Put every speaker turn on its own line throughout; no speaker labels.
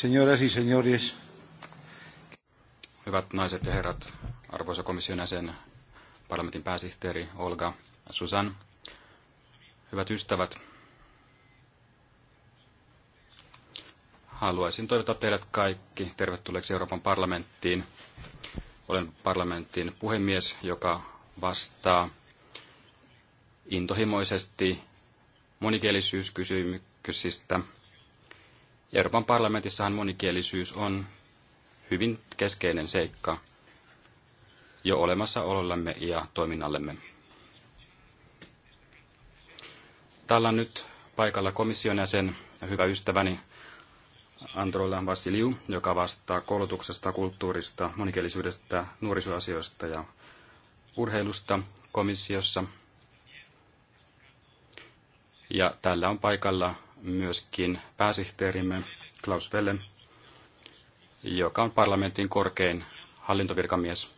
Señoras y señores.
Hyvät naiset ja herrat, arvoisa komission jäsen, parlamentin pääsihteeri Olga Susan, hyvät ystävät, haluaisin toivottaa teidät kaikki tervetulleeksi Euroopan parlamenttiin. Olen parlamentin puhemies, joka vastaa intohimoisesti monikielisyyskysymyksistä – Euroopan parlamentissahan monikielisyys on hyvin keskeinen seikka jo olemassa olollamme ja toiminnallemme. Täällä on nyt paikalla komission jäsen ja hyvä ystäväni Androla Vasiliu, joka vastaa koulutuksesta, kulttuurista, monikielisyydestä, nuorisoasioista ja urheilusta komissiossa. Ja täällä on paikalla myöskin pääsihteerimme Klaus Welle, joka on parlamentin korkein hallintovirkamies.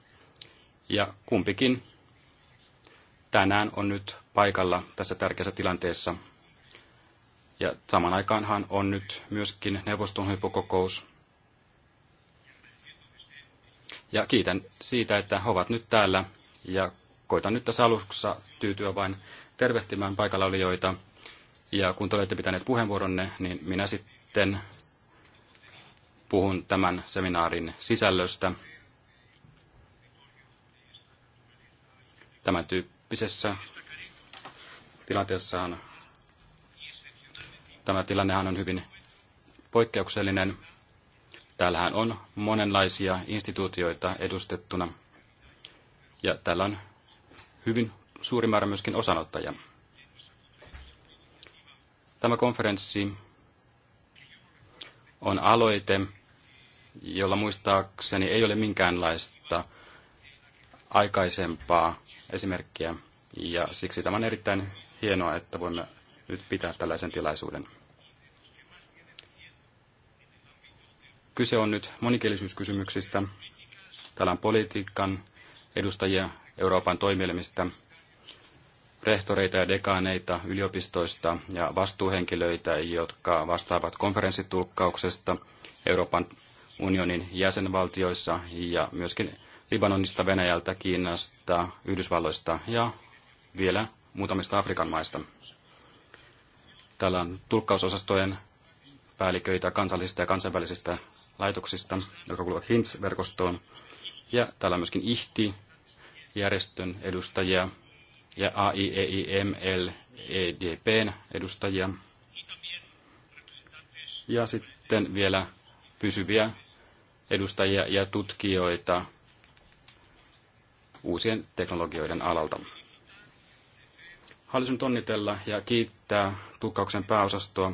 Ja kumpikin tänään on nyt paikalla tässä tärkeässä tilanteessa. Ja saman aikaanhan on nyt myöskin neuvoston hypokokous. Ja kiitän siitä, että he ovat nyt täällä ja koitan nyt tässä alussa tyytyä vain tervehtimään paikalla olijoita ja kun te olette pitäneet puheenvuoronne, niin minä sitten puhun tämän seminaarin sisällöstä. Tämän tyyppisessä tilanteessahan tämä tilannehan on hyvin poikkeuksellinen. Täällähän on monenlaisia instituutioita edustettuna ja täällä on hyvin suuri määrä myöskin osanottajia. Tämä konferenssi on aloite, jolla muistaakseni ei ole minkäänlaista aikaisempaa esimerkkiä. Ja siksi tämä on erittäin hienoa, että voimme nyt pitää tällaisen tilaisuuden. Kyse on nyt monikielisyyskysymyksistä. Täällä on politiikan edustajia Euroopan toimielimistä rehtoreita ja dekaaneita yliopistoista ja vastuuhenkilöitä, jotka vastaavat konferenssitulkkauksesta Euroopan unionin jäsenvaltioissa ja myöskin Libanonista, Venäjältä, Kiinasta, Yhdysvalloista ja vielä muutamista Afrikan maista. Täällä on tulkkausosastojen päälliköitä kansallisista ja kansainvälisistä laitoksista, jotka kuuluvat HINTS-verkostoon. Ja täällä on myöskin IHTI, järjestön edustajia, ja AIEIML EDPn edustajia. Ja sitten vielä pysyviä edustajia ja tutkijoita uusien teknologioiden alalta. Haluaisin onnitella ja kiittää tukkauksen pääosastoa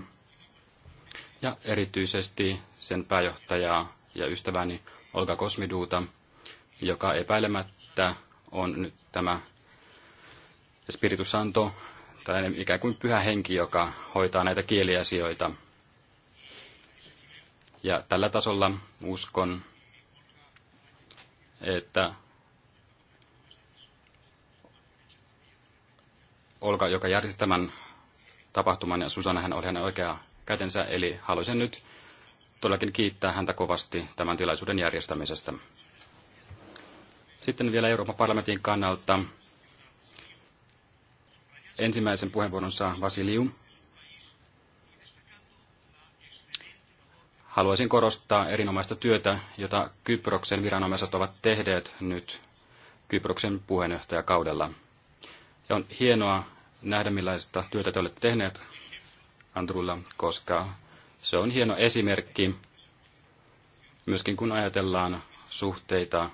ja erityisesti sen pääjohtajaa ja ystäväni Olga Kosmiduuta, joka epäilemättä on nyt tämä Spiritus Santo, tällainen ikään kuin pyhä henki, joka hoitaa näitä kieliasioita. Ja tällä tasolla uskon, että Olka, joka järjesti tämän tapahtuman, ja Susanna, hän oli hänen oikea kätensä, eli haluaisin nyt todellakin kiittää häntä kovasti tämän tilaisuuden järjestämisestä. Sitten vielä Euroopan parlamentin kannalta Ensimmäisen puheenvuoron saa Vasiliu. Haluaisin korostaa erinomaista työtä, jota Kyproksen viranomaiset ovat tehneet nyt Kyproksen puheenjohtajakaudella. Ja on hienoa nähdä, millaista työtä te olette tehneet, Andrulla, koska se on hieno esimerkki, myöskin kun ajatellaan suhteita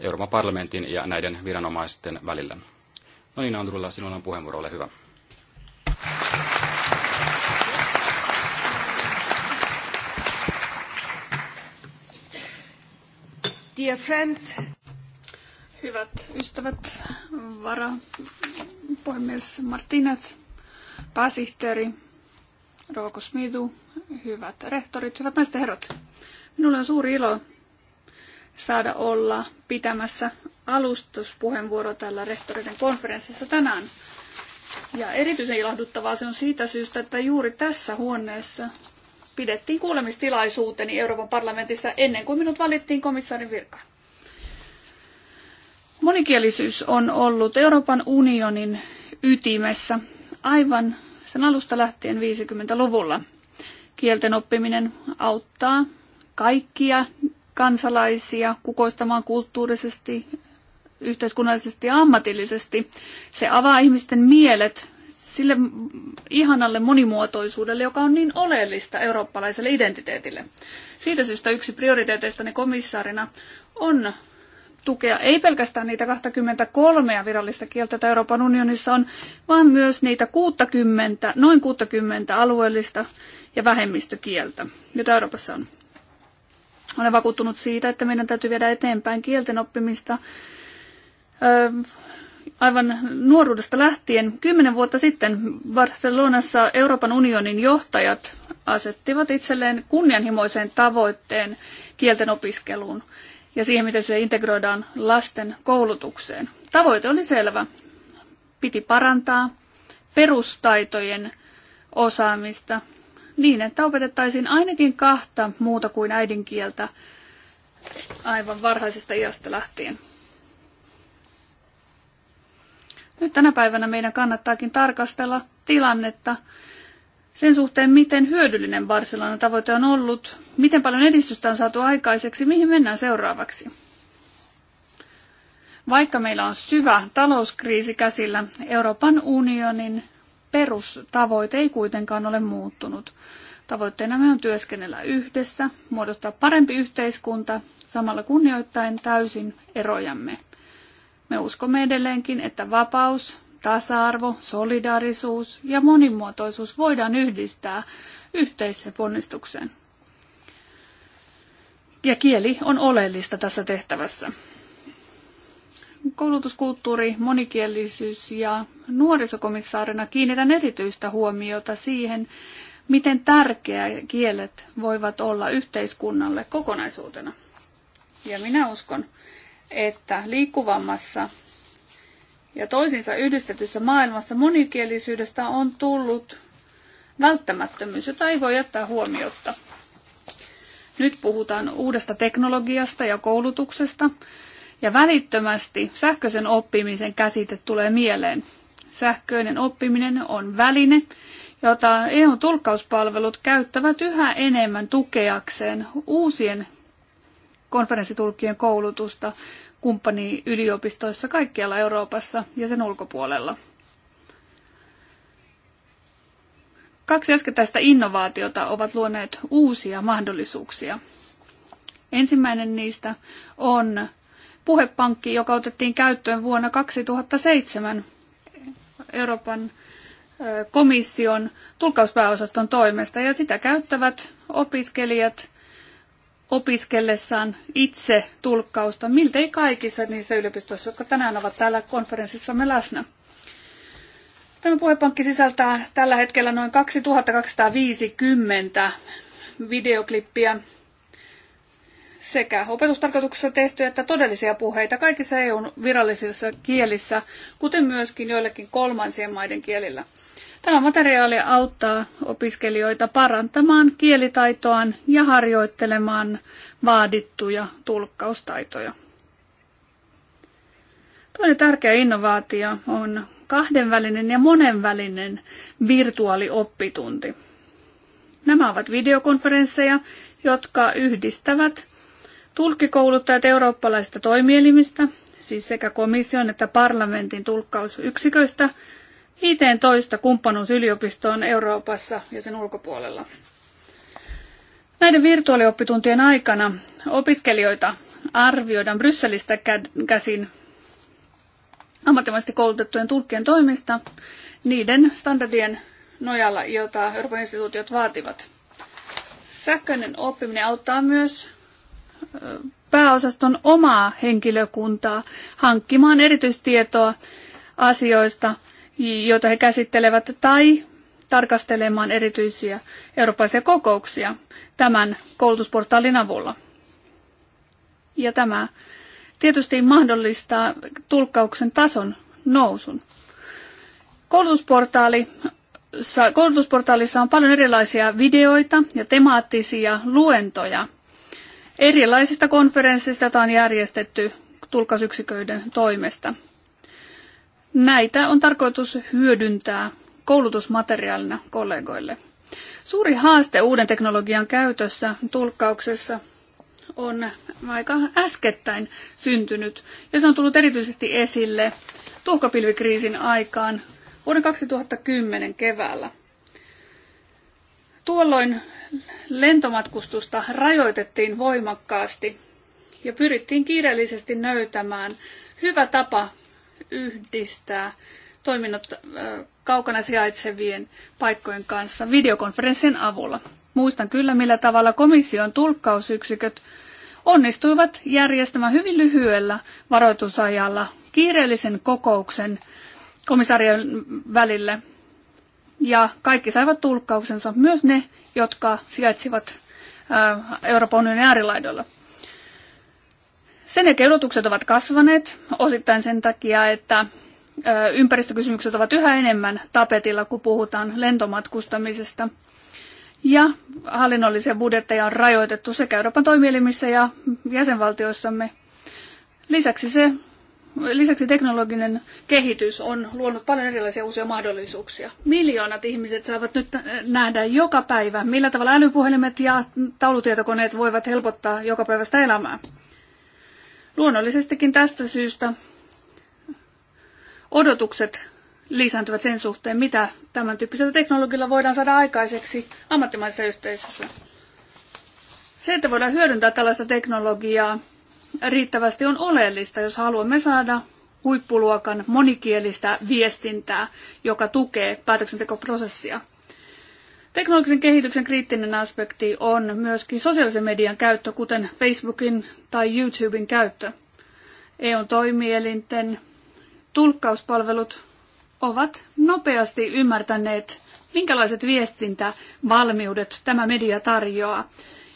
Euroopan parlamentin ja näiden viranomaisten välillä. No niin, Andrulla, sinulla on puheenvuoro, ole hyvä.
Dear friends. Hyvät ystävät, vara, puhemies Martinez, pääsihteeri, Rouva Smitu, hyvät rehtorit, hyvät naiset ja herrat. Minulle on suuri ilo saada olla pitämässä alustuspuheenvuoro täällä rehtoreiden konferenssissa tänään. Ja erityisen ilahduttavaa se on siitä syystä, että juuri tässä huoneessa pidettiin kuulemistilaisuuteni Euroopan parlamentissa ennen kuin minut valittiin komissaarin virkaan. Monikielisyys on ollut Euroopan unionin ytimessä aivan sen alusta lähtien 50-luvulla. Kielten oppiminen auttaa kaikkia kansalaisia kukoistamaan kulttuurisesti, yhteiskunnallisesti ja ammatillisesti. Se avaa ihmisten mielet sille ihanalle monimuotoisuudelle, joka on niin oleellista eurooppalaiselle identiteetille. Siitä syystä yksi prioriteeteistani komissaarina on tukea ei pelkästään niitä 23 virallista kieltä, joita Euroopan unionissa on, vaan myös niitä 60, noin 60 alueellista ja vähemmistökieltä, joita Euroopassa on. Olen vakuuttunut siitä, että meidän täytyy viedä eteenpäin kielten oppimista aivan nuoruudesta lähtien. Kymmenen vuotta sitten Barcelonassa Euroopan unionin johtajat asettivat itselleen kunnianhimoisen tavoitteen kielten opiskeluun ja siihen, miten se integroidaan lasten koulutukseen. Tavoite oli selvä. Piti parantaa perustaitojen osaamista niin, että opetettaisiin ainakin kahta muuta kuin äidinkieltä aivan varhaisesta iästä lähtien. Nyt tänä päivänä meidän kannattaakin tarkastella tilannetta sen suhteen, miten hyödyllinen Barcelonan tavoite on ollut, miten paljon edistystä on saatu aikaiseksi, mihin mennään seuraavaksi. Vaikka meillä on syvä talouskriisi käsillä, Euroopan unionin perustavoite ei kuitenkaan ole muuttunut. Tavoitteena me on työskennellä yhdessä, muodostaa parempi yhteiskunta, samalla kunnioittaen täysin erojamme. Me uskomme edelleenkin, että vapaus, tasa-arvo, solidaarisuus ja monimuotoisuus voidaan yhdistää yhteiseen ponnistukseen. Ja kieli on oleellista tässä tehtävässä. Koulutuskulttuuri, monikielisyys ja nuorisokomissaarina kiinnitän erityistä huomiota siihen, miten tärkeä kielet voivat olla yhteiskunnalle kokonaisuutena. Ja minä uskon, että liikkuvammassa ja toisinsa yhdistetyssä maailmassa monikielisyydestä on tullut välttämättömyys, jota ei voi jättää huomiotta. Nyt puhutaan uudesta teknologiasta ja koulutuksesta, ja välittömästi sähköisen oppimisen käsite tulee mieleen. Sähköinen oppiminen on väline, jota eu tulkkauspalvelut käyttävät yhä enemmän tukeakseen uusien konferenssitulkkien koulutusta kumppaniyliopistoissa kaikkialla Euroopassa ja sen ulkopuolella. Kaksi äskettäistä innovaatiota ovat luoneet uusia mahdollisuuksia. Ensimmäinen niistä on puhepankki, joka otettiin käyttöön vuonna 2007 Euroopan komission tulkkauspääosaston toimesta ja sitä käyttävät opiskelijat opiskellessaan itse tulkkausta, miltei kaikissa niissä yliopistoissa, jotka tänään ovat täällä konferenssissamme läsnä. Tämä puhepankki sisältää tällä hetkellä noin 2250 videoklippiä sekä opetustarkoituksessa tehtyjä että todellisia puheita kaikissa EUn virallisissa kielissä, kuten myöskin joillekin kolmansien maiden kielillä. Tämä materiaali auttaa opiskelijoita parantamaan kielitaitoaan ja harjoittelemaan vaadittuja tulkkaustaitoja. Toinen tärkeä innovaatio on kahdenvälinen ja monenvälinen virtuaalioppitunti. Nämä ovat videokonferensseja, jotka yhdistävät tulkkikouluttajat eurooppalaisista toimielimistä, siis sekä komission että parlamentin tulkkausyksiköistä – 15 kumppanuusyliopistoon Euroopassa ja sen ulkopuolella. Näiden virtuaalioppituntien aikana opiskelijoita arvioidaan Brysselistä käsin ammattimaisesti koulutettujen tulkkien toimista niiden standardien nojalla, joita Euroopan instituutiot vaativat. Sähköinen oppiminen auttaa myös pääosaston omaa henkilökuntaa hankkimaan erityistietoa asioista, joita he käsittelevät, tai tarkastelemaan erityisiä eurooppalaisia kokouksia tämän koulutusportaalin avulla. Ja tämä tietysti mahdollistaa tulkkauksen tason nousun. Koulutusportaali koulutusportaalissa on paljon erilaisia videoita ja temaattisia luentoja erilaisista konferensseista, joita on järjestetty tulkkausyksiköiden toimesta. Näitä on tarkoitus hyödyntää koulutusmateriaalina kollegoille. Suuri haaste uuden teknologian käytössä tulkkauksessa on aika äskettäin syntynyt, ja se on tullut erityisesti esille tuhkapilvikriisin aikaan vuoden 2010 keväällä. Tuolloin lentomatkustusta rajoitettiin voimakkaasti ja pyrittiin kiireellisesti löytämään hyvä tapa yhdistää toiminnot kaukana sijaitsevien paikkojen kanssa videokonferenssin avulla. Muistan kyllä, millä tavalla komission tulkkausyksiköt onnistuivat järjestämään hyvin lyhyellä varoitusajalla kiireellisen kokouksen komissarien välille. Ja kaikki saivat tulkkauksensa, myös ne, jotka sijaitsivat Euroopan unionin äärilaidoilla. Sen jälkeen odotukset ovat kasvaneet osittain sen takia, että ympäristökysymykset ovat yhä enemmän tapetilla, kun puhutaan lentomatkustamisesta. Ja hallinnollisia budjetteja on rajoitettu sekä Euroopan toimielimissä ja jäsenvaltioissamme. Lisäksi, se, lisäksi teknologinen kehitys on luonut paljon erilaisia uusia mahdollisuuksia. Miljoonat ihmiset saavat nyt nähdä joka päivä, millä tavalla älypuhelimet ja taulutietokoneet voivat helpottaa joka päivästä elämää. Luonnollisestikin tästä syystä odotukset lisääntyvät sen suhteen, mitä tämän tyyppisellä teknologialla voidaan saada aikaiseksi ammattimaisessa yhteisössä. Se, että voidaan hyödyntää tällaista teknologiaa riittävästi on oleellista, jos haluamme saada huippuluokan monikielistä viestintää, joka tukee päätöksentekoprosessia. Teknologisen kehityksen kriittinen aspekti on myöskin sosiaalisen median käyttö, kuten Facebookin tai YouTuben käyttö. EUn toimielinten tulkkauspalvelut ovat nopeasti ymmärtäneet, minkälaiset viestintävalmiudet tämä media tarjoaa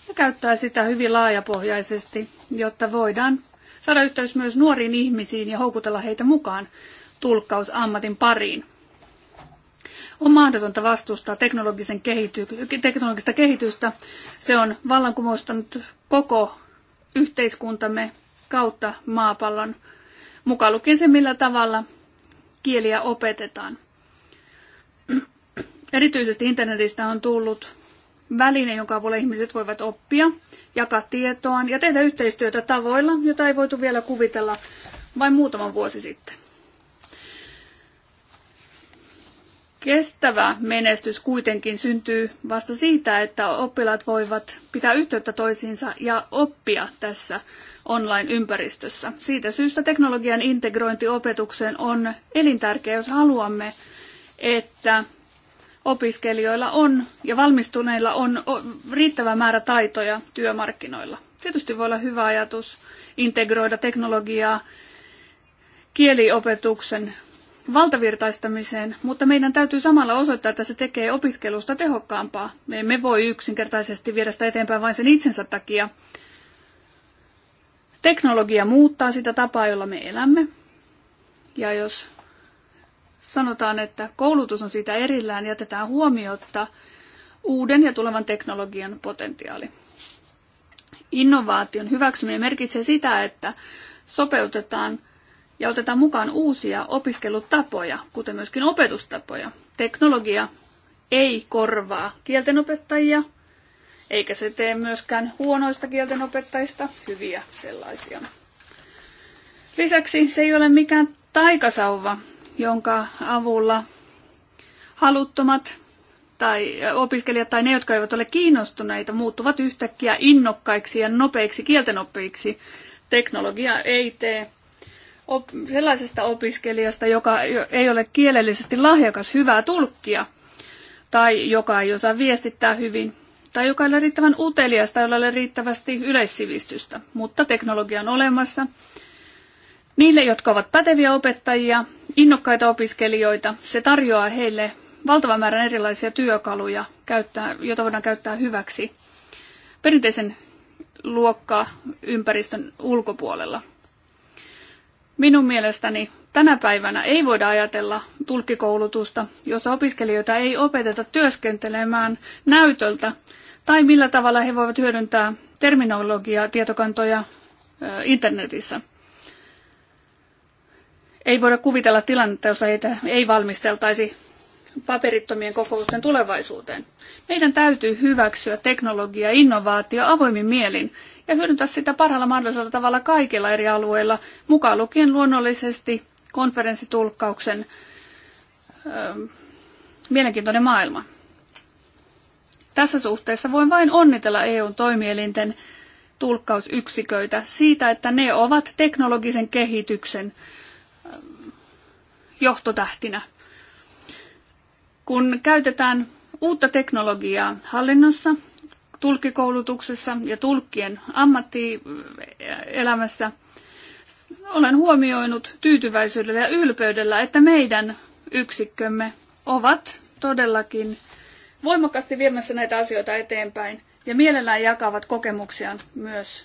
ja käyttää sitä hyvin laajapohjaisesti, jotta voidaan saada yhteys myös nuoriin ihmisiin ja houkutella heitä mukaan tulkkausammatin pariin. On mahdotonta vastustaa teknologisen kehity, teknologista kehitystä. Se on vallankumoustanut koko yhteiskuntamme kautta maapallon, mukaan lukien se, millä tavalla kieliä opetetaan. Erityisesti internetistä on tullut väline, jonka avulla ihmiset voivat oppia, jakaa tietoa ja tehdä yhteistyötä tavoilla, jota ei voitu vielä kuvitella vain muutaman vuosi sitten. Kestävä menestys kuitenkin syntyy vasta siitä, että oppilaat voivat pitää yhteyttä toisiinsa ja oppia tässä online-ympäristössä. Siitä syystä teknologian integrointi opetukseen on elintärkeä, jos haluamme, että opiskelijoilla on ja valmistuneilla on riittävä määrä taitoja työmarkkinoilla. Tietysti voi olla hyvä ajatus integroida teknologiaa kieliopetuksen valtavirtaistamiseen, mutta meidän täytyy samalla osoittaa, että se tekee opiskelusta tehokkaampaa. Me emme voi yksinkertaisesti viedä sitä eteenpäin vain sen itsensä takia. Teknologia muuttaa sitä tapaa, jolla me elämme. Ja jos sanotaan, että koulutus on siitä erillään, jätetään huomiotta uuden ja tulevan teknologian potentiaali. Innovaation hyväksyminen merkitsee sitä, että sopeutetaan – ja otetaan mukaan uusia opiskelutapoja, kuten myöskin opetustapoja. Teknologia ei korvaa kieltenopettajia, eikä se tee myöskään huonoista kieltenopettajista hyviä sellaisia. Lisäksi se ei ole mikään taikasauva, jonka avulla haluttomat tai opiskelijat tai ne, jotka eivät ole kiinnostuneita, muuttuvat yhtäkkiä innokkaiksi ja nopeiksi kieltenoppiiksi. Teknologia ei tee op, sellaisesta opiskelijasta, joka ei ole kielellisesti lahjakas hyvää tulkkia, tai joka ei osaa viestittää hyvin, tai joka ei ole riittävän utelias tai jolla ei ole riittävästi yleissivistystä, mutta teknologia on olemassa. Niille, jotka ovat päteviä opettajia, innokkaita opiskelijoita, se tarjoaa heille valtavan määrän erilaisia työkaluja, käyttää, joita voidaan käyttää hyväksi perinteisen luokkaa ympäristön ulkopuolella. Minun mielestäni tänä päivänä ei voida ajatella tulkkikoulutusta, jossa opiskelijoita ei opeteta työskentelemään näytöltä tai millä tavalla he voivat hyödyntää terminologiaa, tietokantoja internetissä. Ei voida kuvitella tilannetta, jossa heitä ei valmisteltaisi paperittomien kokousten tulevaisuuteen. Meidän täytyy hyväksyä teknologia ja innovaatio avoimin mielin ja hyödyntää sitä parhaalla mahdollisella tavalla kaikilla eri alueilla, mukaan lukien luonnollisesti konferenssitulkkauksen ö, ähm, mielenkiintoinen maailma. Tässä suhteessa voin vain onnitella EUn toimielinten tulkkausyksiköitä siitä, että ne ovat teknologisen kehityksen ähm, johtotähtinä. Kun käytetään uutta teknologiaa hallinnossa, tulkkikoulutuksessa ja tulkkien ammattielämässä, olen huomioinut tyytyväisyydellä ja ylpeydellä, että meidän yksikkömme ovat todellakin voimakkaasti viemässä näitä asioita eteenpäin ja mielellään jakavat kokemuksiaan myös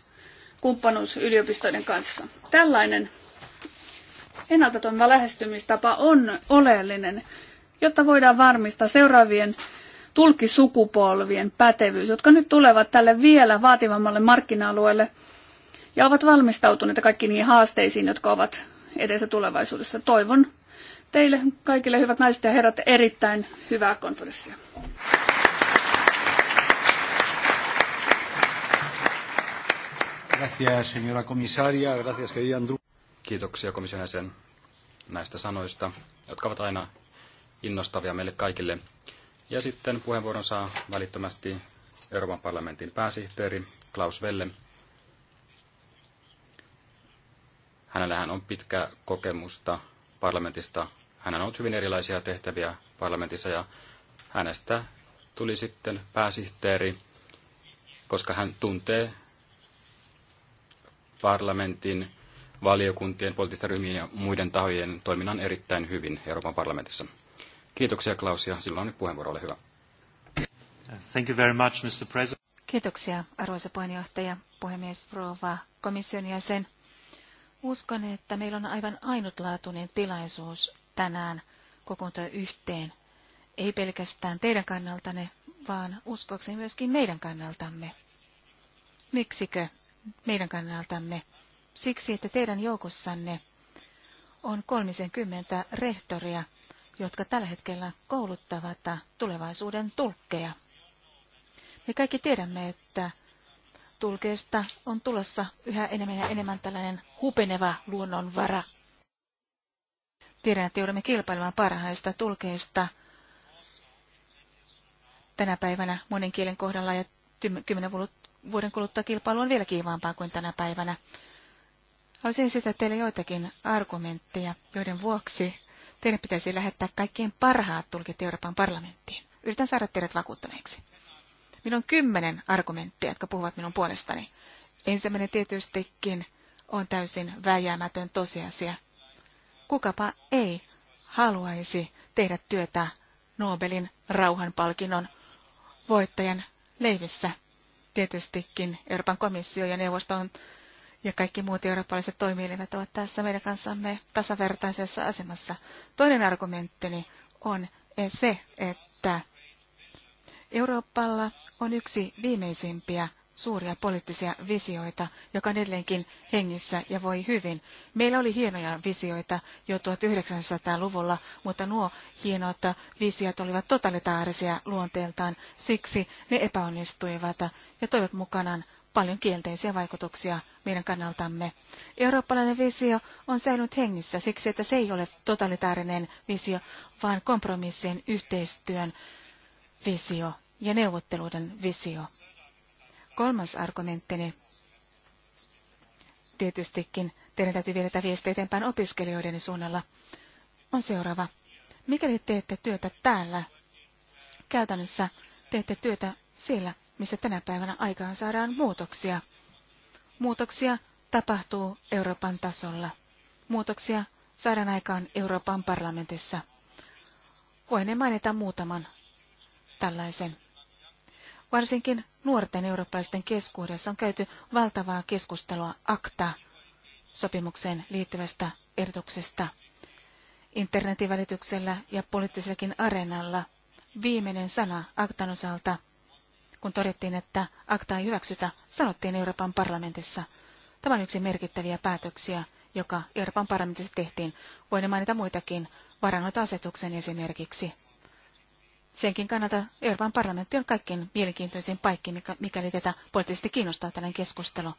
kumppanuusyliopistoiden kanssa. Tällainen ennalta lähestymistapa on oleellinen, jotta voidaan varmistaa seuraavien tulkisukupolvien pätevyys, jotka nyt tulevat tälle vielä vaativammalle markkina-alueelle ja ovat valmistautuneita kaikkiin niihin haasteisiin, jotka ovat edessä tulevaisuudessa. Toivon teille kaikille hyvät naiset ja herrat erittäin hyvää konferenssia.
Gracias, señora comisaria. Gracias, Kiitoksia komission jäsen näistä sanoista, jotka ovat aina innostavia meille kaikille. Ja sitten puheenvuoron saa välittömästi Euroopan parlamentin pääsihteeri Klaus Velle. Hänellähän on pitkä kokemusta parlamentista. Hän on ollut hyvin erilaisia tehtäviä parlamentissa ja hänestä tuli sitten pääsihteeri, koska hän tuntee parlamentin, valiokuntien, poliittisten ryhmien ja muiden tahojen toiminnan erittäin hyvin Euroopan parlamentissa. Kiitoksia Klaus ja silloin nyt puheenvuoro, ole hyvä. Thank you very much, Mr. President.
Kiitoksia, arvoisa puheenjohtaja, puhemies Rova, komission jäsen. Uskon, että meillä on aivan ainutlaatuinen tilaisuus tänään kokoontua yhteen. Ei pelkästään teidän kannaltanne, vaan uskoakseni myöskin meidän kannaltamme. Miksikö meidän kannaltamme? Siksi, että teidän joukossanne on 30 rehtoria – jotka tällä hetkellä kouluttavat tulevaisuuden tulkkeja. Me kaikki tiedämme, että tulkeista on tulossa yhä enemmän ja enemmän tällainen hupeneva luonnonvara. Tiedän, että joudumme kilpailemaan parhaista tulkeista tänä päivänä monen kielen kohdalla ja kymmenen vuoden kuluttua kilpailu on vielä kiivaampaa kuin tänä päivänä. Haluaisin sitä teille joitakin argumentteja, joiden vuoksi Teidän pitäisi lähettää kaikkein parhaat tulkit Euroopan parlamenttiin. Yritän saada teidät vakuuttuneeksi. Minulla on kymmenen argumenttia, jotka puhuvat minun puolestani. Ensimmäinen tietystikin on täysin väjäämätön tosiasia. Kukapa ei haluaisi tehdä työtä Nobelin rauhanpalkinnon voittajan leivissä. Tietystikin Euroopan komissio ja neuvosto on ja kaikki muut eurooppalaiset toimielimet ovat tässä meidän kanssamme tasavertaisessa asemassa. Toinen argumenttini on se, että Euroopalla on yksi viimeisimpiä suuria poliittisia visioita, joka on edelleenkin hengissä ja voi hyvin. Meillä oli hienoja visioita jo 1900-luvulla, mutta nuo hienot visiot olivat totalitaarisia luonteeltaan, siksi ne epäonnistuivat ja toivat mukanaan paljon kielteisiä vaikutuksia meidän kannaltamme. Eurooppalainen visio on säilynyt hengissä siksi, että se ei ole totalitaarinen visio, vaan kompromissien yhteistyön visio ja neuvotteluiden visio. Kolmas argumenttini tietystikin teidän täytyy viedä viestiä eteenpäin opiskelijoiden suunnalla, on seuraava. Mikäli teette työtä täällä, käytännössä teette työtä siellä, missä tänä päivänä aikaan saadaan muutoksia. Muutoksia tapahtuu Euroopan tasolla. Muutoksia saadaan aikaan Euroopan parlamentissa. Voin mainita muutaman tällaisen. Varsinkin nuorten eurooppalaisten keskuudessa on käyty valtavaa keskustelua ACTA-sopimukseen liittyvästä ehdotuksesta. Internetin välityksellä ja poliittisellakin areenalla viimeinen sana ACTAn osalta kun todettiin, että akta ei hyväksytä, sanottiin Euroopan parlamentissa. Tämä on yksi merkittäviä päätöksiä, joka Euroopan parlamentissa tehtiin. Voin mainita muitakin, varanhoitoasetuksen esimerkiksi. Senkin kannalta Euroopan parlamentti on kaikkein mielenkiintoisin paikki, mikäli tätä poliittisesti kiinnostaa tällainen keskustelu.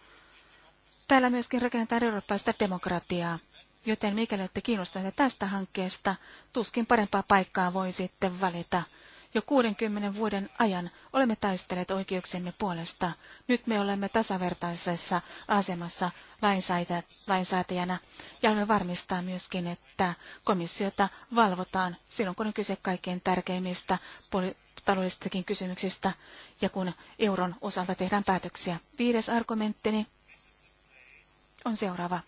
Täällä myöskin rakennetaan eurooppalaista demokratiaa, joten mikäli olette kiinnostuneita tästä hankkeesta, tuskin parempaa paikkaa voi sitten valita – jo 60 vuoden ajan olemme taistelleet oikeuksemme puolesta. Nyt me olemme tasavertaisessa asemassa lainsäätäjänä ja me varmistaa myöskin, että komissiota valvotaan silloin, kun on kyse kaikkein tärkeimmistä poli- kysymyksistä ja kun euron osalta tehdään päätöksiä. Viides argumenttini on seuraava.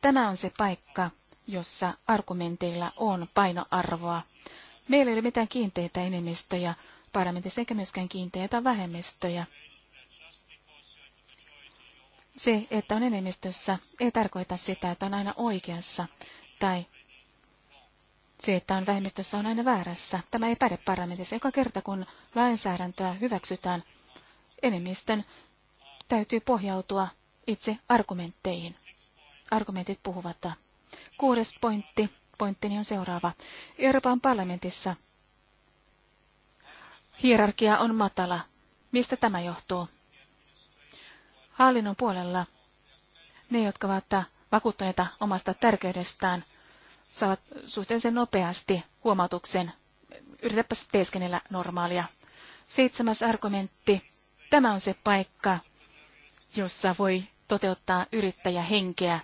Tämä on se paikka, jossa argumenteilla on painoarvoa. Meillä ei ole mitään kiinteitä enemmistöjä parlamentissa eikä myöskään kiinteitä vähemmistöjä. Se, että on enemmistössä, ei tarkoita sitä, että on aina oikeassa, tai se, että on vähemmistössä, on aina väärässä. Tämä ei päde parlamentissa. Joka kerta, kun lainsäädäntöä hyväksytään, enemmistön täytyy pohjautua itse argumentteihin. Argumentit puhuvat. Kuudes pointti pointtini on seuraava. Euroopan parlamentissa hierarkia on matala. Mistä tämä johtuu? Hallinnon puolella ne, jotka ovat vakuuttuneita omasta tärkeydestään, saavat suhteellisen nopeasti huomautuksen. Yritäpäs teeskennellä normaalia. Seitsemäs argumentti. Tämä on se paikka, jossa voi toteuttaa yrittäjähenkeä.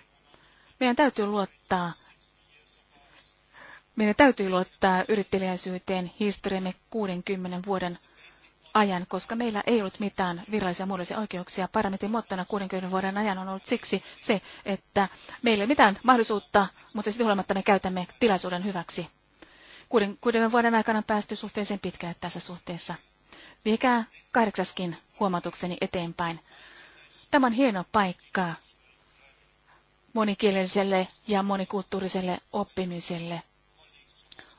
Meidän täytyy luottaa meidän täytyy luottaa yrittäjäisyyteen historiamme 60 vuoden ajan, koska meillä ei ollut mitään virallisia muodollisia oikeuksia. Parlamentin muottona 60 vuoden ajan on ollut siksi se, että meillä ei ole mitään mahdollisuutta, mutta sitten huolimatta me käytämme tilaisuuden hyväksi. Kuuden, kuuden vuoden aikana on päästy suhteeseen pitkälle tässä suhteessa. Viekää kahdeksaskin huomautukseni eteenpäin. Tämä on hieno paikka monikieliselle ja monikulttuuriselle oppimiselle.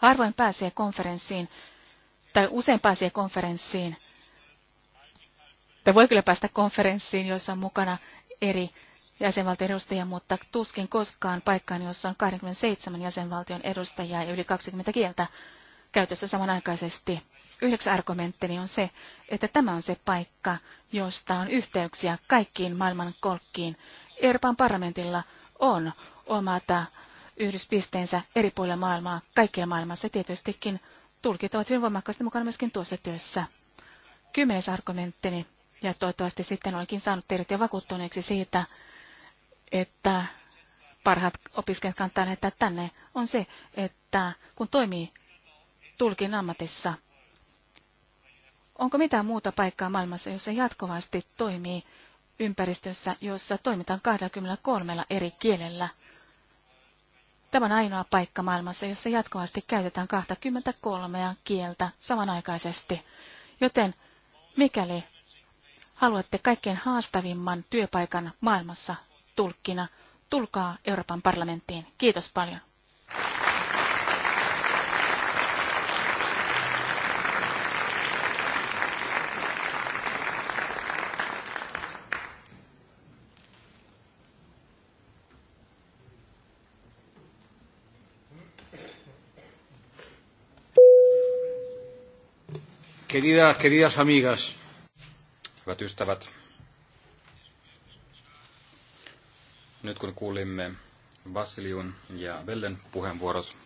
Harvoin pääsee konferenssiin, tai usein pääsee konferenssiin, tai voi kyllä päästä konferenssiin, jossa on mukana eri jäsenvaltion edustajia, mutta tuskin koskaan paikkaan, jossa on 27 jäsenvaltion edustajia ja yli 20 kieltä käytössä samanaikaisesti. Yhdeksi argumenttini on se, että tämä on se paikka, josta on yhteyksiä kaikkiin maailman kolkkiin. Euroopan parlamentilla on omata yhdyspisteensä eri puolilla maailmaa, kaikkia maailmassa tietystikin tulkit ovat hyvin voimakkaasti mukana myöskin tuossa työssä. Kymmenes argumenttini, ja toivottavasti sitten olenkin saanut teidät jo vakuuttuneeksi siitä, että parhaat opiskelijat kannattaa lähettää tänne, on se, että kun toimii tulkin ammatissa, onko mitään muuta paikkaa maailmassa, jossa jatkuvasti toimii ympäristössä, jossa toimitaan 23 eri kielellä – Tämä on ainoa paikka maailmassa, jossa jatkuvasti käytetään 23 kieltä samanaikaisesti. Joten mikäli haluatte kaikkein haastavimman työpaikan maailmassa tulkkina, tulkaa Euroopan parlamenttiin. Kiitos paljon.
Queridas, queridas amigas. Hyvät ystävät, nyt kun kuulimme Vassiliun ja Vellen puheenvuorot,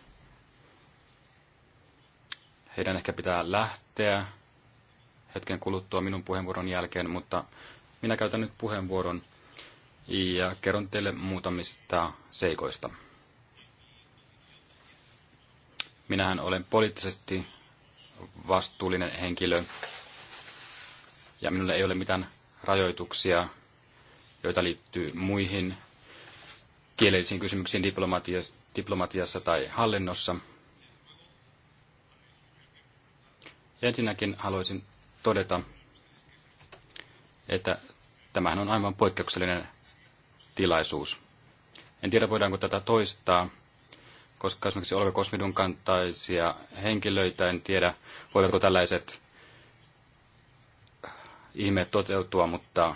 heidän ehkä pitää lähteä hetken kuluttua minun puheenvuoron jälkeen, mutta minä käytän nyt puheenvuoron ja kerron teille muutamista seikoista. Minähän olen poliittisesti vastuullinen henkilö. Ja minulle ei ole mitään rajoituksia, joita liittyy muihin kielellisiin kysymyksiin diplomatia, diplomatiassa tai hallinnossa. ensinnäkin haluaisin todeta, että tämähän on aivan poikkeuksellinen tilaisuus. En tiedä, voidaanko tätä toistaa, koska esimerkiksi Olga Kosmidun kantaisia henkilöitä, en tiedä voivatko tällaiset ihmeet toteutua, mutta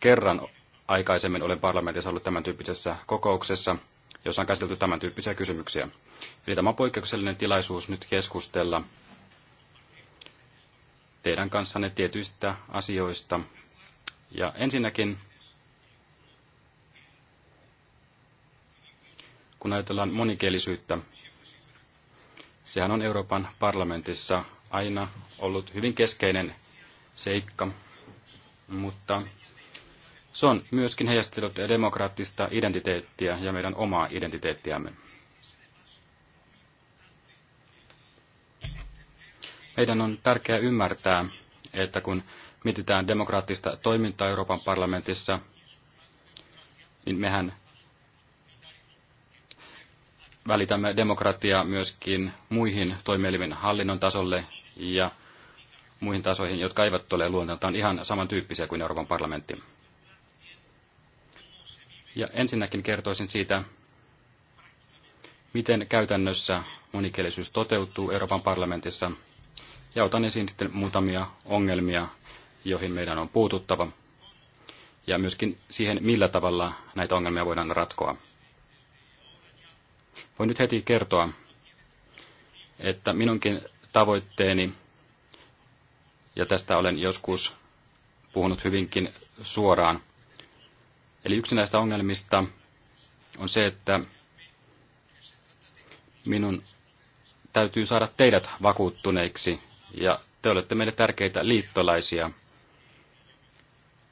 kerran aikaisemmin olen parlamentissa ollut tämän tyyppisessä kokouksessa, jossa on käsitelty tämän tyyppisiä kysymyksiä. Eli tämä on poikkeuksellinen tilaisuus nyt keskustella teidän kanssanne tietyistä asioista. Ja ensinnäkin kun ajatellaan monikielisyyttä, sehän on Euroopan parlamentissa aina ollut hyvin keskeinen seikka, mutta se on myöskin heijastellut demokraattista identiteettiä ja meidän omaa identiteettiämme. Meidän on tärkeää ymmärtää, että kun mietitään demokraattista toimintaa Euroopan parlamentissa, niin mehän välitämme demokratiaa myöskin muihin toimielimen hallinnon tasolle ja muihin tasoihin, jotka eivät ole luonteeltaan ihan samantyyppisiä kuin Euroopan parlamentti. Ja ensinnäkin kertoisin siitä, miten käytännössä monikielisyys toteutuu Euroopan parlamentissa, ja otan esiin sitten muutamia ongelmia, joihin meidän on puututtava, ja myöskin siihen, millä tavalla näitä ongelmia voidaan ratkoa. Voin nyt heti kertoa, että minunkin tavoitteeni, ja tästä olen joskus puhunut hyvinkin suoraan, eli yksi näistä ongelmista on se, että minun täytyy saada teidät vakuuttuneiksi, ja te olette meille tärkeitä liittolaisia,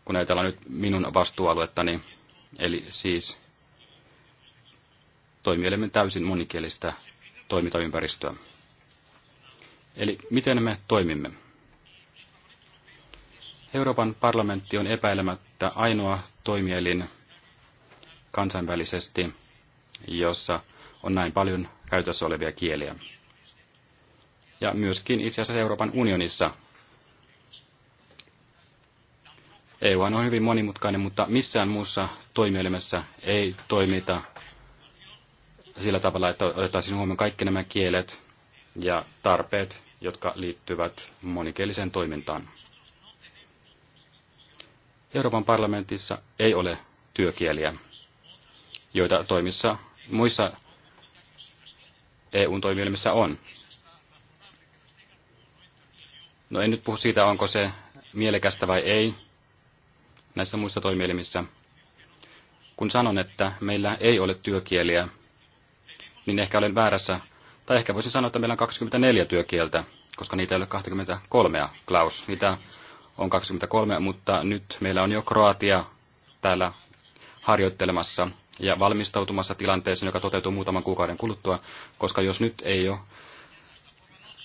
kun ajatellaan nyt minun vastuualuettani, eli siis toimielimen täysin monikielistä toimintaympäristöä. Eli miten me toimimme? Euroopan parlamentti on epäilemättä ainoa toimielin kansainvälisesti, jossa on näin paljon käytössä olevia kieliä. Ja myöskin itse asiassa Euroopan unionissa. EU on hyvin monimutkainen, mutta missään muussa toimielimessä ei toimita sillä tavalla, että otettaisiin huomioon kaikki nämä kielet ja tarpeet, jotka liittyvät monikieliseen toimintaan. Euroopan parlamentissa ei ole työkieliä, joita toimissa muissa eu toimielimissä on. No en nyt puhu siitä, onko se mielekästä vai ei näissä muissa toimielimissä. Kun sanon, että meillä ei ole työkieliä, niin ehkä olen väärässä. Tai ehkä voisin sanoa, että meillä on 24 työkieltä, koska niitä ei ole 23, Klaus. Niitä on 23, mutta nyt meillä on jo Kroatia täällä harjoittelemassa ja valmistautumassa tilanteeseen, joka toteutuu muutaman kuukauden kuluttua, koska jos nyt ei ole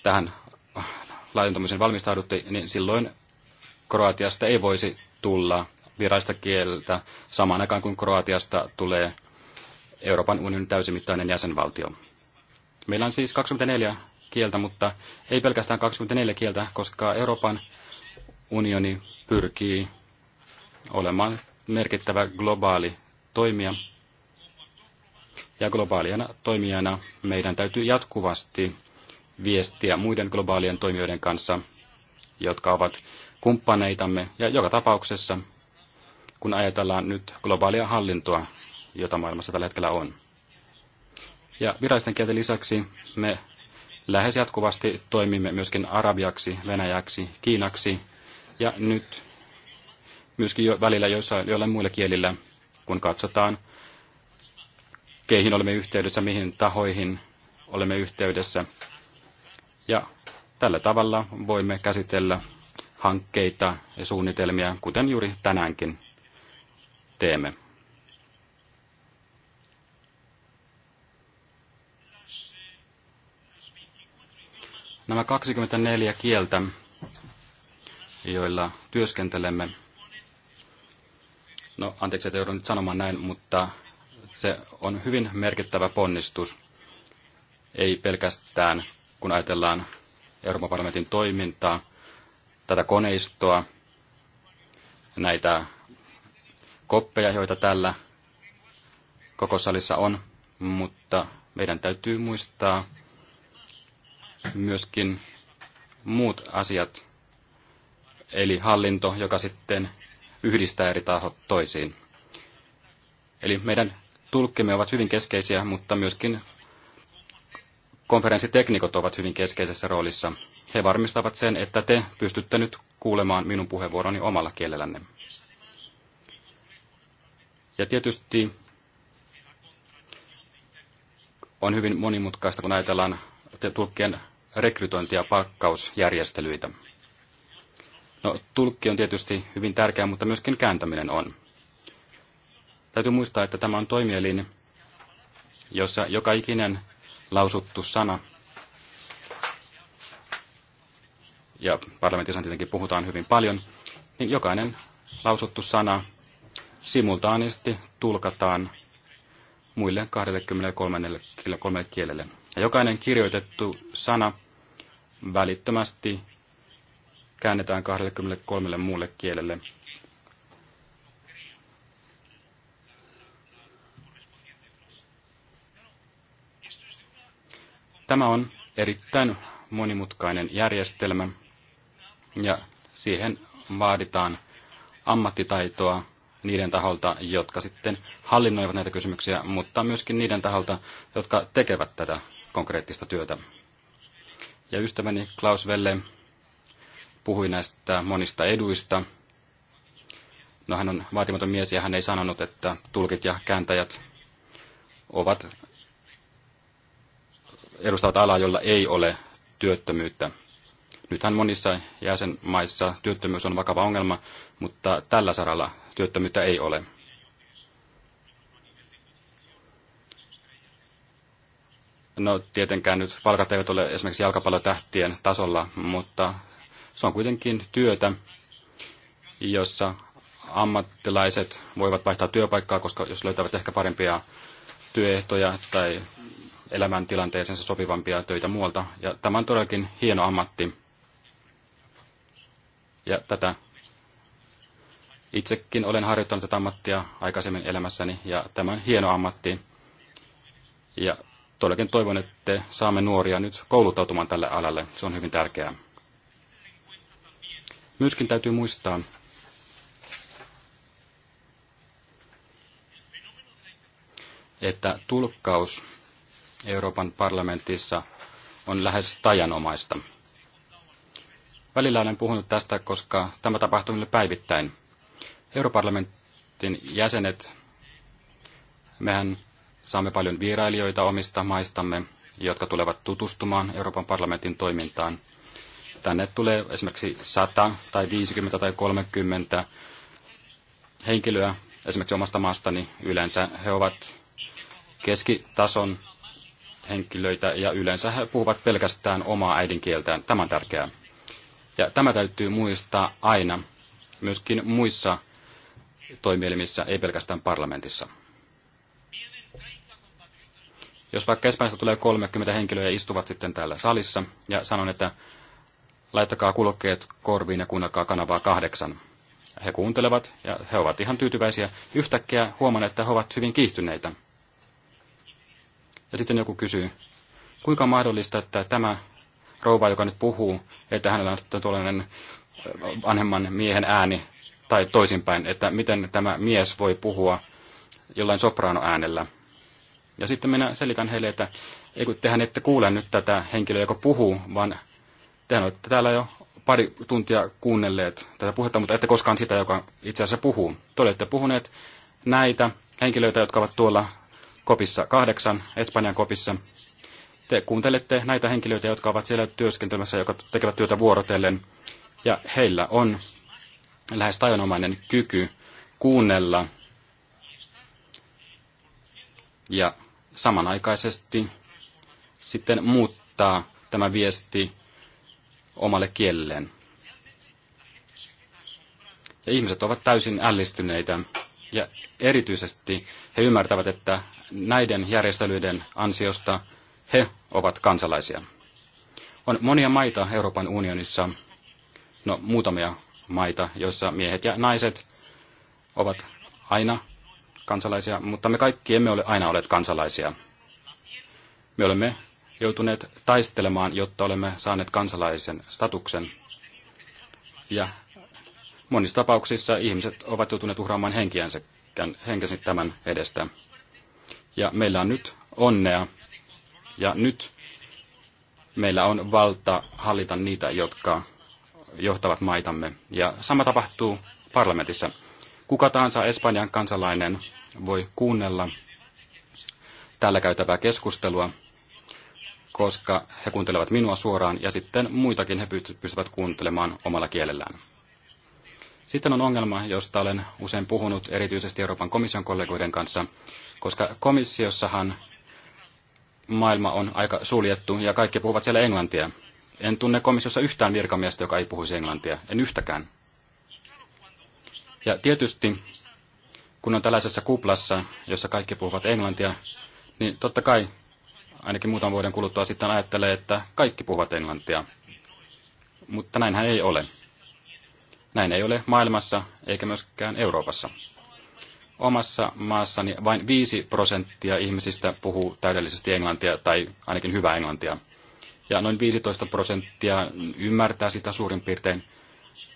tähän laajentumisen valmistauduttu, niin silloin Kroatiasta ei voisi tulla virallista kieltä samaan aikaan, kuin Kroatiasta tulee Euroopan unionin täysimittainen jäsenvaltio. Meillä on siis 24 kieltä, mutta ei pelkästään 24 kieltä, koska Euroopan unioni pyrkii olemaan merkittävä globaali toimija. Ja globaalina toimijana meidän täytyy jatkuvasti viestiä muiden globaalien toimijoiden kanssa, jotka ovat kumppaneitamme. Ja joka tapauksessa, kun ajatellaan nyt globaalia hallintoa jota maailmassa tällä hetkellä on. Ja virallisten kielten lisäksi me lähes jatkuvasti toimimme myöskin arabiaksi, venäjäksi, kiinaksi ja nyt myöskin jo välillä joissain, joillain muilla kielillä, kun katsotaan, keihin olemme yhteydessä, mihin tahoihin olemme yhteydessä. Ja tällä tavalla voimme käsitellä hankkeita ja suunnitelmia, kuten juuri tänäänkin teemme. Nämä 24 kieltä, joilla työskentelemme, no anteeksi, että joudun nyt sanomaan näin, mutta se on hyvin merkittävä ponnistus, ei pelkästään kun ajatellaan Euroopan parlamentin toimintaa, tätä koneistoa, näitä koppeja, joita tällä koko salissa on, mutta meidän täytyy muistaa myöskin muut asiat, eli hallinto, joka sitten yhdistää eri tahot toisiin. Eli meidän tulkkimme ovat hyvin keskeisiä, mutta myöskin konferenssiteknikot ovat hyvin keskeisessä roolissa. He varmistavat sen, että te pystytte nyt kuulemaan minun puheenvuoroni omalla kielellänne. Ja tietysti on hyvin monimutkaista, kun ajatellaan tulkkien rekrytointi- ja pakkausjärjestelyitä. No, tulkki on tietysti hyvin tärkeä, mutta myöskin kääntäminen on. Täytyy muistaa, että tämä on toimielin, jossa joka ikinen lausuttu sana, ja parlamentissa tietenkin puhutaan hyvin paljon, niin jokainen lausuttu sana simultaanisti tulkataan muille 23 kielelle. Ja jokainen kirjoitettu sana välittömästi käännetään 23 muulle kielelle. Tämä on erittäin monimutkainen järjestelmä ja siihen vaaditaan ammattitaitoa niiden taholta, jotka sitten hallinnoivat näitä kysymyksiä, mutta myöskin niiden taholta, jotka tekevät tätä konkreettista työtä. Ja ystäväni Klaus Velle puhui näistä monista eduista. No hän on vaatimaton mies ja hän ei sanonut, että tulkit ja kääntäjät ovat edustavat alaa, jolla ei ole työttömyyttä. Nythän monissa jäsenmaissa työttömyys on vakava ongelma, mutta tällä saralla työttömyyttä ei ole. No tietenkään nyt palkat eivät ole esimerkiksi jalkapallotähtien tasolla, mutta se on kuitenkin työtä, jossa ammattilaiset voivat vaihtaa työpaikkaa, koska jos löytävät ehkä parempia työehtoja tai elämäntilanteeseensa sopivampia töitä muualta. Ja tämä on todellakin hieno ammatti. Ja tätä itsekin olen harjoittanut tätä ammattia aikaisemmin elämässäni ja tämä on hieno ammatti. Ja todellakin toivon, että saamme nuoria nyt kouluttautumaan tälle alalle. Se on hyvin tärkeää. Myöskin täytyy muistaa, että tulkkaus Euroopan parlamentissa on lähes tajanomaista. Välillä olen puhunut tästä, koska tämä tapahtuu minulle päivittäin. Europarlamentin jäsenet, mehän Saamme paljon vierailijoita omista maistamme, jotka tulevat tutustumaan Euroopan parlamentin toimintaan. Tänne tulee esimerkiksi 100 tai 50 tai 30 henkilöä esimerkiksi omasta maastani. Yleensä he ovat keskitason henkilöitä ja yleensä he puhuvat pelkästään omaa äidinkieltään. Tämä on tärkeää. Ja tämä täytyy muistaa aina, myöskin muissa toimielimissä, ei pelkästään parlamentissa. Jos vaikka Espanjasta tulee 30 henkilöä ja istuvat sitten täällä salissa ja sanon, että laittakaa kulokkeet korviin ja kuunnelkaa kanavaa kahdeksan. He kuuntelevat ja he ovat ihan tyytyväisiä. Yhtäkkiä huomaan, että he ovat hyvin kiihtyneitä. Ja sitten joku kysyy, kuinka on mahdollista, että tämä rouva, joka nyt puhuu, että hänellä on sitten tuollainen äh, vanhemman miehen ääni, tai toisinpäin, että miten tämä mies voi puhua jollain äänellä. Ja sitten minä selitän heille, että ei kun tehän ette kuule nyt tätä henkilöä, joka puhuu, vaan tehän olette täällä jo pari tuntia kuunnelleet tätä puhetta, mutta ette koskaan sitä, joka itse asiassa puhuu. Te olette puhuneet näitä henkilöitä, jotka ovat tuolla kopissa kahdeksan, Espanjan kopissa. Te kuuntelette näitä henkilöitä, jotka ovat siellä työskentelemässä, jotka tekevät työtä vuorotellen. Ja heillä on lähes tajonomainen kyky kuunnella ja samanaikaisesti sitten muuttaa tämä viesti omalle kielelleen. Ja ihmiset ovat täysin ällistyneitä ja erityisesti he ymmärtävät, että näiden järjestelyiden ansiosta he ovat kansalaisia. On monia maita Euroopan unionissa, no muutamia maita, joissa miehet ja naiset ovat aina kansalaisia, mutta me kaikki emme ole aina olleet kansalaisia. Me olemme joutuneet taistelemaan, jotta olemme saaneet kansalaisen statuksen. Ja monissa tapauksissa ihmiset ovat joutuneet uhraamaan henkensä tämän edestä. Ja meillä on nyt onnea. Ja nyt meillä on valta hallita niitä, jotka johtavat maitamme. Ja sama tapahtuu parlamentissa. Kuka tahansa Espanjan kansalainen voi kuunnella täällä käytävää keskustelua, koska he kuuntelevat minua suoraan ja sitten muitakin he pystyvät kuuntelemaan omalla kielellään. Sitten on ongelma, josta olen usein puhunut erityisesti Euroopan komission kollegoiden kanssa, koska komissiossahan maailma on aika suljettu ja kaikki puhuvat siellä englantia. En tunne komissiossa yhtään virkamiestä, joka ei puhuisi englantia. En yhtäkään. Ja tietysti, kun on tällaisessa kuplassa, jossa kaikki puhuvat englantia, niin totta kai ainakin muutaman vuoden kuluttua sitten ajattelee, että kaikki puhuvat englantia. Mutta näinhän ei ole. Näin ei ole maailmassa eikä myöskään Euroopassa. Omassa maassani vain 5 prosenttia ihmisistä puhuu täydellisesti englantia tai ainakin hyvää englantia. Ja noin 15 prosenttia ymmärtää sitä suurin piirtein,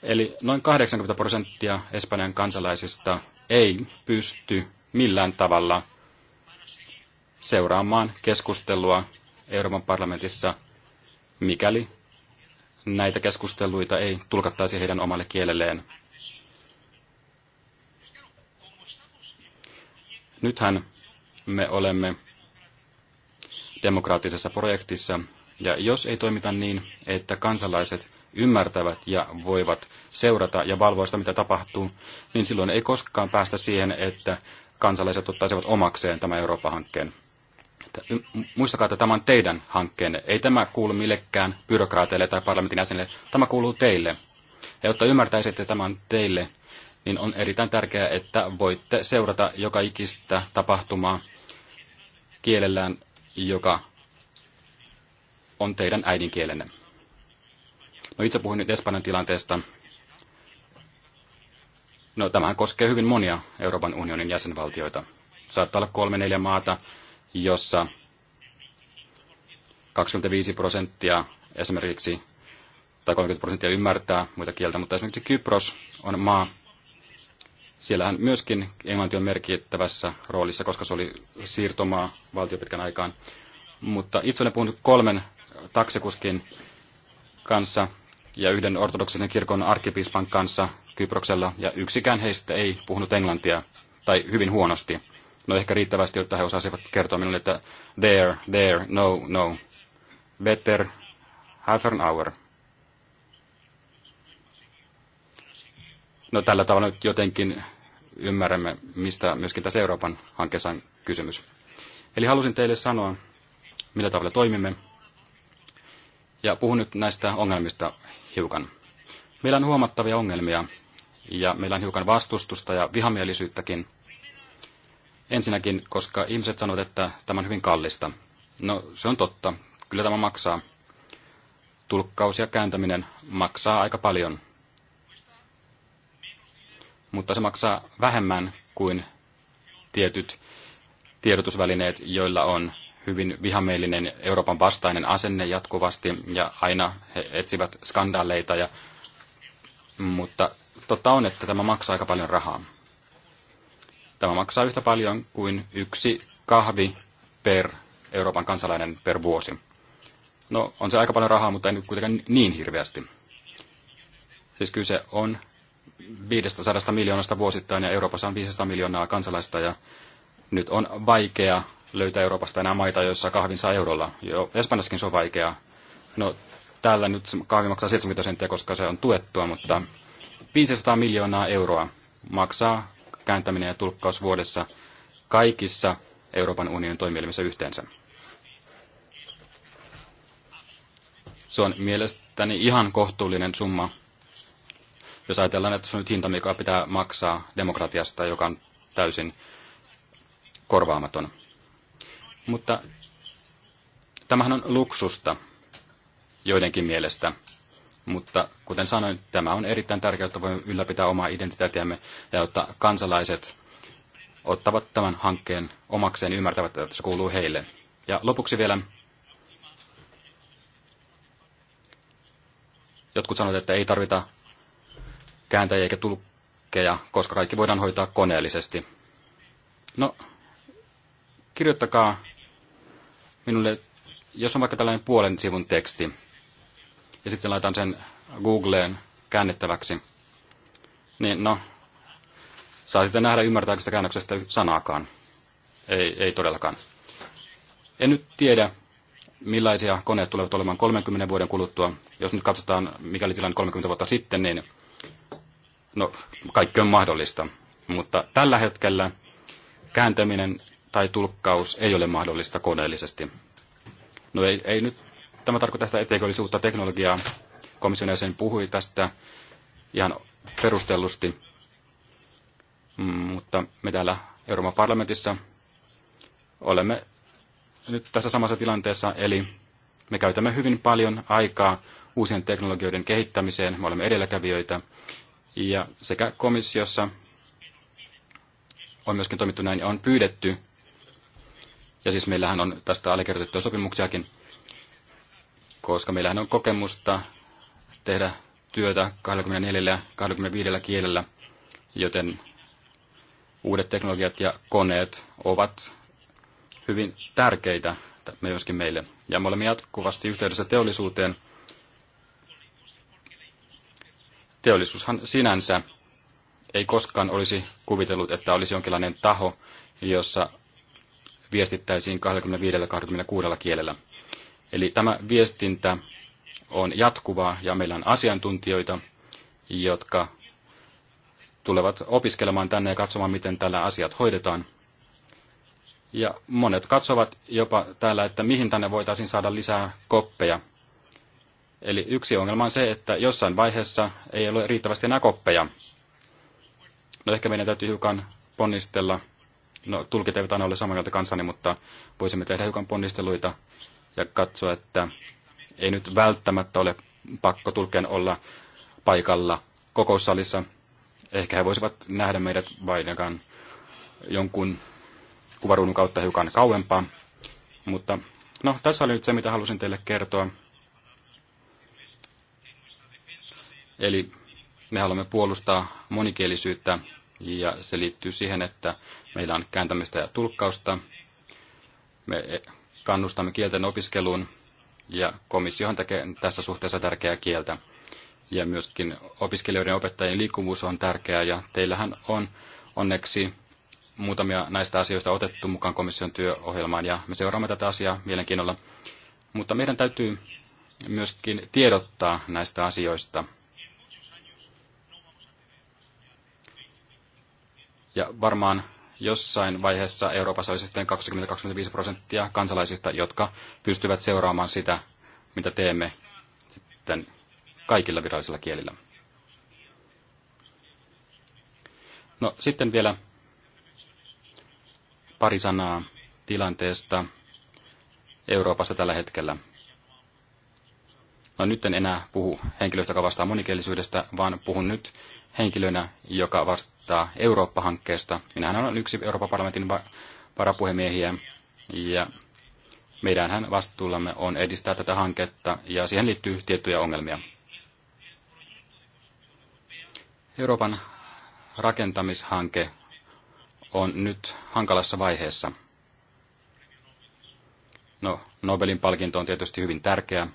Eli noin 80 prosenttia Espanjan kansalaisista ei pysty millään tavalla seuraamaan keskustelua Euroopan parlamentissa, mikäli näitä keskusteluita ei tulkattaisi heidän omalle kielelleen. Nythän me olemme demokraattisessa projektissa, ja jos ei toimita niin, että kansalaiset ymmärtävät ja voivat seurata ja valvoa sitä, mitä tapahtuu, niin silloin ei koskaan päästä siihen, että kansalaiset ottaisivat omakseen tämä Eurooppa-hankkeen. Muistakaa, että tämä on teidän hankkeenne. Ei tämä kuulu millekään byrokraateille tai parlamentin jäsenille. Tämä kuuluu teille. Ja jotta ymmärtäisitte tämän teille, niin on erittäin tärkeää, että voitte seurata joka ikistä tapahtumaa kielellään, joka on teidän äidinkielenne. No itse puhun nyt Espanjan tilanteesta. No tämähän koskee hyvin monia Euroopan unionin jäsenvaltioita. Saattaa olla kolme neljä maata, jossa 25 prosenttia esimerkiksi tai 30 prosenttia ymmärtää muita kieltä, mutta esimerkiksi Kypros on maa, siellähän myöskin englanti on merkittävässä roolissa, koska se oli siirtomaa valtio pitkän aikaan. Mutta itse olen puhunut kolmen taksikuskin kanssa, ja yhden ortodoksisen kirkon arkkipiispan kanssa Kyproksella, ja yksikään heistä ei puhunut englantia, tai hyvin huonosti. No ehkä riittävästi, jotta he osasivat kertoa minulle, että there, there, no, no, better, half an hour. No tällä tavalla nyt jotenkin ymmärrämme, mistä myöskin tässä Euroopan hankkeessa on kysymys. Eli halusin teille sanoa, millä tavalla toimimme. Ja puhun nyt näistä ongelmista, hiukan. Meillä on huomattavia ongelmia ja meillä on hiukan vastustusta ja vihamielisyyttäkin. Ensinnäkin, koska ihmiset sanovat, että tämä on hyvin kallista. No, se on totta. Kyllä tämä maksaa. Tulkkaus ja kääntäminen maksaa aika paljon. Mutta se maksaa vähemmän kuin tietyt tiedotusvälineet, joilla on hyvin vihamielinen Euroopan vastainen asenne jatkuvasti ja aina he etsivät skandaaleita. Ja, mutta totta on, että tämä maksaa aika paljon rahaa. Tämä maksaa yhtä paljon kuin yksi kahvi per Euroopan kansalainen per vuosi. No, on se aika paljon rahaa, mutta ei nyt kuitenkaan niin hirveästi. Siis kyse on 500 miljoonasta vuosittain ja Euroopassa on 500 miljoonaa kansalaista ja nyt on vaikea löytää Euroopasta enää maita, joissa kahvin saa eurolla. Jo Espanjassakin se on vaikeaa. No, täällä nyt kahvi maksaa 70 senttiä, koska se on tuettua, mutta 500 miljoonaa euroa maksaa kääntäminen ja tulkkaus vuodessa kaikissa Euroopan unionin toimielimissä yhteensä. Se on mielestäni ihan kohtuullinen summa, jos ajatellaan, että se on nyt hinta, mikä pitää maksaa demokratiasta, joka on täysin korvaamaton. Mutta tämähän on luksusta joidenkin mielestä. Mutta kuten sanoin, tämä on erittäin tärkeää, että voimme ylläpitää omaa identiteettiämme ja jotta kansalaiset ottavat tämän hankkeen omakseen ja ymmärtävät, että se kuuluu heille. Ja lopuksi vielä jotkut sanovat, että ei tarvita kääntäjiä eikä tulkkeja, koska kaikki voidaan hoitaa koneellisesti. No, kirjoittakaa minulle, jos on vaikka tällainen puolen sivun teksti, ja sitten laitan sen Googleen käännettäväksi, niin no, saa sitten nähdä, ymmärtääkö sitä käännöksestä sanaakaan. Ei, ei todellakaan. En nyt tiedä, millaisia koneet tulevat olemaan 30 vuoden kuluttua. Jos nyt katsotaan, mikä oli tilanne 30 vuotta sitten, niin no, kaikki on mahdollista. Mutta tällä hetkellä kääntäminen tai tulkkaus ei ole mahdollista koneellisesti. No ei, ei nyt, tämä tarkoita sitä, etteikö olisi uutta teknologiaa. Komission jäsen puhui tästä ihan perustellusti, mutta me täällä Euroopan parlamentissa olemme nyt tässä samassa tilanteessa, eli me käytämme hyvin paljon aikaa uusien teknologioiden kehittämiseen, me olemme edelläkävijöitä, ja sekä komissiossa on myöskin toimittu näin, ja on pyydetty ja siis meillähän on tästä allekirjoitettuja sopimuksiakin, koska meillähän on kokemusta tehdä työtä 24 ja 25 kielellä, joten uudet teknologiat ja koneet ovat hyvin tärkeitä myöskin meille. Ja me olemme jatkuvasti yhteydessä teollisuuteen. Teollisuushan sinänsä ei koskaan olisi kuvitellut, että olisi jonkinlainen taho, jossa viestittäisiin 25-26 kielellä. Eli tämä viestintä on jatkuvaa ja meillä on asiantuntijoita, jotka tulevat opiskelemaan tänne ja katsomaan, miten tällä asiat hoidetaan. Ja monet katsovat jopa täällä, että mihin tänne voitaisiin saada lisää koppeja. Eli yksi ongelma on se, että jossain vaiheessa ei ole riittävästi enää koppeja. No ehkä meidän täytyy hiukan ponnistella no tulkit eivät aina ole samaa mieltä kanssani, mutta voisimme tehdä hiukan ponnisteluita ja katsoa, että ei nyt välttämättä ole pakko tulkeen olla paikalla kokoussalissa. Ehkä he voisivat nähdä meidät vainakaan jonkun kuvaruudun kautta hiukan kauempaa. Mutta no, tässä oli nyt se, mitä halusin teille kertoa. Eli me haluamme puolustaa monikielisyyttä ja se liittyy siihen, että Meillä on kääntämistä ja tulkkausta. Me kannustamme kielten opiskeluun ja komissiohan tekee tässä suhteessa tärkeää kieltä. Ja myöskin opiskelijoiden ja opettajien liikkuvuus on tärkeää ja teillähän on onneksi muutamia näistä asioista otettu mukaan komission työohjelmaan ja me seuraamme tätä asiaa mielenkiinnolla. Mutta meidän täytyy myöskin tiedottaa näistä asioista. Ja varmaan jossain vaiheessa Euroopassa oli sitten 20-25 prosenttia kansalaisista, jotka pystyvät seuraamaan sitä, mitä teemme sitten kaikilla virallisilla kielillä. No sitten vielä pari sanaa tilanteesta Euroopassa tällä hetkellä. No nyt en enää puhu henkilöstä, joka vastaa monikielisyydestä, vaan puhun nyt henkilönä, joka vastaa Eurooppa-hankkeesta. Minähän olen yksi Euroopan parlamentin varapuhemiehiä ja meidänhän vastuullamme on edistää tätä hanketta ja siihen liittyy tiettyjä ongelmia. Euroopan rakentamishanke on nyt hankalassa vaiheessa. No, Nobelin palkinto on tietysti hyvin tärkeä.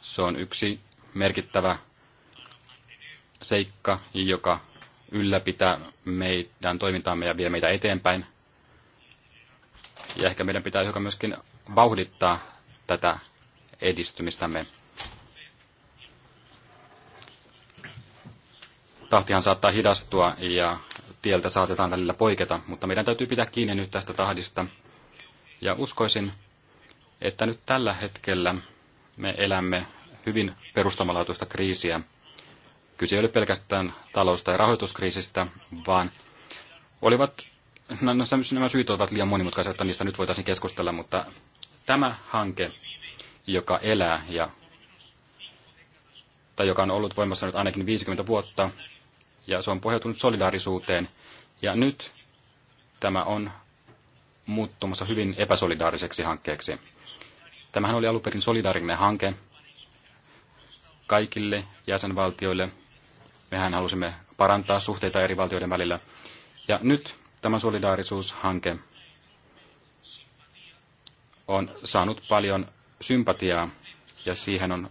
Se on yksi merkittävä seikka, joka ylläpitää meidän toimintaamme ja vie meitä eteenpäin. Ja ehkä meidän pitää joka myöskin vauhdittaa tätä edistymistämme. Tahtihan saattaa hidastua ja tieltä saatetaan välillä poiketa, mutta meidän täytyy pitää kiinni nyt tästä tahdista. Ja uskoisin, että nyt tällä hetkellä me elämme hyvin perustamalaatuista kriisiä. Kyse ei ole pelkästään talous- tai rahoituskriisistä, vaan olivat, no, no nämä syyt ovat liian monimutkaisia, että niistä nyt voitaisiin keskustella, mutta tämä hanke, joka elää ja tai joka on ollut voimassa nyt ainakin 50 vuotta, ja se on pohjautunut solidaarisuuteen. Ja nyt tämä on muuttumassa hyvin epäsolidaariseksi hankkeeksi. Tämähän oli alun perin solidaarinen hanke kaikille jäsenvaltioille, Mehän halusimme parantaa suhteita eri valtioiden välillä. Ja nyt tämä solidaarisuushanke on saanut paljon sympatiaa ja siihen on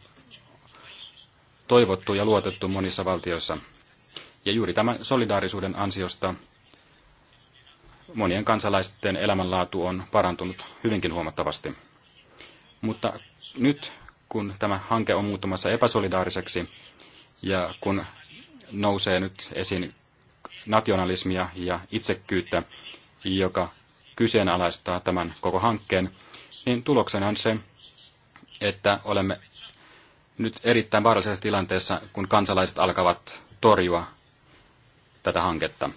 toivottu ja luotettu monissa valtioissa. Ja juuri tämän solidaarisuuden ansiosta monien kansalaisten elämänlaatu on parantunut hyvinkin huomattavasti. Mutta nyt, kun tämä hanke on muuttumassa epäsolidaariseksi ja kun nousee nyt esiin nationalismia ja itsekkyyttä, joka kyseenalaistaa tämän koko hankkeen, niin tuloksena on se, että olemme nyt erittäin vaarallisessa tilanteessa, kun kansalaiset alkavat torjua tätä hanketta.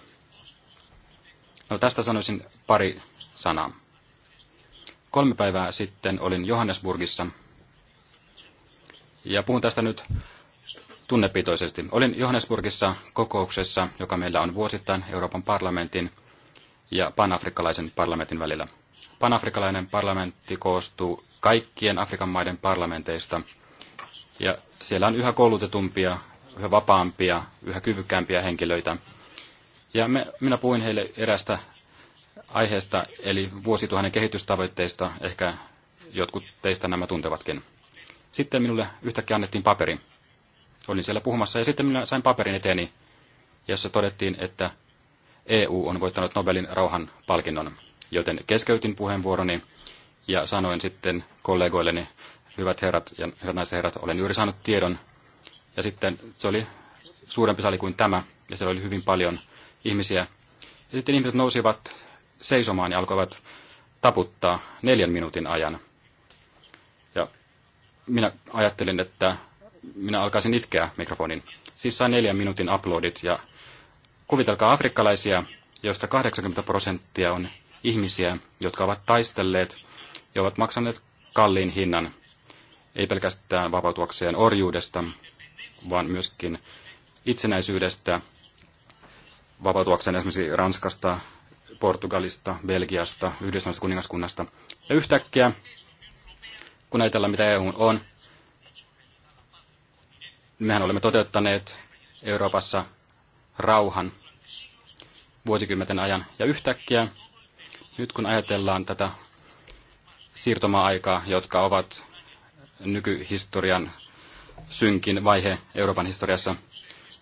No tästä sanoisin pari sanaa. Kolme päivää sitten olin Johannesburgissa, ja puhun tästä nyt tunnepitoisesti. Olin Johannesburgissa kokouksessa, joka meillä on vuosittain Euroopan parlamentin ja panafrikkalaisen parlamentin välillä. Panafrikkalainen parlamentti koostuu kaikkien Afrikan maiden parlamenteista, ja siellä on yhä koulutetumpia, yhä vapaampia, yhä kyvykkäämpiä henkilöitä. Ja me, minä puhuin heille erästä aiheesta, eli vuosituhannen kehitystavoitteista, ehkä jotkut teistä nämä tuntevatkin. Sitten minulle yhtäkkiä annettiin paperi. Olin siellä puhumassa ja sitten minä sain paperin eteeni, jossa todettiin, että EU on voittanut Nobelin rauhanpalkinnon. Joten keskeytin puheenvuoroni ja sanoin sitten kollegoilleni, hyvät herrat ja hyvät naiset herrat, olen juuri saanut tiedon. Ja sitten se oli suurempi sali kuin tämä, ja siellä oli hyvin paljon ihmisiä. Ja sitten ihmiset nousivat seisomaan ja alkoivat taputtaa neljän minuutin ajan. Ja minä ajattelin, että minä alkaisin itkeä mikrofonin. Siis sai neljän minuutin uploadit ja kuvitelkaa afrikkalaisia, joista 80 prosenttia on ihmisiä, jotka ovat taistelleet ja ovat maksaneet kalliin hinnan. Ei pelkästään vapautuakseen orjuudesta, vaan myöskin itsenäisyydestä, vapautuakseen esimerkiksi Ranskasta, Portugalista, Belgiasta, Yhdistyneestä kuningaskunnasta. Ja yhtäkkiä, kun ajatellaan mitä EU on, mehän olemme toteuttaneet Euroopassa rauhan vuosikymmenten ajan. Ja yhtäkkiä, nyt kun ajatellaan tätä siirtomaa-aikaa, jotka ovat nykyhistorian synkin vaihe Euroopan historiassa,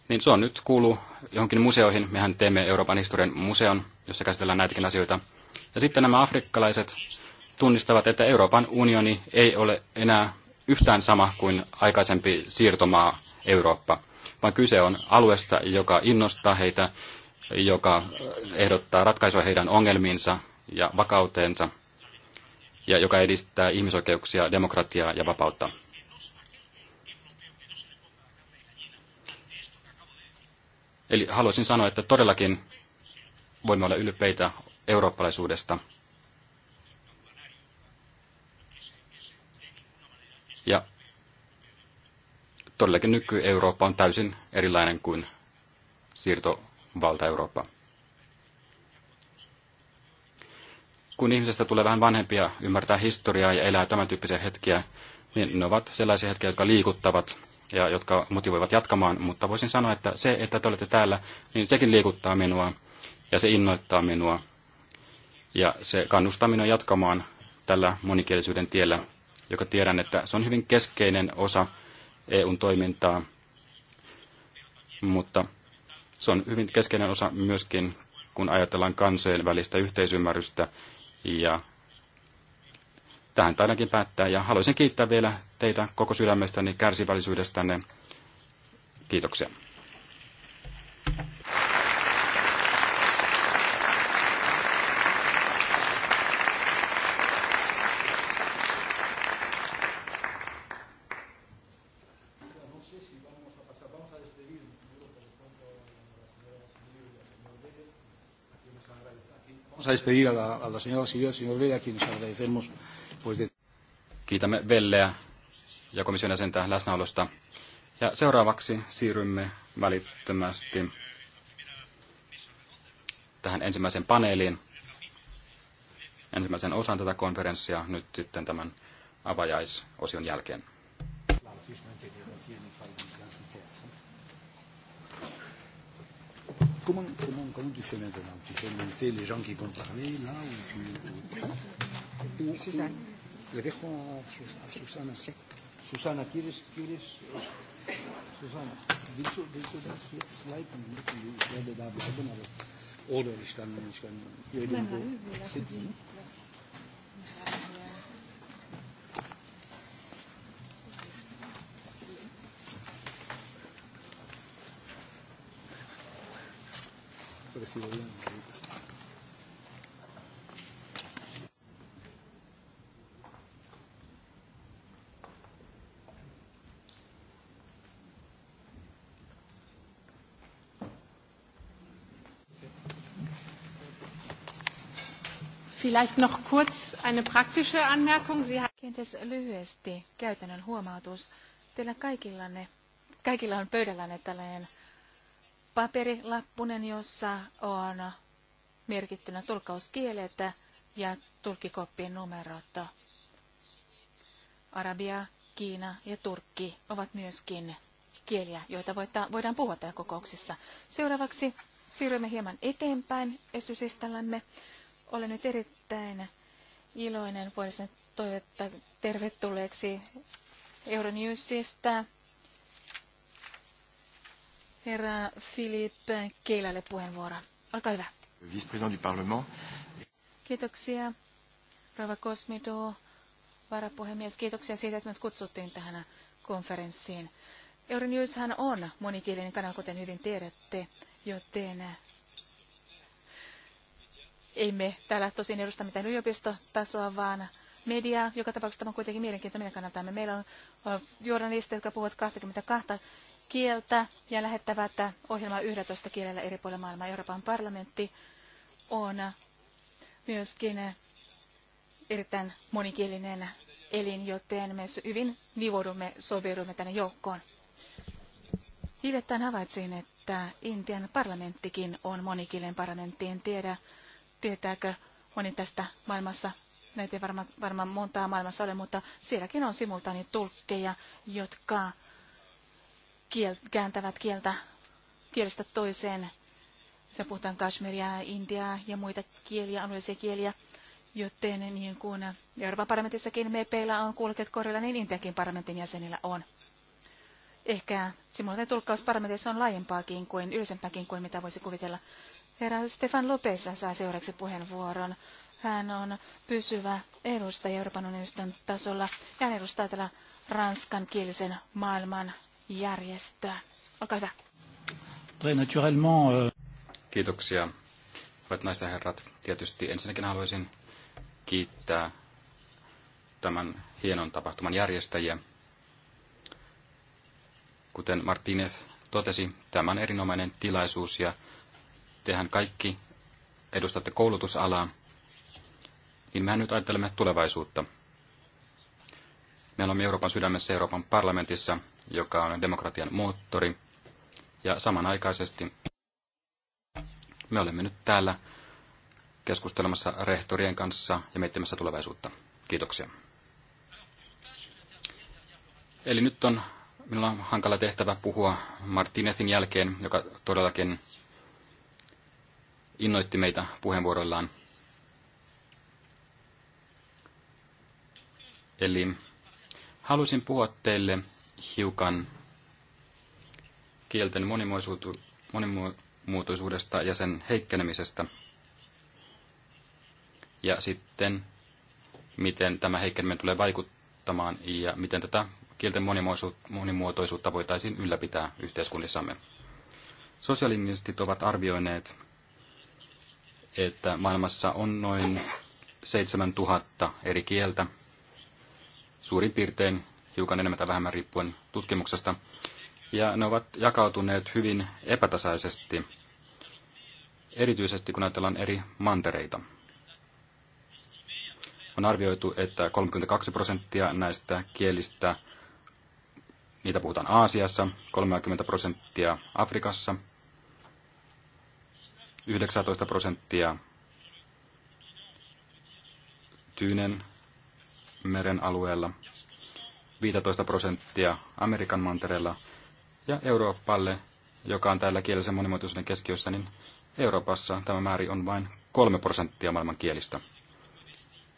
niin se on nyt kuulu johonkin museoihin. Mehän teemme Euroopan historian museon, jossa käsitellään näitäkin asioita. Ja sitten nämä afrikkalaiset tunnistavat, että Euroopan unioni ei ole enää yhtään sama kuin aikaisempi siirtomaa Eurooppa, vaan kyse on alueesta, joka innostaa heitä, joka ehdottaa ratkaisua heidän ongelmiinsa ja vakauteensa, ja joka edistää ihmisoikeuksia, demokratiaa ja vapautta. Eli haluaisin sanoa, että todellakin voimme olla ylpeitä eurooppalaisuudesta. Ja todellakin nyky-Eurooppa on täysin erilainen kuin siirtovalta-Eurooppa. Kun ihmisestä tulee vähän vanhempia, ymmärtää historiaa ja elää tämän tyyppisiä hetkiä, niin ne ovat sellaisia hetkiä, jotka liikuttavat ja jotka motivoivat jatkamaan, mutta voisin sanoa, että se, että te olette täällä, niin sekin liikuttaa minua ja se innoittaa minua ja se kannustaa minua jatkamaan tällä monikielisyyden tiellä, joka tiedän, että se on hyvin keskeinen osa EUn toimintaa, mutta se on hyvin keskeinen osa myöskin, kun ajatellaan kansojen välistä yhteisymmärrystä ja tähän taidankin päättää ja haluaisin kiittää vielä teitä koko sydämestäni kärsivällisyydestänne. Kiitoksia.
a despedir a la, a la señora al señor Vélez, a quienes agradecemos. Pues de...
Kiitämme Velleä ja komission jäsentä läsnäolosta. Ja seuraavaksi siirrymme välittömästi tähän ensimmäiseen paneeliin, ensimmäisen osan tätä konferenssia nyt sitten tämän avajaisosion jälkeen. comment, comment, comment tu fais maintenant Tu fais monter les gens qui vont parler là ou tu, ou, ou, Susana. Le dejo a Susana. Sí. Susana, ¿quieres, quieres Susanne, willst du, willst du das jetzt leiten? Ich werde da bleiben, aber.
Oder ich kann, ich kann irgendwo
nein, nein, sitzen.
Vielleicht noch kurz eine praktische Anmerkung. Sie Kenties lyhyesti käytännön huomautus. Teillä kaikillanne, kaikilla on pöydällänne tällainen paperilappunen, jossa on merkittynä tulkkauskielet ja tulkikoppien numerot. Arabia, Kiina ja Turkki ovat myöskin kieliä, joita voidaan puhua täällä kokouksessa. Seuraavaksi siirrymme hieman eteenpäin esityslistallamme. Olen nyt erittäin iloinen voidessani toivottaa tervetulleeksi Euronewsista Herra Philippe Keilälle puheenvuoron. Olkaa hyvä.
Vice-président du Parlement.
Kiitoksia, Rova Kosmido, varapuhemies. Kiitoksia siitä, että minut kutsuttiin tähän konferenssiin. Euronewshan on monikielinen kanava, kuten hyvin tiedätte, joten ei me täällä tosin edusta mitään yliopistotasoa, vaan media. Joka tapauksessa tämä on kuitenkin mielenkiintoinen meidän kannaltamme. Meillä on journalisteja, jotka puhuvat 22 kieltä ja lähettävät ohjelmaa 11 kielellä eri puolilla maailmaa. Euroopan parlamentti on myöskin erittäin monikielinen elin, joten me hyvin nivoudumme, soveudumme tänne joukkoon. Hiljattain havaitsin, että Intian parlamenttikin on monikielinen parlamentti. En tiedä, tietääkö moni tästä maailmassa. Näitä ei varmaan varma montaa maailmassa ole, mutta sielläkin on simultaanitulkkeja, jotka kiel, kääntävät kieltä kielestä toiseen. Ja puhutaan Kashmiria, Intiaa ja muita kieliä, alueellisia kieliä. Joten niin kuin Euroopan parlamentissakin mepeillä on kuulokkeet korilla, niin Intiakin parlamentin jäsenillä on. Ehkä simulaatio tulkkaus parlamentissa on laajempaakin kuin yleisempäkin kuin mitä voisi kuvitella. Herra Stefan Lopez saa seuraavaksi puheenvuoron. Hän on pysyvä edustaja Euroopan unionin tasolla ja edustaa tällä ranskan kielisen maailman järjestöä. Olkaa hyvä.
Euh, Kiitoksia, hyvät naiset ja herrat. Tietysti ensinnäkin haluaisin kiittää tämän hienon tapahtuman järjestäjiä. Kuten Martinez totesi, tämä on erinomainen tilaisuus ja tehän kaikki edustatte koulutusalaa, niin mehän nyt ajattelemme tulevaisuutta. Me olemme Euroopan sydämessä Euroopan parlamentissa joka on demokratian moottori. Ja samanaikaisesti me olemme nyt täällä keskustelemassa rehtorien kanssa ja miettimässä tulevaisuutta. Kiitoksia. Eli nyt on minulla on hankala tehtävä puhua Martinezin jälkeen, joka todellakin innoitti meitä puheenvuoroillaan. Eli haluaisin puhua teille hiukan kielten monimuotoisuudesta ja sen heikkenemisestä. Ja sitten, miten tämä heikkeneminen tulee vaikuttamaan ja miten tätä kielten monimuotoisuutta voitaisiin ylläpitää yhteiskunnissamme. Sosiaalingvistit ovat arvioineet, että maailmassa on noin 7000 eri kieltä, suurin piirtein hiukan enemmän tai vähemmän riippuen tutkimuksesta. Ja ne ovat jakautuneet hyvin epätasaisesti, erityisesti kun ajatellaan eri mantereita. On arvioitu, että 32 prosenttia näistä kielistä, niitä puhutaan Aasiassa, 30 prosenttia Afrikassa, 19 prosenttia Tyynen meren alueella 15 prosenttia Amerikan mantereella ja Euroopalle, joka on täällä kielisen monimuotoisuuden keskiössä, niin Euroopassa tämä määrä on vain 3 prosenttia maailman kielistä.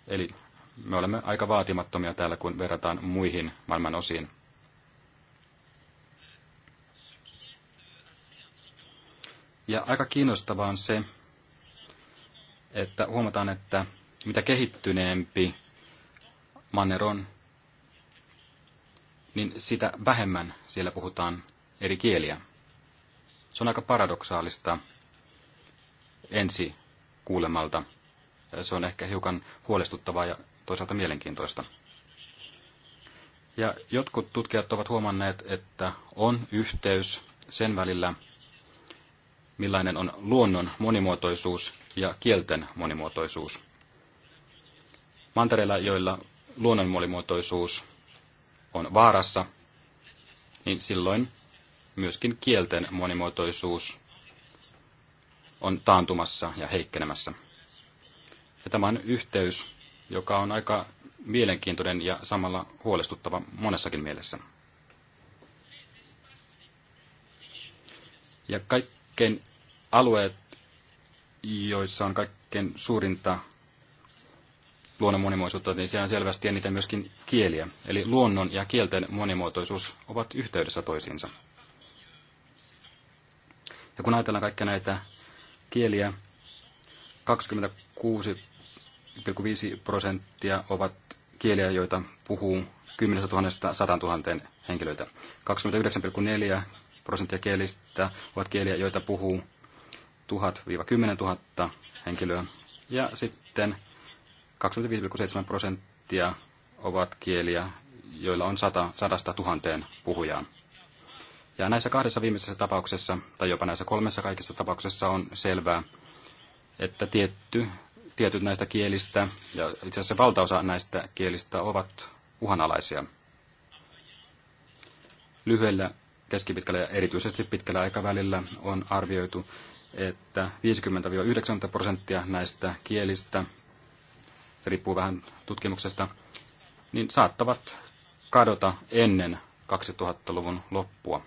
Eli me olemme aika vaatimattomia täällä, kun verrataan muihin maailman osiin. Ja aika kiinnostavaa on se, että huomataan, että mitä kehittyneempi manner on, niin sitä vähemmän siellä puhutaan eri kieliä. Se on aika paradoksaalista ensi kuulemalta. Se on ehkä hiukan huolestuttavaa ja toisaalta mielenkiintoista. Ja jotkut tutkijat ovat huomanneet, että on yhteys sen välillä, millainen on luonnon monimuotoisuus ja kielten monimuotoisuus. Mantereilla, joilla luonnon monimuotoisuus on vaarassa, niin silloin myöskin kielten monimuotoisuus on taantumassa ja heikkenemässä. Ja tämä on yhteys, joka on aika mielenkiintoinen ja samalla huolestuttava monessakin mielessä. Ja kaikkein alueet, joissa on kaikkein suurinta luonnon monimuotoisuutta, niin siellä on selvästi eniten myöskin kieliä. Eli luonnon ja kielten monimuotoisuus ovat yhteydessä toisiinsa. Ja kun ajatellaan kaikkia näitä kieliä, 26,5 prosenttia ovat kieliä, joita puhuu 10 000 100 000 henkilöitä. 29,4 prosenttia kielistä ovat kieliä, joita puhuu 1000-10 000 henkilöä. Ja sitten 25,7 prosenttia ovat kieliä, joilla on sata sadasta tuhanteen puhujaa. Ja näissä kahdessa viimeisessä tapauksessa, tai jopa näissä kolmessa kaikissa tapauksessa on selvää, että tietty, tietyt näistä kielistä, ja itse asiassa valtaosa näistä kielistä ovat uhanalaisia. Lyhyellä, keskipitkällä ja erityisesti pitkällä aikavälillä on arvioitu, että 50-90 prosenttia näistä kielistä se riippuu vähän tutkimuksesta, niin saattavat kadota ennen 2000-luvun loppua.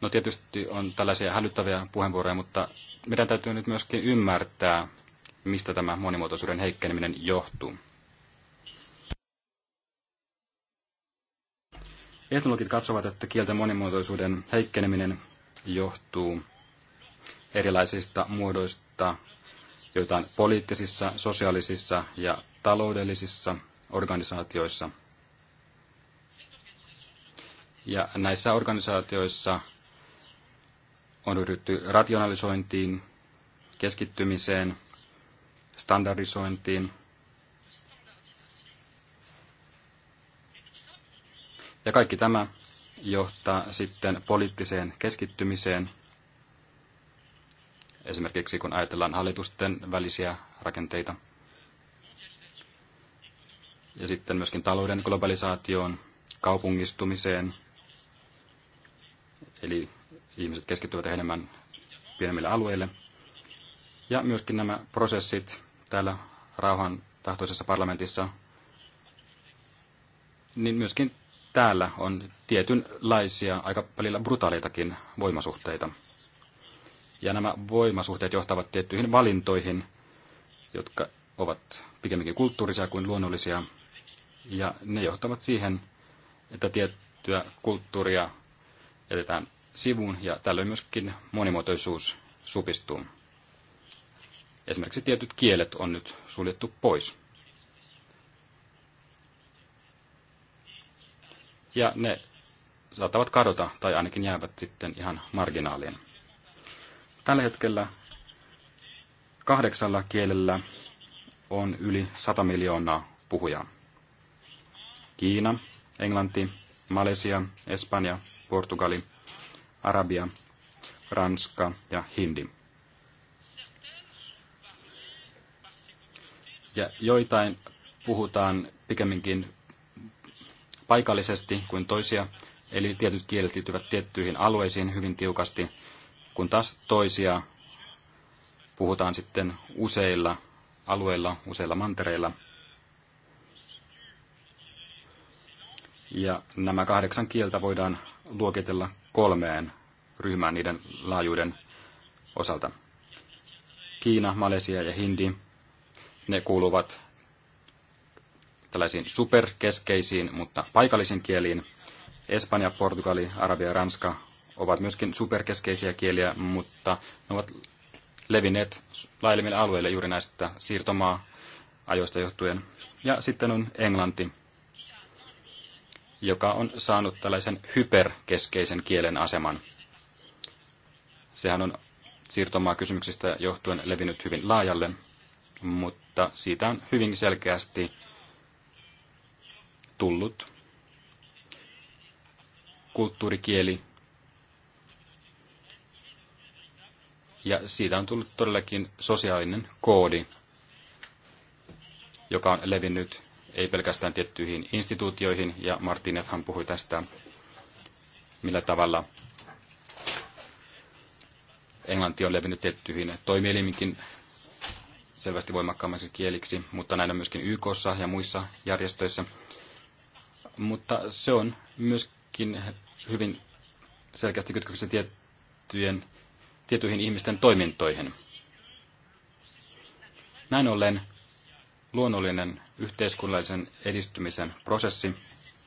No tietysti on tällaisia hälyttäviä puheenvuoroja, mutta meidän täytyy nyt myöskin ymmärtää, mistä tämä monimuotoisuuden heikkeneminen johtuu. Etnologit katsovat, että kielten monimuotoisuuden heikkeneminen johtuu erilaisista muodoista, joita on poliittisissa, sosiaalisissa ja taloudellisissa organisaatioissa. Ja näissä organisaatioissa on ryhdytty rationalisointiin, keskittymiseen, standardisointiin. Ja kaikki tämä johtaa sitten poliittiseen keskittymiseen – esimerkiksi kun ajatellaan hallitusten välisiä rakenteita. Ja sitten myöskin talouden globalisaatioon, kaupungistumiseen, eli ihmiset keskittyvät enemmän pienemmille alueille. Ja myöskin nämä prosessit täällä rauhan tahtoisessa parlamentissa, niin myöskin täällä on tietynlaisia, aika välillä brutaaleitakin voimasuhteita. Ja nämä voimasuhteet johtavat tiettyihin valintoihin, jotka ovat pikemminkin kulttuurisia kuin luonnollisia. Ja ne johtavat siihen, että tiettyä kulttuuria jätetään sivuun ja tällöin myöskin monimuotoisuus supistuu. Esimerkiksi tietyt kielet on nyt suljettu pois. Ja ne saattavat kadota tai ainakin jäävät sitten ihan marginaaliin. Tällä hetkellä kahdeksalla kielellä on yli 100 miljoonaa puhujaa. Kiina, Englanti, Malesia, Espanja, Portugali, Arabia, Ranska ja Hindi. Ja joitain puhutaan pikemminkin paikallisesti kuin toisia, eli tietyt kielet liittyvät tiettyihin alueisiin hyvin tiukasti, kun taas toisia puhutaan sitten useilla alueilla, useilla mantereilla. Ja nämä kahdeksan kieltä voidaan luokitella kolmeen ryhmään niiden laajuuden osalta. Kiina, Malesia ja Hindi, ne kuuluvat tällaisiin superkeskeisiin, mutta paikallisiin kieliin. Espanja, Portugali, Arabia, Ranska, ovat myöskin superkeskeisiä kieliä, mutta ne ovat levinneet laajemmille alueille juuri näistä siirtomaa-ajoista johtuen. Ja sitten on englanti, joka on saanut tällaisen hyperkeskeisen kielen aseman. Sehän on siirtomaa kysymyksistä johtuen levinnyt hyvin laajalle, mutta siitä on hyvin selkeästi tullut kulttuurikieli, ja siitä on tullut todellakin sosiaalinen koodi, joka on levinnyt ei pelkästään tiettyihin instituutioihin, ja Martinethan puhui tästä, millä tavalla englanti on levinnyt tiettyihin toimielimikin selvästi voimakkaammaksi kieliksi, mutta näin on myöskin YK ja muissa järjestöissä. Mutta se on myöskin hyvin selkeästi kytköksessä tiettyjen tietyihin ihmisten toimintoihin. Näin ollen luonnollinen yhteiskunnallisen edistymisen prosessi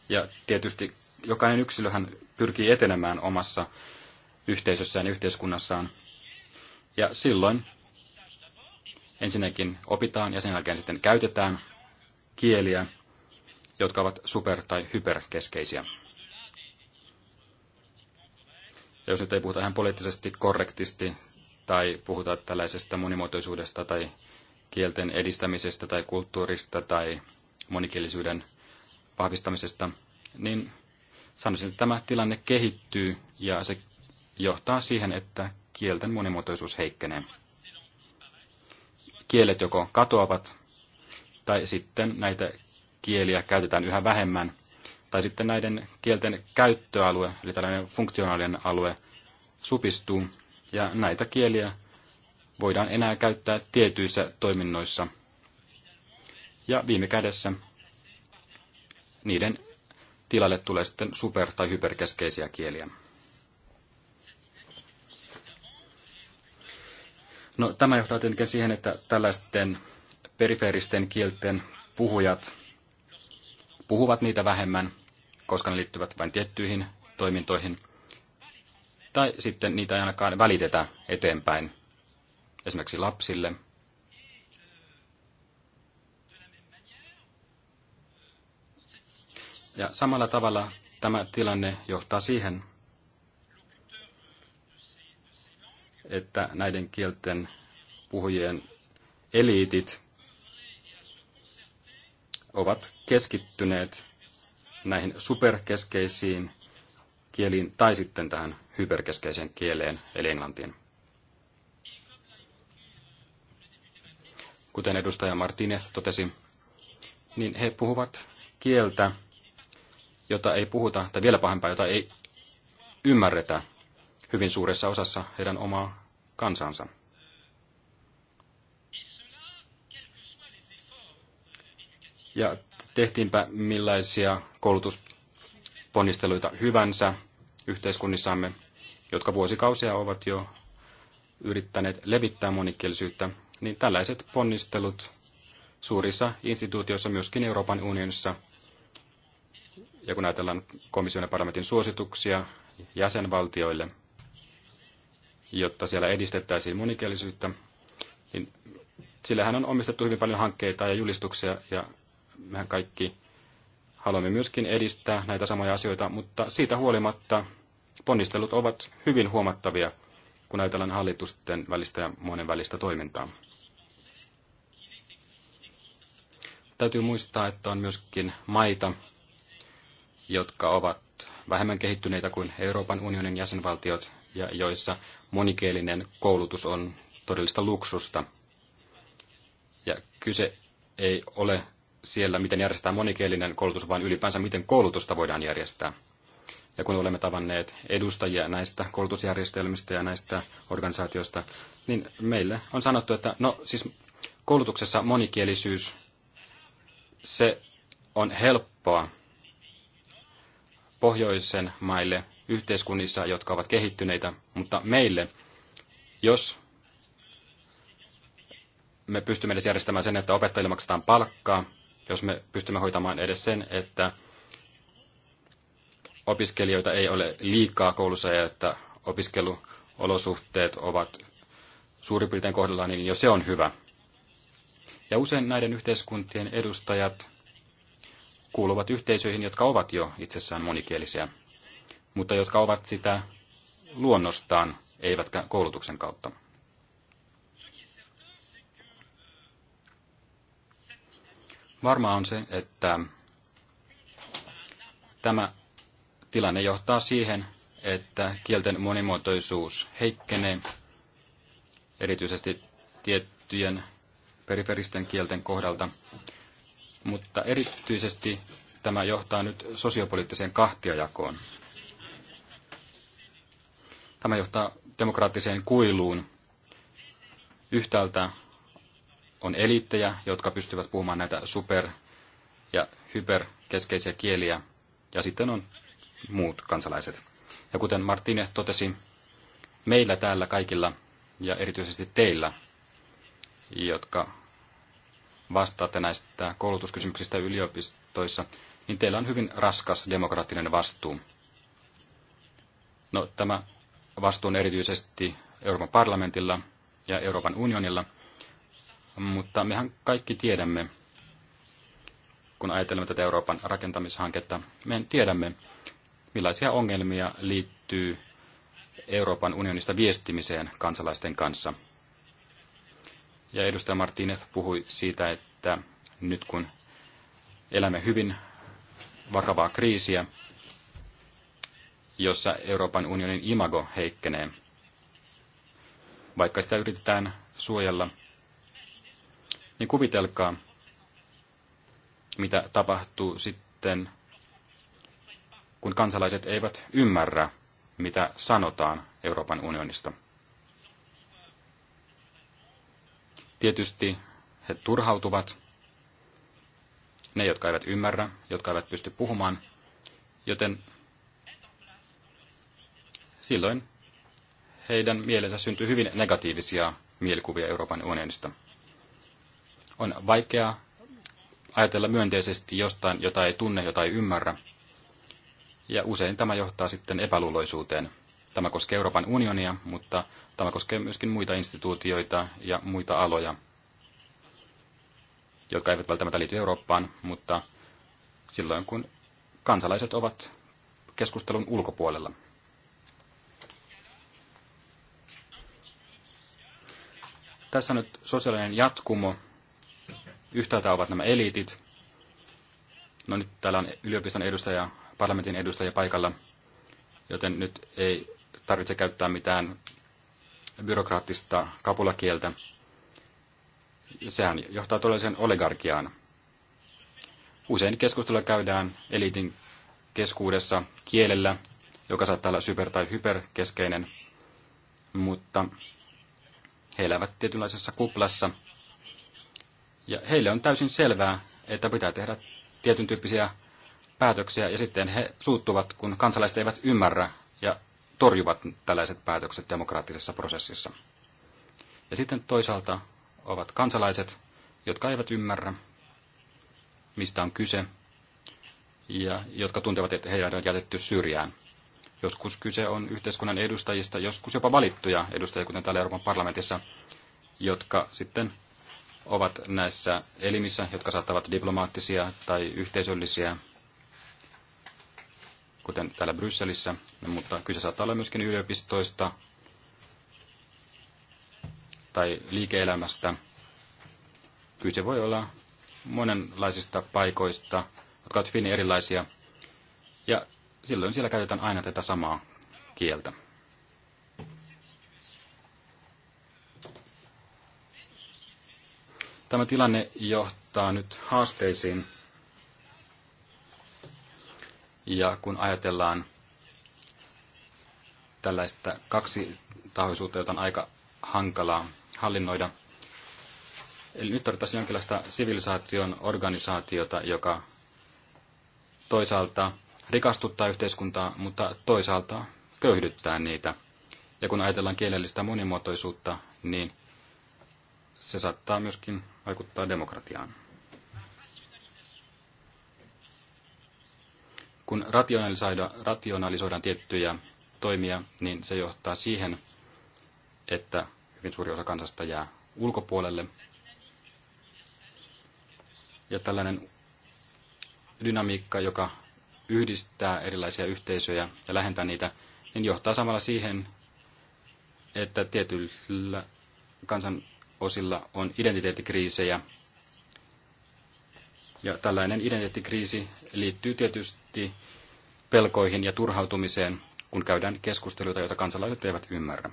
ja tietysti jokainen yksilöhän pyrkii etenemään omassa yhteisössään ja yhteiskunnassaan. Ja silloin ensinnäkin opitaan ja sen jälkeen sitten käytetään kieliä, jotka ovat super- tai hyperkeskeisiä. Ja jos nyt ei puhuta ihan poliittisesti korrektisti tai puhuta tällaisesta monimuotoisuudesta tai kielten edistämisestä tai kulttuurista tai monikielisyyden vahvistamisesta, niin sanoisin, että tämä tilanne kehittyy ja se johtaa siihen, että kielten monimuotoisuus heikkenee. Kielet joko katoavat tai sitten näitä kieliä käytetään yhä vähemmän – tai sitten näiden kielten käyttöalue, eli tällainen funktionaalinen alue, supistuu, ja näitä kieliä voidaan enää käyttää tietyissä toiminnoissa. Ja viime kädessä niiden tilalle tulee sitten super- tai hyperkeskeisiä kieliä. No, tämä johtaa tietenkin siihen, että tällaisten perifeeristen kielten puhujat puhuvat niitä vähemmän, koska ne liittyvät vain tiettyihin toimintoihin, tai sitten niitä ei ainakaan välitetä eteenpäin, esimerkiksi lapsille. Ja samalla tavalla tämä tilanne johtaa siihen, että näiden kielten puhujien eliitit ovat keskittyneet näihin superkeskeisiin kieliin tai sitten tähän hyperkeskeiseen kieleen eli englantiin. Kuten edustaja Martinez totesi, niin he puhuvat kieltä, jota ei puhuta, tai vielä pahempaa, jota ei ymmärretä hyvin suuressa osassa heidän omaa kansansa. Ja tehtiinpä millaisia koulutusponnisteluita hyvänsä yhteiskunnissamme, jotka vuosikausia ovat jo yrittäneet levittää monikielisyyttä, niin tällaiset ponnistelut suurissa instituutioissa, myöskin Euroopan unionissa, ja kun ajatellaan komission ja parlamentin suosituksia jäsenvaltioille, jotta siellä edistettäisiin monikielisyyttä, niin sillähän on omistettu hyvin paljon hankkeita ja julistuksia, ja mehän kaikki haluamme myöskin edistää näitä samoja asioita, mutta siitä huolimatta ponnistelut ovat hyvin huomattavia, kun ajatellaan hallitusten välistä ja monen välistä toimintaa. Täytyy muistaa, että on myöskin maita, jotka ovat vähemmän kehittyneitä kuin Euroopan unionin jäsenvaltiot ja joissa monikielinen koulutus on todellista luksusta. Ja kyse ei ole siellä, miten järjestetään monikielinen koulutus, vaan ylipäänsä miten koulutusta voidaan järjestää. Ja kun olemme tavanneet edustajia näistä koulutusjärjestelmistä ja näistä organisaatioista, niin meille on sanottu, että no siis koulutuksessa monikielisyys, se on helppoa pohjoisen maille yhteiskunnissa, jotka ovat kehittyneitä, mutta meille, jos me pystymme edes järjestämään sen, että opettajille maksetaan palkkaa, jos me pystymme hoitamaan edes sen, että opiskelijoita ei ole liikaa koulussa ja että opiskeluolosuhteet ovat suurin piirtein kohdallaan, niin jo se on hyvä. Ja usein näiden yhteiskuntien edustajat kuuluvat yhteisöihin, jotka ovat jo itsessään monikielisiä, mutta jotka ovat sitä luonnostaan, eivätkä koulutuksen kautta. Varmaa on se, että tämä tilanne johtaa siihen, että kielten monimuotoisuus heikkenee, erityisesti tiettyjen periferisten kielten kohdalta. Mutta erityisesti tämä johtaa nyt sosiopoliittiseen kahtiajakoon. Tämä johtaa demokraattiseen kuiluun. Yhtäältä on eliittejä, jotka pystyvät puhumaan näitä super- ja hyperkeskeisiä kieliä, ja sitten on muut kansalaiset. Ja kuten Martine totesi, meillä täällä kaikilla, ja erityisesti teillä, jotka vastaatte näistä koulutuskysymyksistä yliopistoissa, niin teillä on hyvin raskas demokraattinen vastuu. No, tämä vastuu on erityisesti Euroopan parlamentilla ja Euroopan unionilla – mutta mehän kaikki tiedämme, kun ajatellaan tätä Euroopan rakentamishanketta, me tiedämme, millaisia ongelmia liittyy Euroopan unionista viestimiseen kansalaisten kanssa. Ja edustaja Martinez puhui siitä, että nyt kun elämme hyvin vakavaa kriisiä, jossa Euroopan unionin imago heikkenee. Vaikka sitä yritetään suojella, niin kuvitelkaa, mitä tapahtuu sitten, kun kansalaiset eivät ymmärrä, mitä sanotaan Euroopan unionista. Tietysti he turhautuvat, ne, jotka eivät ymmärrä, jotka eivät pysty puhumaan, joten silloin heidän mielensä syntyy hyvin negatiivisia mielikuvia Euroopan unionista. On vaikea ajatella myönteisesti jostain, jota ei tunne, jota ei ymmärrä. Ja usein tämä johtaa sitten epäluuloisuuteen. Tämä koskee Euroopan unionia, mutta tämä koskee myöskin muita instituutioita ja muita aloja, jotka eivät välttämättä liity Eurooppaan, mutta silloin kun kansalaiset ovat keskustelun ulkopuolella. Tässä nyt sosiaalinen jatkumo, Yhtäältä ovat nämä eliitit. No nyt täällä on yliopiston edustaja, parlamentin edustaja paikalla, joten nyt ei tarvitse käyttää mitään byrokraattista kapulakieltä. Sehän johtaa todelliseen oligarkiaan. Usein keskustelua käydään eliitin keskuudessa kielellä, joka saattaa olla super- tai hyperkeskeinen, mutta he elävät tietynlaisessa kuplassa – ja heille on täysin selvää, että pitää tehdä tietyn tyyppisiä päätöksiä ja sitten he suuttuvat, kun kansalaiset eivät ymmärrä ja torjuvat tällaiset päätökset demokraattisessa prosessissa. Ja sitten toisaalta ovat kansalaiset, jotka eivät ymmärrä, mistä on kyse, ja jotka tuntevat, että heidät on jätetty syrjään. Joskus kyse on yhteiskunnan edustajista, joskus jopa valittuja edustajia, kuten täällä Euroopan parlamentissa, jotka sitten ovat näissä elimissä, jotka saattavat diplomaattisia tai yhteisöllisiä, kuten täällä Brysselissä, no, mutta kyse saattaa olla myöskin yliopistoista tai liike-elämästä. Kyse voi olla monenlaisista paikoista, jotka ovat hyvin erilaisia, ja silloin siellä käytetään aina tätä samaa kieltä. Tämä tilanne johtaa nyt haasteisiin. Ja kun ajatellaan tällaista kaksi tahoisuutta, jota on aika hankalaa hallinnoida, Eli nyt tarvittaisiin jonkinlaista sivilisaation organisaatiota, joka toisaalta rikastuttaa yhteiskuntaa, mutta toisaalta köyhdyttää niitä. Ja kun ajatellaan kielellistä monimuotoisuutta, niin se saattaa myöskin vaikuttaa demokratiaan. Kun rationalisoida, rationalisoidaan tiettyjä toimia, niin se johtaa siihen, että hyvin suuri osa kansasta jää ulkopuolelle. Ja tällainen dynamiikka, joka yhdistää erilaisia yhteisöjä ja lähentää niitä, niin johtaa samalla siihen, että tietyllä kansan osilla on identiteettikriisejä. Ja tällainen identiteettikriisi liittyy tietysti pelkoihin ja turhautumiseen, kun käydään keskusteluita, joita kansalaiset eivät ymmärrä.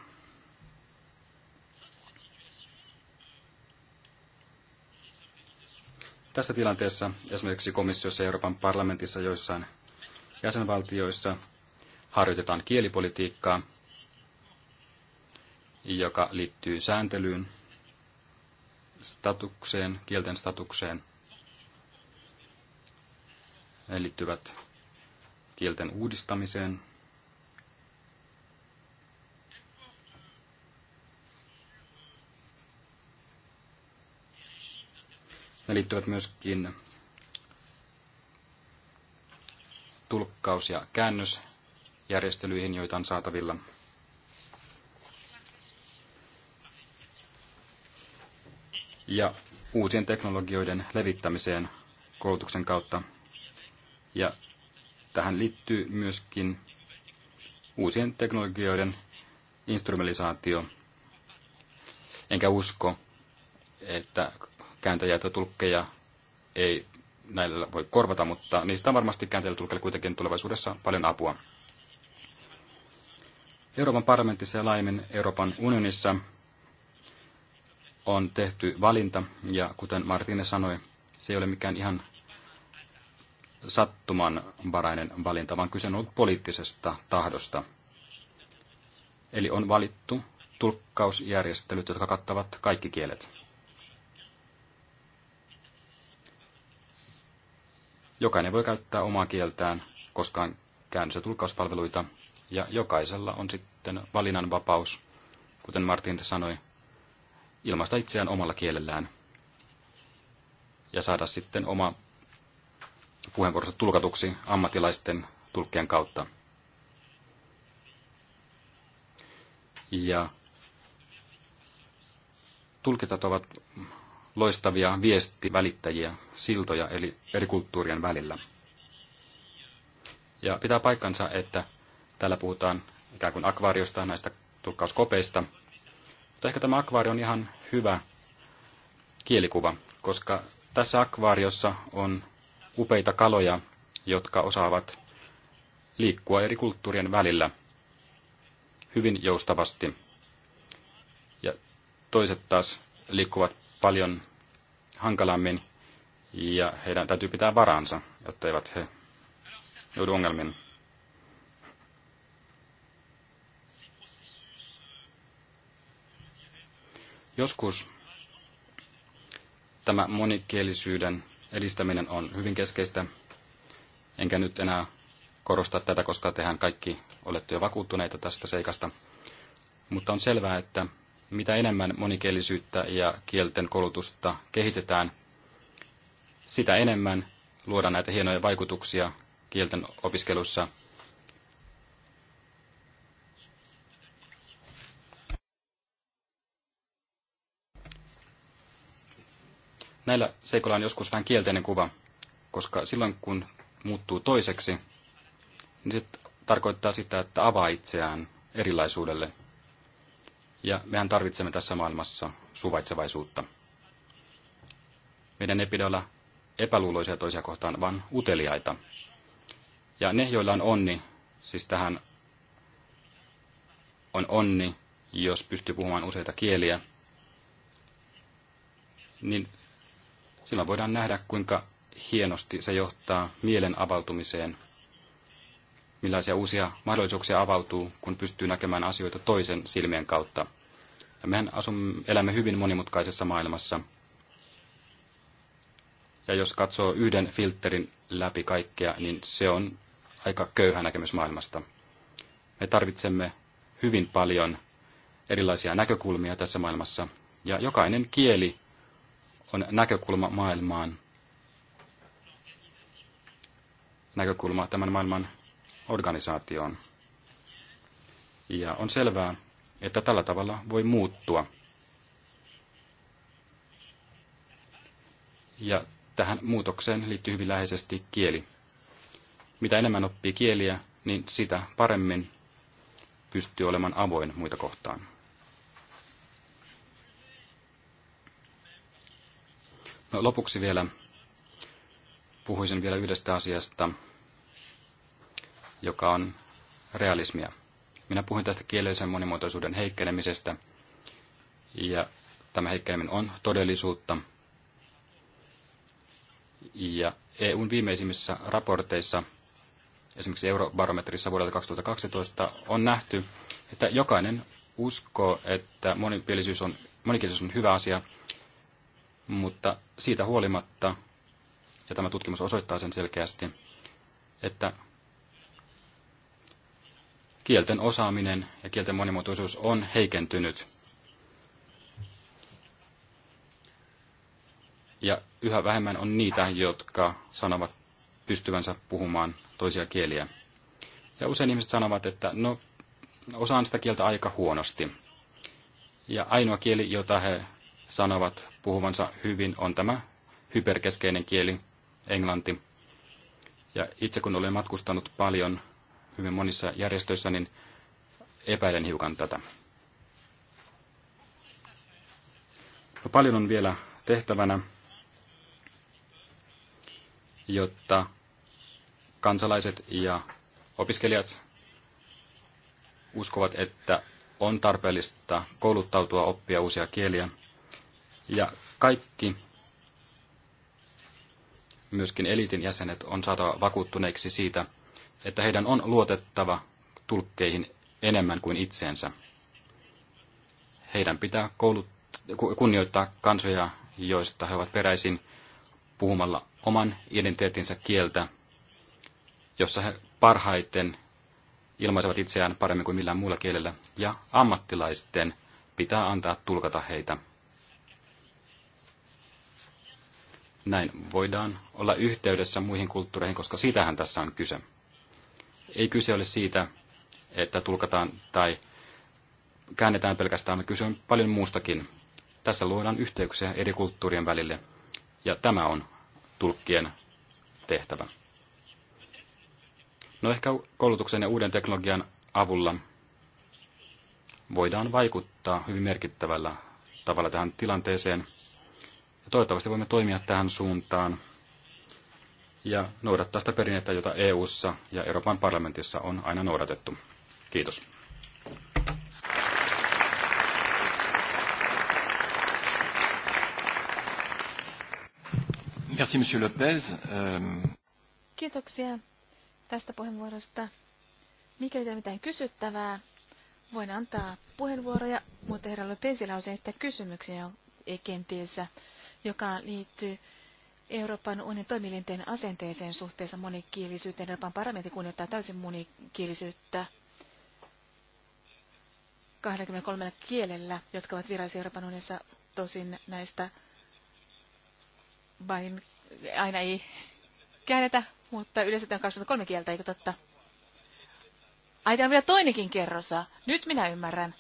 Tässä tilanteessa esimerkiksi komissiossa ja Euroopan parlamentissa joissain jäsenvaltioissa harjoitetaan kielipolitiikkaa, joka liittyy sääntelyyn statukseen, kielten statukseen. Ne liittyvät kielten uudistamiseen. Ne liittyvät myöskin tulkkaus- ja käännösjärjestelyihin, joita on saatavilla – ja uusien teknologioiden levittämiseen koulutuksen kautta. Ja tähän liittyy myöskin uusien teknologioiden instrumentalisaatio. Enkä usko, että kääntäjä tai tulkkeja ei näillä voi korvata, mutta niistä on varmasti kääntäjällä tulkkeilla kuitenkin tulevaisuudessa paljon apua. Euroopan parlamentissa ja laajemmin Euroopan unionissa on tehty valinta, ja kuten Martine sanoi, se ei ole mikään ihan sattumanvarainen valinta, vaan kyse on ollut poliittisesta tahdosta. Eli on valittu tulkkausjärjestelyt, jotka kattavat kaikki kielet. Jokainen voi käyttää omaa kieltään, koska on käännös- tulkkauspalveluita, ja jokaisella on sitten valinnanvapaus, kuten Martin sanoi, ilmaista itseään omalla kielellään ja saada sitten oma puheenvuoronsa tulkatuksi ammattilaisten tulkkien kautta. Ja tulkitat ovat loistavia viestivälittäjiä, siltoja eli eri kulttuurien välillä. Ja pitää paikkansa, että täällä puhutaan ikään kuin akvaariosta, näistä tulkkauskopeista – mutta ehkä tämä akvaario on ihan hyvä kielikuva, koska tässä akvaariossa on upeita kaloja, jotka osaavat liikkua eri kulttuurien välillä hyvin joustavasti. Ja toiset taas liikkuvat paljon hankalammin ja heidän täytyy pitää varansa, jotta eivät he joudu ongelmiin. Joskus tämä monikielisyyden edistäminen on hyvin keskeistä, enkä nyt enää korosta tätä, koska tehän kaikki olette jo vakuuttuneita tästä seikasta. Mutta on selvää, että mitä enemmän monikielisyyttä ja kielten koulutusta kehitetään, sitä enemmän luodaan näitä hienoja vaikutuksia kielten opiskelussa – Näillä seikoilla on joskus vähän kielteinen kuva, koska silloin kun muuttuu toiseksi, niin se tarkoittaa sitä, että avaa itseään erilaisuudelle. Ja mehän tarvitsemme tässä maailmassa suvaitsevaisuutta. Meidän ei pidä olla epäluuloisia toisia kohtaan, vaan uteliaita. Ja ne, joilla on onni, siis tähän on onni, jos pystyy puhumaan useita kieliä, niin Silloin voidaan nähdä, kuinka hienosti se johtaa mielen avautumiseen, millaisia uusia mahdollisuuksia avautuu, kun pystyy näkemään asioita toisen silmien kautta. Ja mehän asumme, elämme hyvin monimutkaisessa maailmassa. Ja jos katsoo yhden filterin läpi kaikkea, niin se on aika köyhä näkemys maailmasta. Me tarvitsemme hyvin paljon erilaisia näkökulmia tässä maailmassa, ja jokainen kieli on näkökulma maailmaan. Näkökulma tämän maailman organisaatioon. Ja on selvää, että tällä tavalla voi muuttua. Ja tähän muutokseen liittyy hyvin läheisesti kieli. Mitä enemmän oppii kieliä, niin sitä paremmin pystyy olemaan avoin muita kohtaan. No, lopuksi vielä puhuisin vielä yhdestä asiasta, joka on realismia. Minä puhuin tästä kielellisen monimuotoisuuden heikkenemisestä, ja tämä heikkeneminen on todellisuutta. Ja EUn viimeisimmissä raporteissa, esimerkiksi Eurobarometrissa vuodelta 2012, on nähty, että jokainen uskoo, että monikielisyys on, monikielisyys on hyvä asia, mutta siitä huolimatta, ja tämä tutkimus osoittaa sen selkeästi, että kielten osaaminen ja kielten monimuotoisuus on heikentynyt. Ja yhä vähemmän on niitä, jotka sanovat pystyvänsä puhumaan toisia kieliä. Ja usein ihmiset sanovat, että no, osaan sitä kieltä aika huonosti. Ja ainoa kieli, jota he sanovat puhuvansa hyvin, on tämä hyperkeskeinen kieli, englanti. Ja itse kun olen matkustanut paljon hyvin monissa järjestöissä, niin epäilen hiukan tätä. No, paljon on vielä tehtävänä, jotta kansalaiset ja opiskelijat uskovat, että on tarpeellista kouluttautua oppia uusia kieliä. Ja kaikki, myöskin eliitin jäsenet, on saatava vakuuttuneiksi siitä, että heidän on luotettava tulkkeihin enemmän kuin itseensä. Heidän pitää koulut, kunnioittaa kansoja, joista he ovat peräisin puhumalla oman identiteetinsä kieltä, jossa he parhaiten ilmaisevat itseään paremmin kuin millään muulla kielellä, ja ammattilaisten pitää antaa tulkata heitä. Näin voidaan olla yhteydessä muihin kulttuureihin, koska siitähän tässä on kyse. Ei kyse ole siitä, että tulkataan tai käännetään pelkästään, vaan kyse on paljon muustakin. Tässä luodaan yhteyksiä eri kulttuurien välille, ja tämä on tulkkien tehtävä. No ehkä koulutuksen ja uuden teknologian avulla voidaan vaikuttaa hyvin merkittävällä tavalla tähän tilanteeseen – Toivottavasti voimme toimia tähän suuntaan ja noudattaa sitä perinnettä, jota EU:ssa ja Euroopan parlamentissa on aina noudatettu. Kiitos. Merci, Monsieur Lopez. Euh,
Kiitoksia tästä puheenvuorosta. Mikäli teillä mitään kysyttävää, voin antaa puheenvuoroja, mutta herra Lopezilla on esittää kysymyksiä, kenties joka liittyy Euroopan unionin toimielinten asenteeseen suhteessa monikielisyyteen. Euroopan parlamentti kunnioittaa täysin monikielisyyttä 23 kielellä, jotka ovat virallisia Euroopan unionissa. Tosin näistä vain aina ei käännetä, mutta yleensä on 23 kieltä, eikö totta? Ai, vielä toinenkin kerrosa. Nyt minä ymmärrän.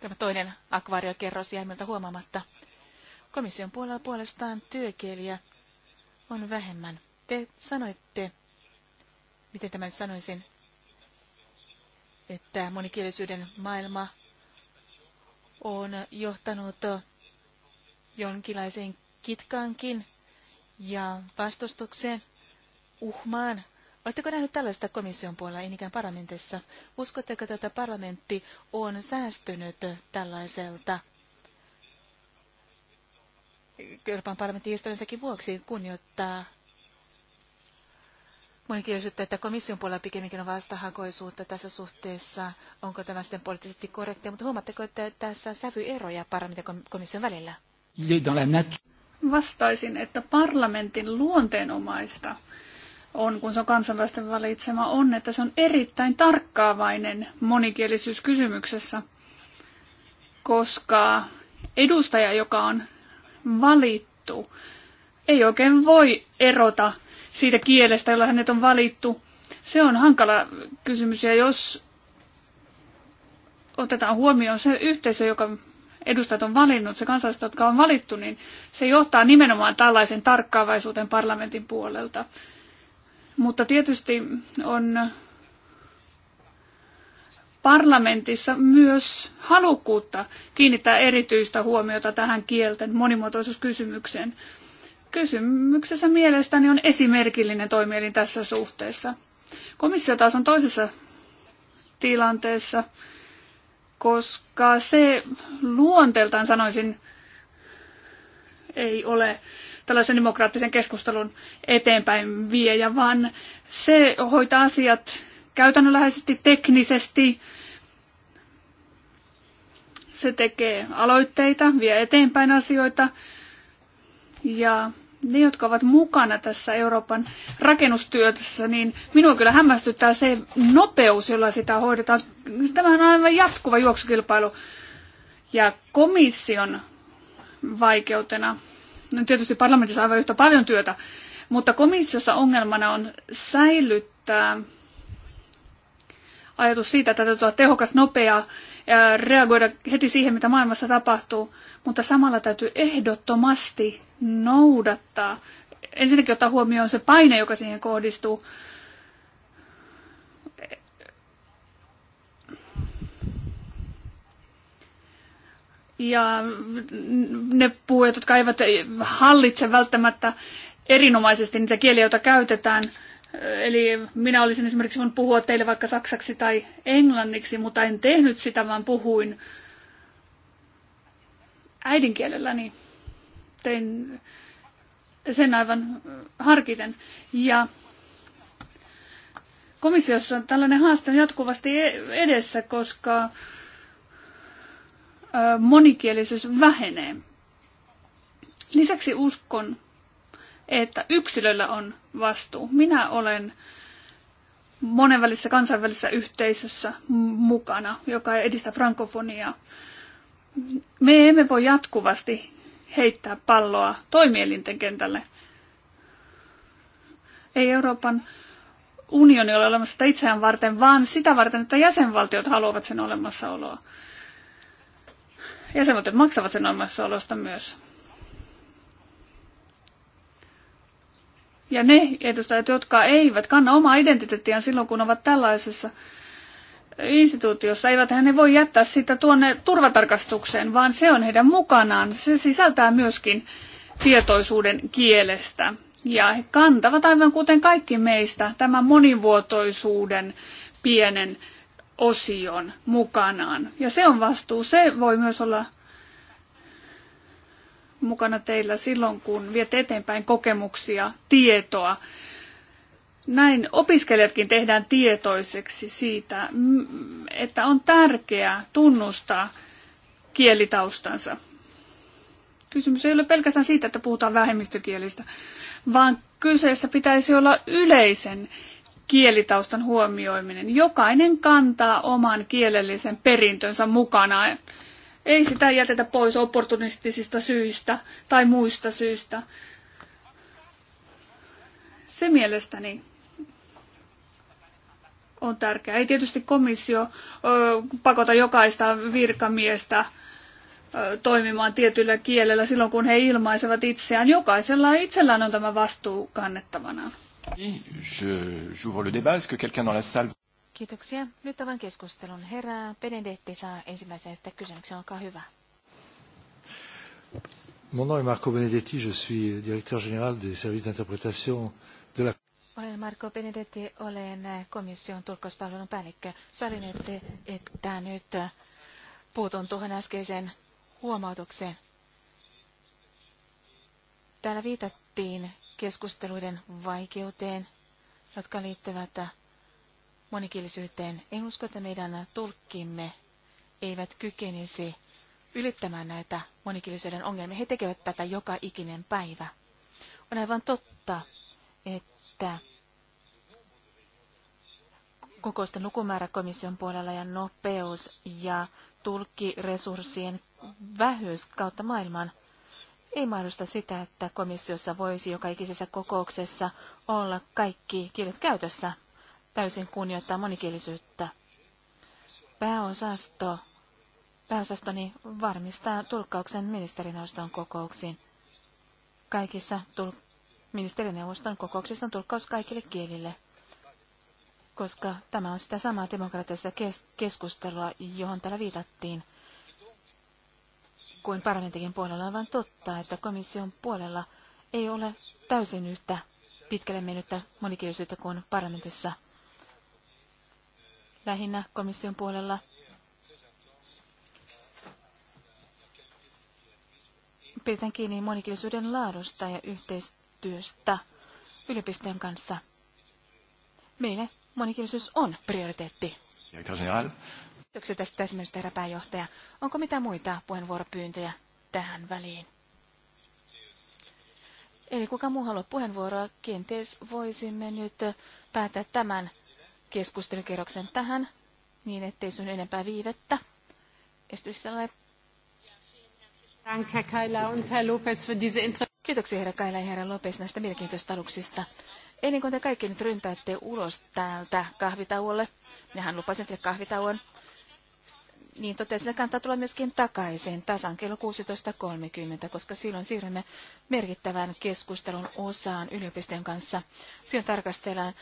Tämä toinen akvaariokerros jäi meiltä huomaamatta. Komission puolella puolestaan työkieliä on vähemmän. Te sanoitte, miten tämän sanoisin, että monikielisyyden maailma on johtanut jonkinlaiseen kitkaankin ja vastustukseen, uhmaan Oletteko nähnyt tällaista komission puolella, ei niinkään parlamentissa? Uskotteko, että parlamentti on säästynyt tällaiselta Euroopan parlamentin historiansakin vuoksi kunnioittaa monikielisyyttä, että komission puolella pikemminkin on vastahakoisuutta tässä suhteessa. Onko tämä sitten poliittisesti korrektia, mutta huomatteko, että
tässä on sävyeroja parlamentin ja komission välillä? Vastaisin, että parlamentin luonteenomaista on, kun se on kansalaisten valitsema, on, että se on erittäin tarkkaavainen monikielisyyskysymyksessä, koska edustaja, joka on valittu, ei oikein voi erota siitä kielestä, jolla hänet on valittu. Se on hankala kysymys, ja jos otetaan huomioon se yhteisö, joka edustajat on valinnut, se kansalaiset, jotka on valittu, niin se johtaa nimenomaan tällaisen tarkkaavaisuuteen parlamentin puolelta. Mutta tietysti on parlamentissa myös halukkuutta kiinnittää erityistä huomiota tähän kielten monimuotoisuuskysymykseen. Kysymyksessä mielestäni on esimerkillinen toimielin tässä suhteessa. Komissio taas on toisessa tilanteessa, koska se luonteeltaan sanoisin ei ole tällaisen demokraattisen keskustelun eteenpäin viejä, vaan se hoitaa asiat käytännönläheisesti, teknisesti. Se tekee aloitteita, vie eteenpäin asioita ja ne, jotka ovat mukana tässä Euroopan rakennustyössä, niin minua kyllä hämmästyttää se nopeus, jolla sitä hoidetaan. Tämä on aivan jatkuva juoksukilpailu. Ja komission vaikeutena No tietysti parlamentissa aivan yhtä paljon työtä, mutta komissiossa ongelmana on säilyttää ajatus siitä, että täytyy olla tehokas, nopea ja reagoida heti siihen, mitä maailmassa tapahtuu, mutta samalla täytyy ehdottomasti noudattaa. Ensinnäkin ottaa huomioon se paine, joka siihen kohdistuu, ja ne puhujat, jotka eivät hallitse välttämättä erinomaisesti niitä kieliä, joita käytetään. Eli minä olisin esimerkiksi voinut puhua teille vaikka saksaksi tai englanniksi, mutta en tehnyt sitä, vaan puhuin äidinkielelläni. Tein sen aivan harkiten. Ja komissiossa on tällainen haaste on jatkuvasti e- edessä, koska monikielisyys vähenee. Lisäksi uskon, että yksilöllä on vastuu. Minä olen monenvälisessä kansainvälisessä yhteisössä mukana, joka edistää frankofoniaa. Me emme voi jatkuvasti heittää palloa toimielinten kentälle. Ei Euroopan unioni ole olemassa sitä itseään varten, vaan sitä varten, että jäsenvaltiot haluavat sen olemassaoloa jäsenvaltiot maksavat sen olemassaolosta myös. Ja ne edustajat, jotka eivät kanna omaa identiteettiään silloin, kun ovat tällaisessa instituutiossa, eivät ne voi jättää sitä tuonne turvatarkastukseen, vaan se on heidän mukanaan. Se sisältää myöskin tietoisuuden kielestä. Ja he kantavat aivan kuten kaikki meistä tämän monivuotoisuuden pienen osion mukanaan. Ja se on vastuu. Se voi myös olla mukana teillä silloin, kun viette eteenpäin kokemuksia, tietoa. Näin opiskelijatkin tehdään tietoiseksi siitä, että on tärkeää tunnustaa kielitaustansa. Kysymys ei ole pelkästään siitä, että puhutaan vähemmistökielistä, vaan kyseessä pitäisi olla yleisen kielitaustan huomioiminen. Jokainen kantaa oman kielellisen perintönsä mukanaan. Ei sitä jätetä pois opportunistisista syistä tai muista syistä. Se mielestäni on tärkeää. Ei tietysti komissio pakota jokaista virkamiestä toimimaan tietyllä kielellä silloin, kun he ilmaisevat itseään. Jokaisella itsellään on tämä vastuu kannettavanaan.
Kiitoksia. Nyt avaan keskustelun. Herra Benedetti saa ensimmäisen sitä kysymyksen. Olkaa hyvä. Mon nom est Marco Benedetti, je suis directeur général des services d'interprétation de la... Olen Marco Benedetti, olen komission tulkkauspalvelun päällikkö. Salin, että, että nyt puutun tuohon äskeiseen huomautukseen. Täällä viitattiin viitattiin keskusteluiden vaikeuteen, jotka liittyvät monikielisyyteen. En usko, että meidän tulkkimme eivät kykenisi ylittämään näitä monikielisyyden ongelmia. He tekevät tätä joka ikinen päivä. On aivan totta, että kokousten lukumäärä komission puolella ja nopeus ja tulkkiresurssien vähyys kautta maailman ei mahdollista sitä, että komissiossa voisi joka ikisessä kokouksessa olla kaikki kielet käytössä täysin kunnioittaa monikielisyyttä. Pääosasto, pääosastoni varmistaa tulkkauksen ministerineuvoston kokouksiin. Kaikissa tul- ministerineuvoston kokouksissa on tulkkaus kaikille kielille, koska tämä on sitä samaa demokraattista kes- keskustelua, johon täällä viitattiin – kuin parlamentikin puolella, on vain totta, että komission puolella ei ole täysin yhtä pitkälle mennyttä monikielisyyttä kuin parlamentissa. Lähinnä komission puolella pidetään kiinni monikielisyyden laadusta ja yhteistyöstä yliopistojen kanssa. Meille monikielisyys on prioriteetti. Kiitoksia tästä esimerkiksi herra pääjohtaja. Onko mitä muita puheenvuoropyyntöjä tähän väliin? Eli kuka muu haluaa puheenvuoroa, kenties voisimme nyt päättää tämän keskustelukierroksen tähän, niin ettei sun enempää viivettä. Estyställe. Kiitoksia herra Kaila ja herra Lopes näistä mielenkiintoista aluksista. Ennen kuin te kaikki nyt ryntäätte ulos täältä kahvitauolle, nehän lupasin teille kahvitauon, niin totesin, että kannattaa tulla myöskin takaisin tasan kello 16.30, koska silloin siirrymme merkittävän keskustelun osaan yliopistojen kanssa. Silloin tarkastellaan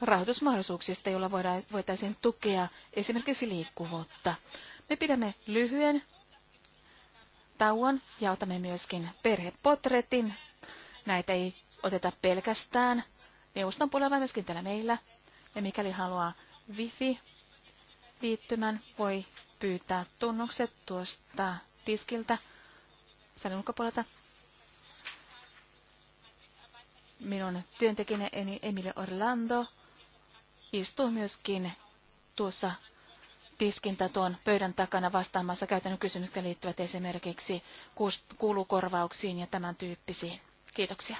rahoitusmahdollisuuksista, joilla voitaisiin tukea esimerkiksi liikkuvuutta. Me pidämme lyhyen tauon ja otamme myöskin perhepotretin. Näitä ei oteta pelkästään neuvoston puolella, vaan myöskin täällä meillä. Ja mikäli haluaa wifi liittymän voi pyytää tunnukset tuosta tiskiltä salin ulkopuolelta. Minun työntekijäni Emilio Orlando istuu myöskin tuossa tiskintä tuon pöydän takana vastaamassa käytännön kysymyksiä liittyvät esimerkiksi kuulukorvauksiin ja tämän tyyppisiin. Kiitoksia.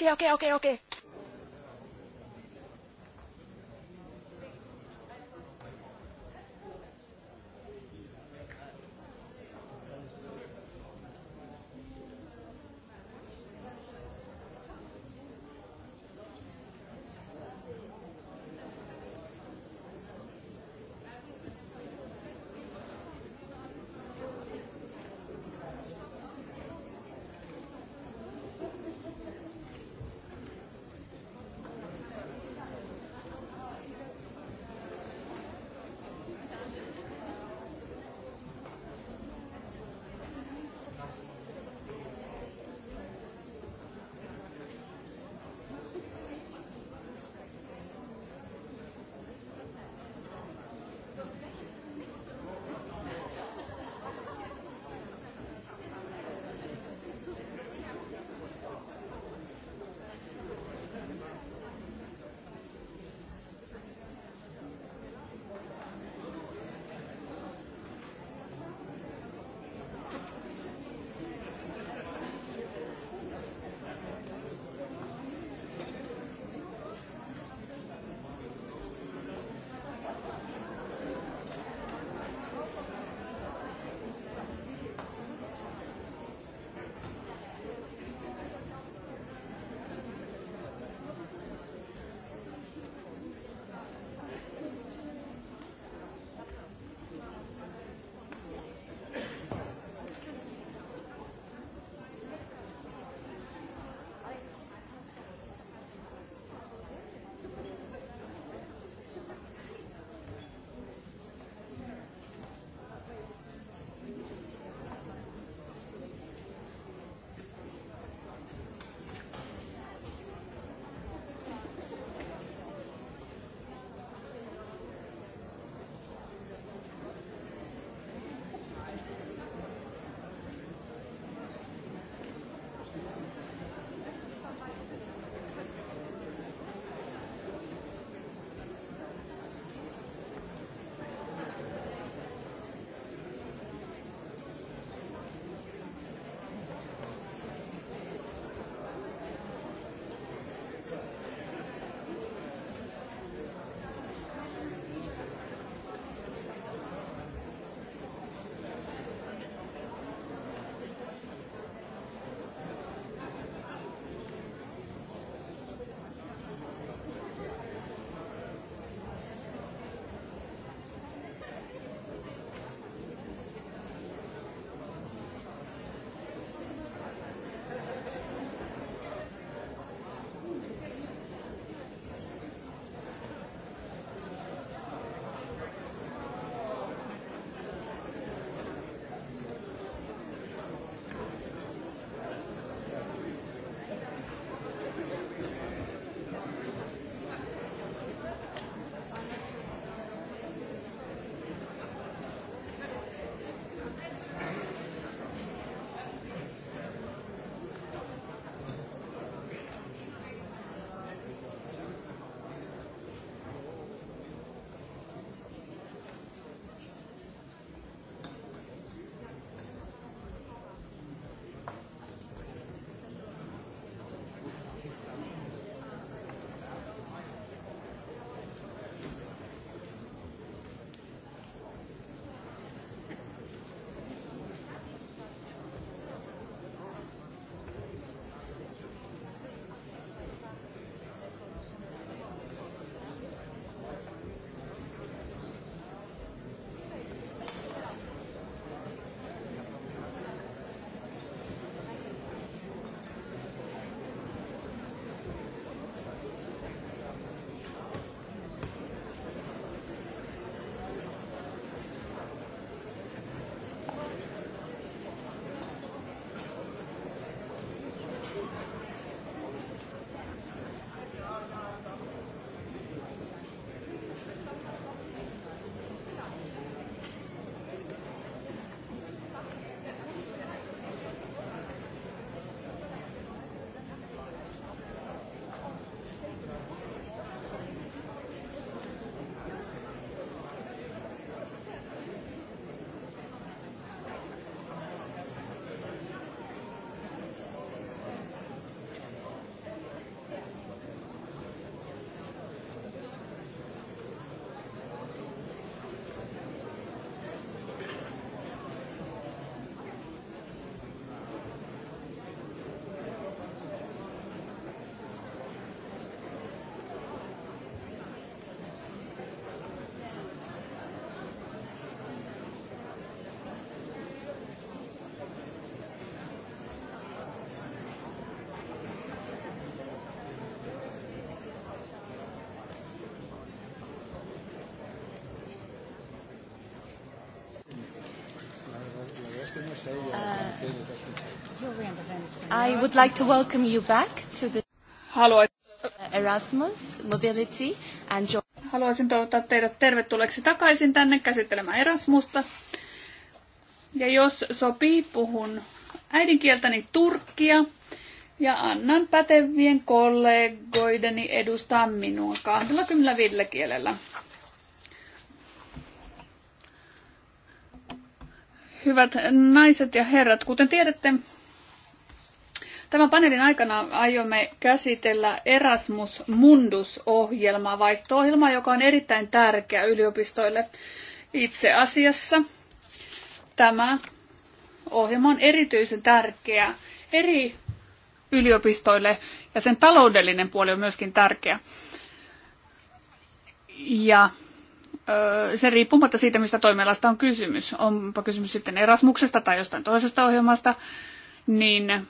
okei, okei, okei, okei.
Uh, I would like to welcome you
back to
the Erasmus, Mobility and Joy. Haluaisin toivottaa teidät tervetulleeksi takaisin tänne käsittelemään Erasmusta. Ja jos sopii, puhun äidinkieltäni turkkia ja annan pätevien kollegoideni edustaa minua 25 kielellä. hyvät naiset ja herrat, kuten tiedätte, tämän paneelin aikana aiomme käsitellä Erasmus Mundus-ohjelmaa, vaihto-ohjelmaa, joka on erittäin tärkeä yliopistoille itse asiassa. Tämä ohjelma on erityisen tärkeä eri yliopistoille ja sen taloudellinen puoli on myöskin tärkeä. Ja sen riippumatta siitä, mistä toimialasta on kysymys, onpa kysymys sitten Erasmuksesta tai jostain toisesta ohjelmasta, niin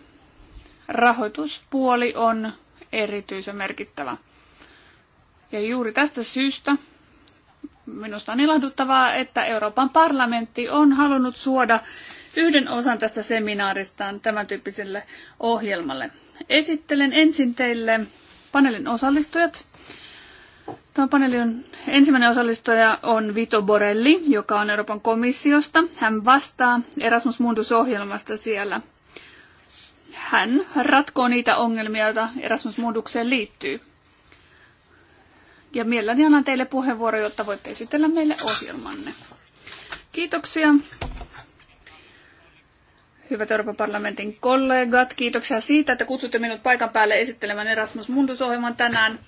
rahoituspuoli on erityisen merkittävä. Ja juuri tästä syystä minusta on niin ilahduttavaa, että Euroopan parlamentti on halunnut suoda yhden osan tästä seminaaristaan tämän tyyppiselle ohjelmalle. Esittelen ensin teille paneelin osallistujat. Tämä paneeli on, ensimmäinen osallistuja on Vito Borelli, joka on Euroopan komissiosta. Hän vastaa Erasmus Mundus-ohjelmasta siellä. Hän ratkoo niitä ongelmia, joita Erasmus Mundukseen liittyy. Ja mielelläni annan teille puheenvuoro, jotta voitte esitellä meille ohjelmanne. Kiitoksia. Hyvät Euroopan parlamentin kollegat, kiitoksia siitä, että kutsutte minut paikan päälle esittelemään Erasmus Mundus-ohjelman tänään.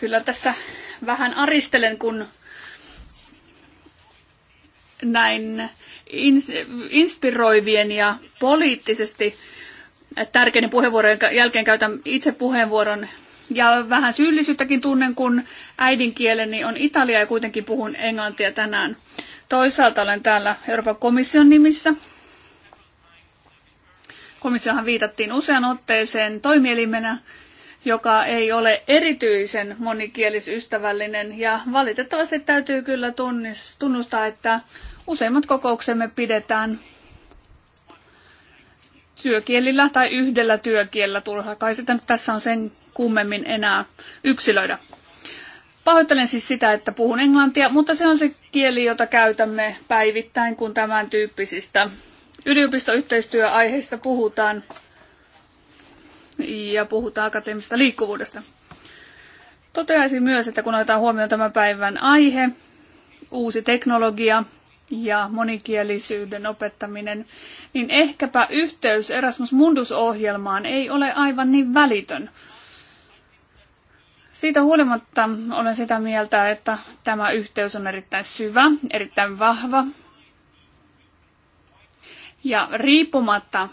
Kyllä tässä vähän aristelen, kun näin inspiroivien ja poliittisesti tärkeiden puheenvuorojen jälkeen käytän itse puheenvuoron. Ja vähän syyllisyyttäkin tunnen, kun äidinkieleni on italia ja kuitenkin puhun englantia tänään. Toisaalta olen täällä Euroopan komission nimissä. Komissiohan viitattiin usean otteeseen toimielimenä, joka ei ole erityisen monikielisystävällinen ja valitettavasti täytyy kyllä tunnustaa, että useimmat kokouksemme pidetään työkielillä tai yhdellä työkielellä. Turha kai sitä nyt tässä on sen kummemmin enää yksilöidä. Pahoittelen siis sitä, että puhun englantia, mutta se on se kieli, jota käytämme päivittäin, kun tämän tyyppisistä yliopistoyhteistyöaiheista puhutaan ja puhutaan akateemisesta liikkuvuudesta. Toteaisin myös, että kun otetaan huomioon tämän päivän aihe, uusi teknologia ja monikielisyyden opettaminen, niin ehkäpä yhteys Erasmus Mundus-ohjelmaan ei ole aivan niin välitön. Siitä huolimatta olen sitä mieltä, että tämä yhteys on erittäin syvä, erittäin vahva. Ja riippumatta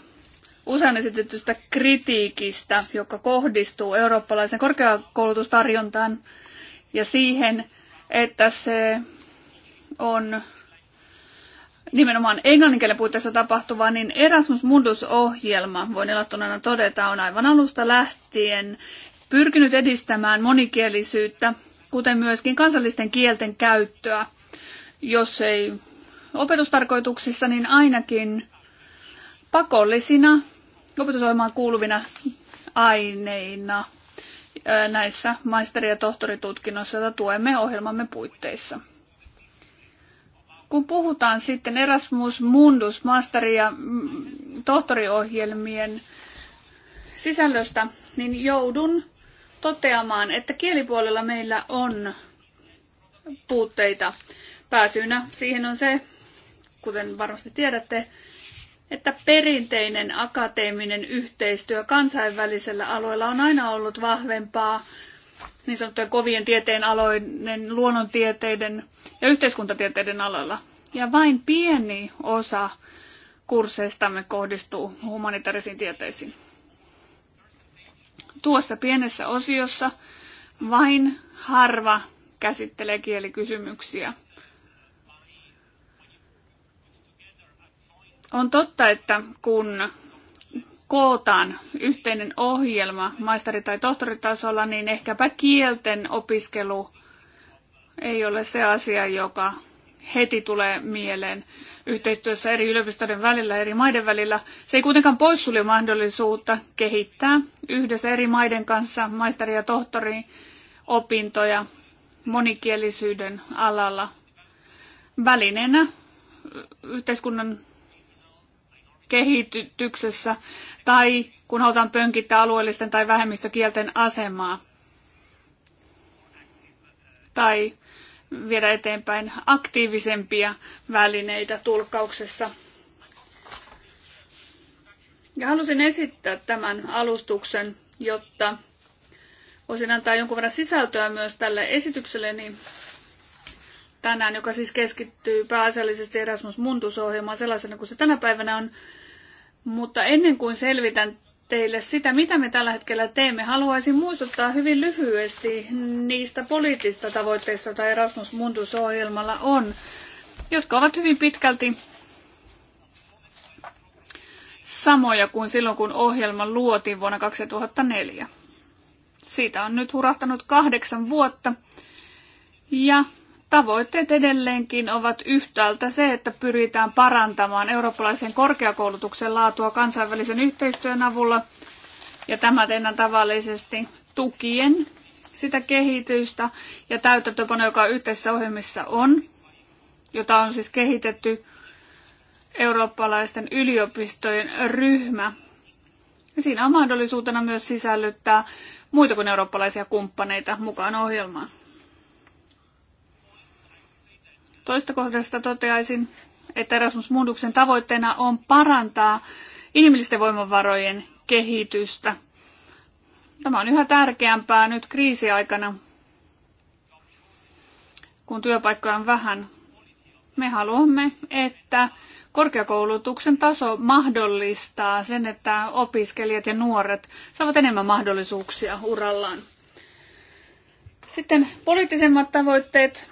usein esitetystä kritiikistä, joka kohdistuu eurooppalaisen korkeakoulutustarjontaan ja siihen, että se on nimenomaan englanninkielen puitteissa tapahtuva, niin Erasmus Mundus-ohjelma, voin elattuna todeta, on aivan alusta lähtien pyrkinyt edistämään monikielisyyttä, kuten myöskin kansallisten kielten käyttöä, jos ei opetustarkoituksissa, niin ainakin pakollisina opetusohjelmaan kuuluvina aineina näissä maisteri- ja tohtoritutkinnoissa, joita tuemme ohjelmamme puitteissa. Kun puhutaan sitten Erasmus Mundus maisteri- ja mm, tohtoriohjelmien sisällöstä, niin joudun toteamaan, että kielipuolella meillä on puutteita. Pääsyynä siihen on se, kuten varmasti tiedätte, että perinteinen akateeminen yhteistyö kansainvälisellä aloilla on aina ollut vahvempaa niin sanottujen kovien tieteen aloiden, luonnontieteiden ja yhteiskuntatieteiden aloilla. Ja vain pieni osa kursseistamme kohdistuu humanitaarisiin tieteisiin. Tuossa pienessä osiossa vain harva käsittelee kielikysymyksiä – On totta, että kun kootaan yhteinen ohjelma maisteri- tai tohtoritasolla, niin ehkäpä kielten opiskelu ei ole se asia, joka heti tulee mieleen yhteistyössä eri yliopistojen välillä, eri maiden välillä. Se ei kuitenkaan poissulje mahdollisuutta kehittää yhdessä eri maiden kanssa maisteri- ja tohtorin opintoja monikielisyyden alalla välineenä yhteiskunnan kehityksessä tai kun halutaan pönkittää alueellisten tai vähemmistökielten asemaa tai viedä eteenpäin aktiivisempia välineitä tulkkauksessa. Ja halusin esittää tämän alustuksen, jotta voisin antaa jonkun verran sisältöä myös tälle esitykselleni niin tänään, joka siis keskittyy pääasiallisesti Erasmus Mundus-ohjelmaan sellaisena kuin se tänä päivänä on. Mutta ennen kuin selvitän teille sitä, mitä me tällä hetkellä teemme, haluaisin muistuttaa hyvin lyhyesti niistä poliittisista tavoitteista, joita Erasmus Mundus-ohjelmalla on, jotka ovat hyvin pitkälti samoja kuin silloin, kun ohjelma luotiin vuonna 2004. Siitä on nyt hurahtanut kahdeksan vuotta. Ja Tavoitteet edelleenkin ovat yhtäältä se, että pyritään parantamaan eurooppalaisen korkeakoulutuksen laatua kansainvälisen yhteistyön avulla, ja tämä tehdään tavallisesti tukien sitä kehitystä ja täytäntöpano, joka yhteisissä ohjelmissa on, jota on siis kehitetty eurooppalaisten yliopistojen ryhmä. Ja siinä on mahdollisuutena myös sisällyttää muita kuin eurooppalaisia kumppaneita mukaan ohjelmaan. Toista kohdasta toteaisin, että Erasmus Munduksen tavoitteena on parantaa inhimillisten voimavarojen kehitystä. Tämä on yhä tärkeämpää nyt kriisiaikana, kun työpaikkoja on vähän. Me haluamme, että korkeakoulutuksen taso mahdollistaa sen, että opiskelijat ja nuoret saavat enemmän mahdollisuuksia urallaan. Sitten poliittisemmat tavoitteet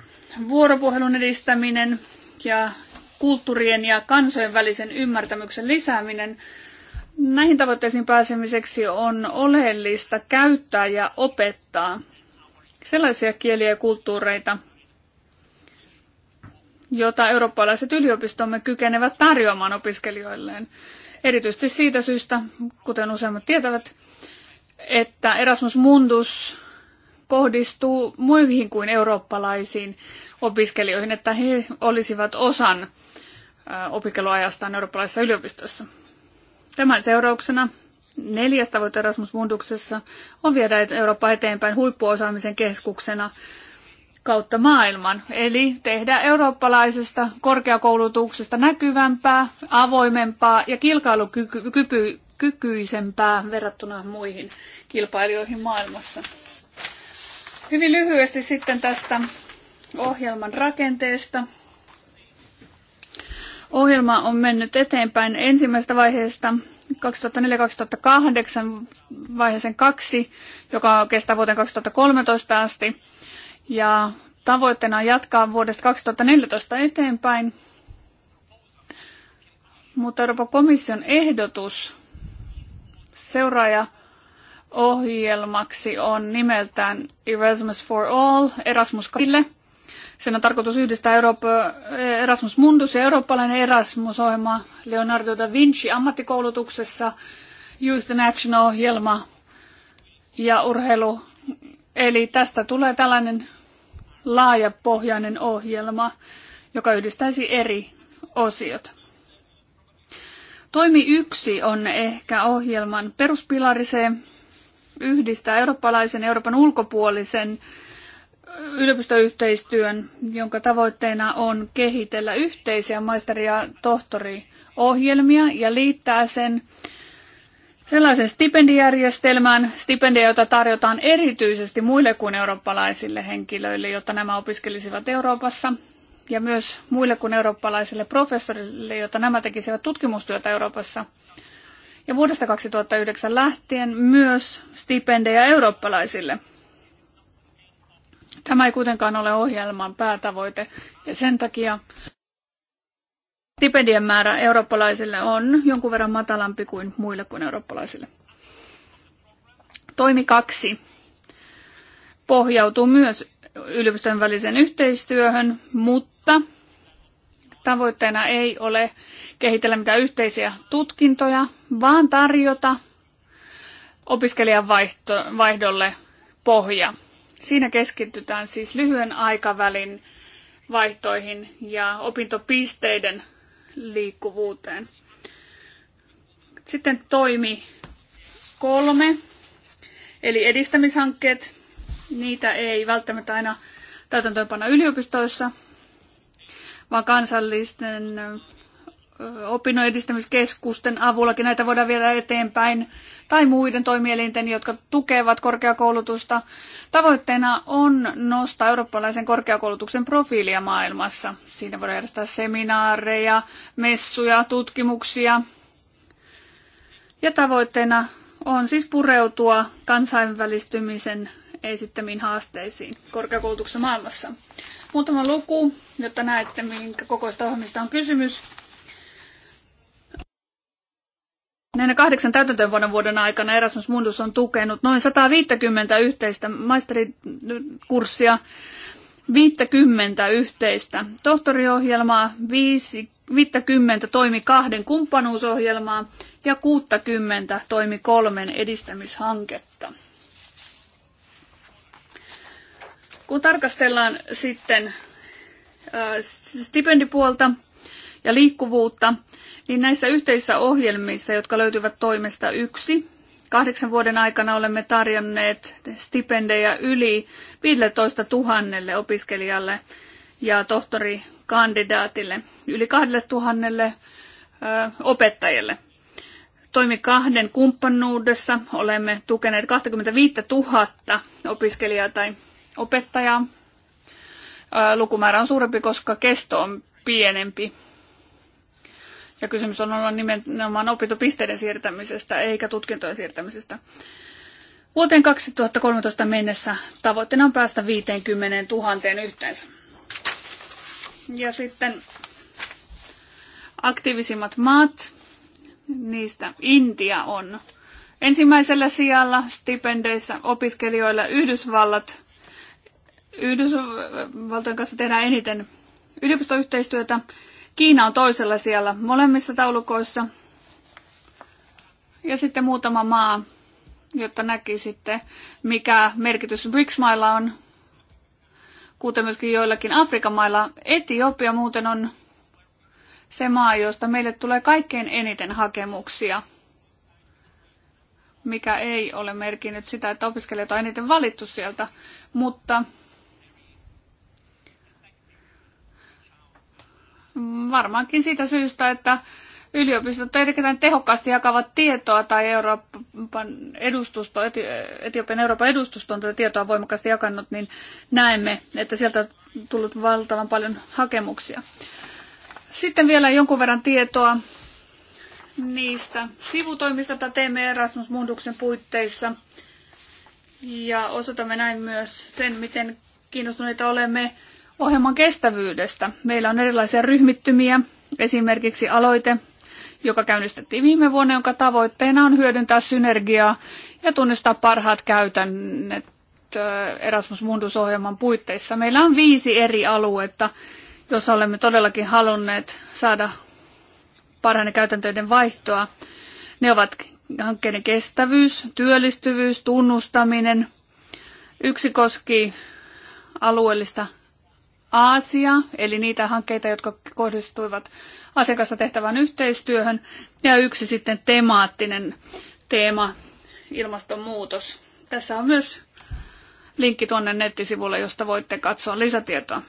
vuoropuhelun edistäminen ja kulttuurien ja kansojen välisen ymmärtämyksen lisääminen. Näihin tavoitteisiin pääsemiseksi on oleellista käyttää ja opettaa sellaisia kieliä ja kulttuureita, jota eurooppalaiset yliopistomme kykenevät tarjoamaan opiskelijoilleen. Erityisesti siitä syystä, kuten useimmat tietävät, että Erasmus Mundus kohdistuu muihin kuin eurooppalaisiin opiskelijoihin, että he olisivat osan opiskeluajastaan eurooppalaisessa yliopistossa. Tämän seurauksena neljäs tavoite Erasmus Munduksessa on viedä Eurooppa eteenpäin huippuosaamisen keskuksena kautta maailman. Eli tehdä eurooppalaisesta korkeakoulutuksesta näkyvämpää, avoimempaa ja kilpailukykyisempää verrattuna muihin kilpailijoihin maailmassa. Hyvin lyhyesti sitten tästä ohjelman rakenteesta. Ohjelma on mennyt eteenpäin ensimmäisestä vaiheesta 2004-2008 vaiheeseen kaksi, joka kestää vuoteen 2013 asti. Ja tavoitteena on jatkaa vuodesta 2014 eteenpäin. Mutta Euroopan komission ehdotus seuraaja ohjelmaksi on nimeltään Erasmus for All, Erasmus kaikille – sen on tarkoitus yhdistää Eurooppa, Erasmus Mundus ja eurooppalainen Erasmus-ohjelma Leonardo da Vinci ammattikoulutuksessa, Youth in Action-ohjelma ja urheilu. Eli tästä tulee tällainen laajapohjainen ohjelma, joka yhdistäisi eri osiot. Toimi yksi on ehkä ohjelman peruspilariseen yhdistää eurooppalaisen ja Euroopan ulkopuolisen yliopistoyhteistyön, jonka tavoitteena on kehitellä yhteisiä maisteri- ja tohtoriohjelmia ja liittää sen sellaisen stipendijärjestelmään, stipendejä, jota tarjotaan erityisesti muille kuin eurooppalaisille henkilöille, jotta nämä opiskelisivat Euroopassa, ja myös muille kuin eurooppalaisille professorille, jotta nämä tekisivät tutkimustyötä Euroopassa. Ja vuodesta 2009 lähtien myös stipendejä eurooppalaisille – Tämä ei kuitenkaan ole ohjelman päätavoite ja sen takia stipendien määrä eurooppalaisille on jonkun verran matalampi kuin muille kuin eurooppalaisille. Toimi kaksi pohjautuu myös yliopistojen väliseen yhteistyöhön, mutta tavoitteena ei ole kehitellä mitään yhteisiä tutkintoja, vaan tarjota opiskelijan vaihdolle pohja. Siinä keskitytään siis lyhyen aikavälin vaihtoihin ja opintopisteiden liikkuvuuteen. Sitten toimi kolme, eli edistämishankkeet. Niitä ei välttämättä aina täytäntöönpanna yliopistoissa, vaan kansallisten opinnon edistämiskeskusten avullakin näitä voidaan viedä eteenpäin, tai muiden toimielinten, jotka tukevat korkeakoulutusta. Tavoitteena on nostaa eurooppalaisen korkeakoulutuksen profiilia maailmassa. Siinä voidaan järjestää seminaareja, messuja, tutkimuksia. Ja tavoitteena on siis pureutua kansainvälistymisen esittämiin haasteisiin korkeakoulutuksessa maailmassa. Muutama luku, jotta näette, minkä kokoista ohjelmista on kysymys. Näinä kahdeksan täytäntöönpanon vuoden aikana Erasmus Mundus on tukenut noin 150 yhteistä maisterikurssia, 50 yhteistä tohtoriohjelmaa, 50 toimi kahden kumppanuusohjelmaa ja 60 toimi kolmen edistämishanketta. Kun tarkastellaan sitten äh, stipendipuolta ja liikkuvuutta, niin näissä yhteisissä ohjelmissa, jotka löytyvät toimesta yksi, kahdeksan vuoden aikana olemme tarjonneet stipendejä yli 15 000 opiskelijalle ja tohtorikandidaatille, yli 2000 opettajalle. Toimi kahden kumppanuudessa. Olemme tukeneet 25 000 opiskelijaa tai opettajaa. Lukumäärä on suurempi, koska kesto on pienempi. Ja kysymys on ollut nimenomaan opintopisteiden siirtämisestä eikä tutkintojen siirtämisestä. Vuoteen 2013 mennessä tavoitteena on päästä 50 000 yhteensä. Ja sitten aktiivisimmat maat, niistä Intia on ensimmäisellä sijalla stipendeissä opiskelijoille Yhdysvallat. Yhdysvaltojen kanssa tehdään eniten yliopistoyhteistyötä Kiina on toisella siellä molemmissa taulukoissa. Ja sitten muutama maa, jotta sitten mikä merkitys BRICS-mailla on, kuten myöskin joillakin Afrikan mailla. Etiopia muuten on se maa, josta meille tulee kaikkein eniten hakemuksia, mikä ei ole merkinnyt sitä, että opiskelijat on eniten valittu sieltä, mutta varmaankin siitä syystä, että yliopistot erittäin tehokkaasti jakavat tietoa tai Euroopan edustusto, Etiopian Euroopan edustusto on tätä tietoa voimakkaasti jakanut, niin näemme, että sieltä on tullut valtavan paljon hakemuksia. Sitten vielä jonkun verran tietoa niistä sivutoimista, joita teemme Erasmus Munduksen puitteissa. Ja osoitamme näin myös sen, miten kiinnostuneita olemme ohjelman kestävyydestä. Meillä on erilaisia ryhmittymiä, esimerkiksi aloite, joka käynnistettiin viime vuonna, jonka tavoitteena on hyödyntää synergiaa ja tunnistaa parhaat käytännöt Erasmus Mundus-ohjelman puitteissa. Meillä on viisi eri aluetta, jossa olemme todellakin halunneet saada parhaiden käytäntöiden vaihtoa. Ne ovat hankkeiden kestävyys, työllistyvyys, tunnustaminen. Yksi koski alueellista Aasia, eli niitä hankkeita, jotka kohdistuivat asiakasta tehtävään yhteistyöhön, ja yksi sitten temaattinen teema, ilmastonmuutos. Tässä on myös linkki tuonne nettisivulle, josta voitte katsoa lisätietoa.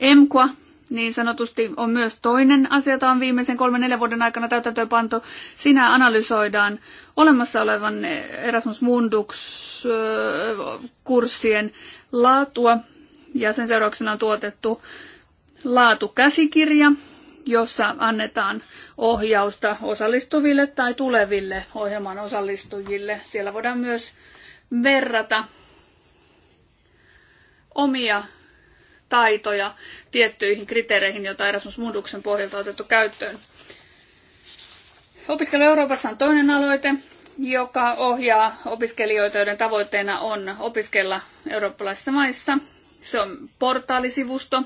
EMQA, niin sanotusti on myös toinen asia, jota on viimeisen kolmen neljän vuoden aikana täytäntöön pantu. Siinä analysoidaan olemassa olevan Erasmus Mundux-kurssien laatua ja sen seurauksena on tuotettu laatukäsikirja, jossa annetaan ohjausta osallistuville tai tuleville ohjelman osallistujille. Siellä voidaan myös verrata omia taitoja tiettyihin kriteereihin, joita Erasmus Munduksen pohjalta on otettu käyttöön. Opiskelu Euroopassa on toinen aloite, joka ohjaa opiskelijoita, joiden tavoitteena on opiskella eurooppalaisissa maissa se on portaalisivusto,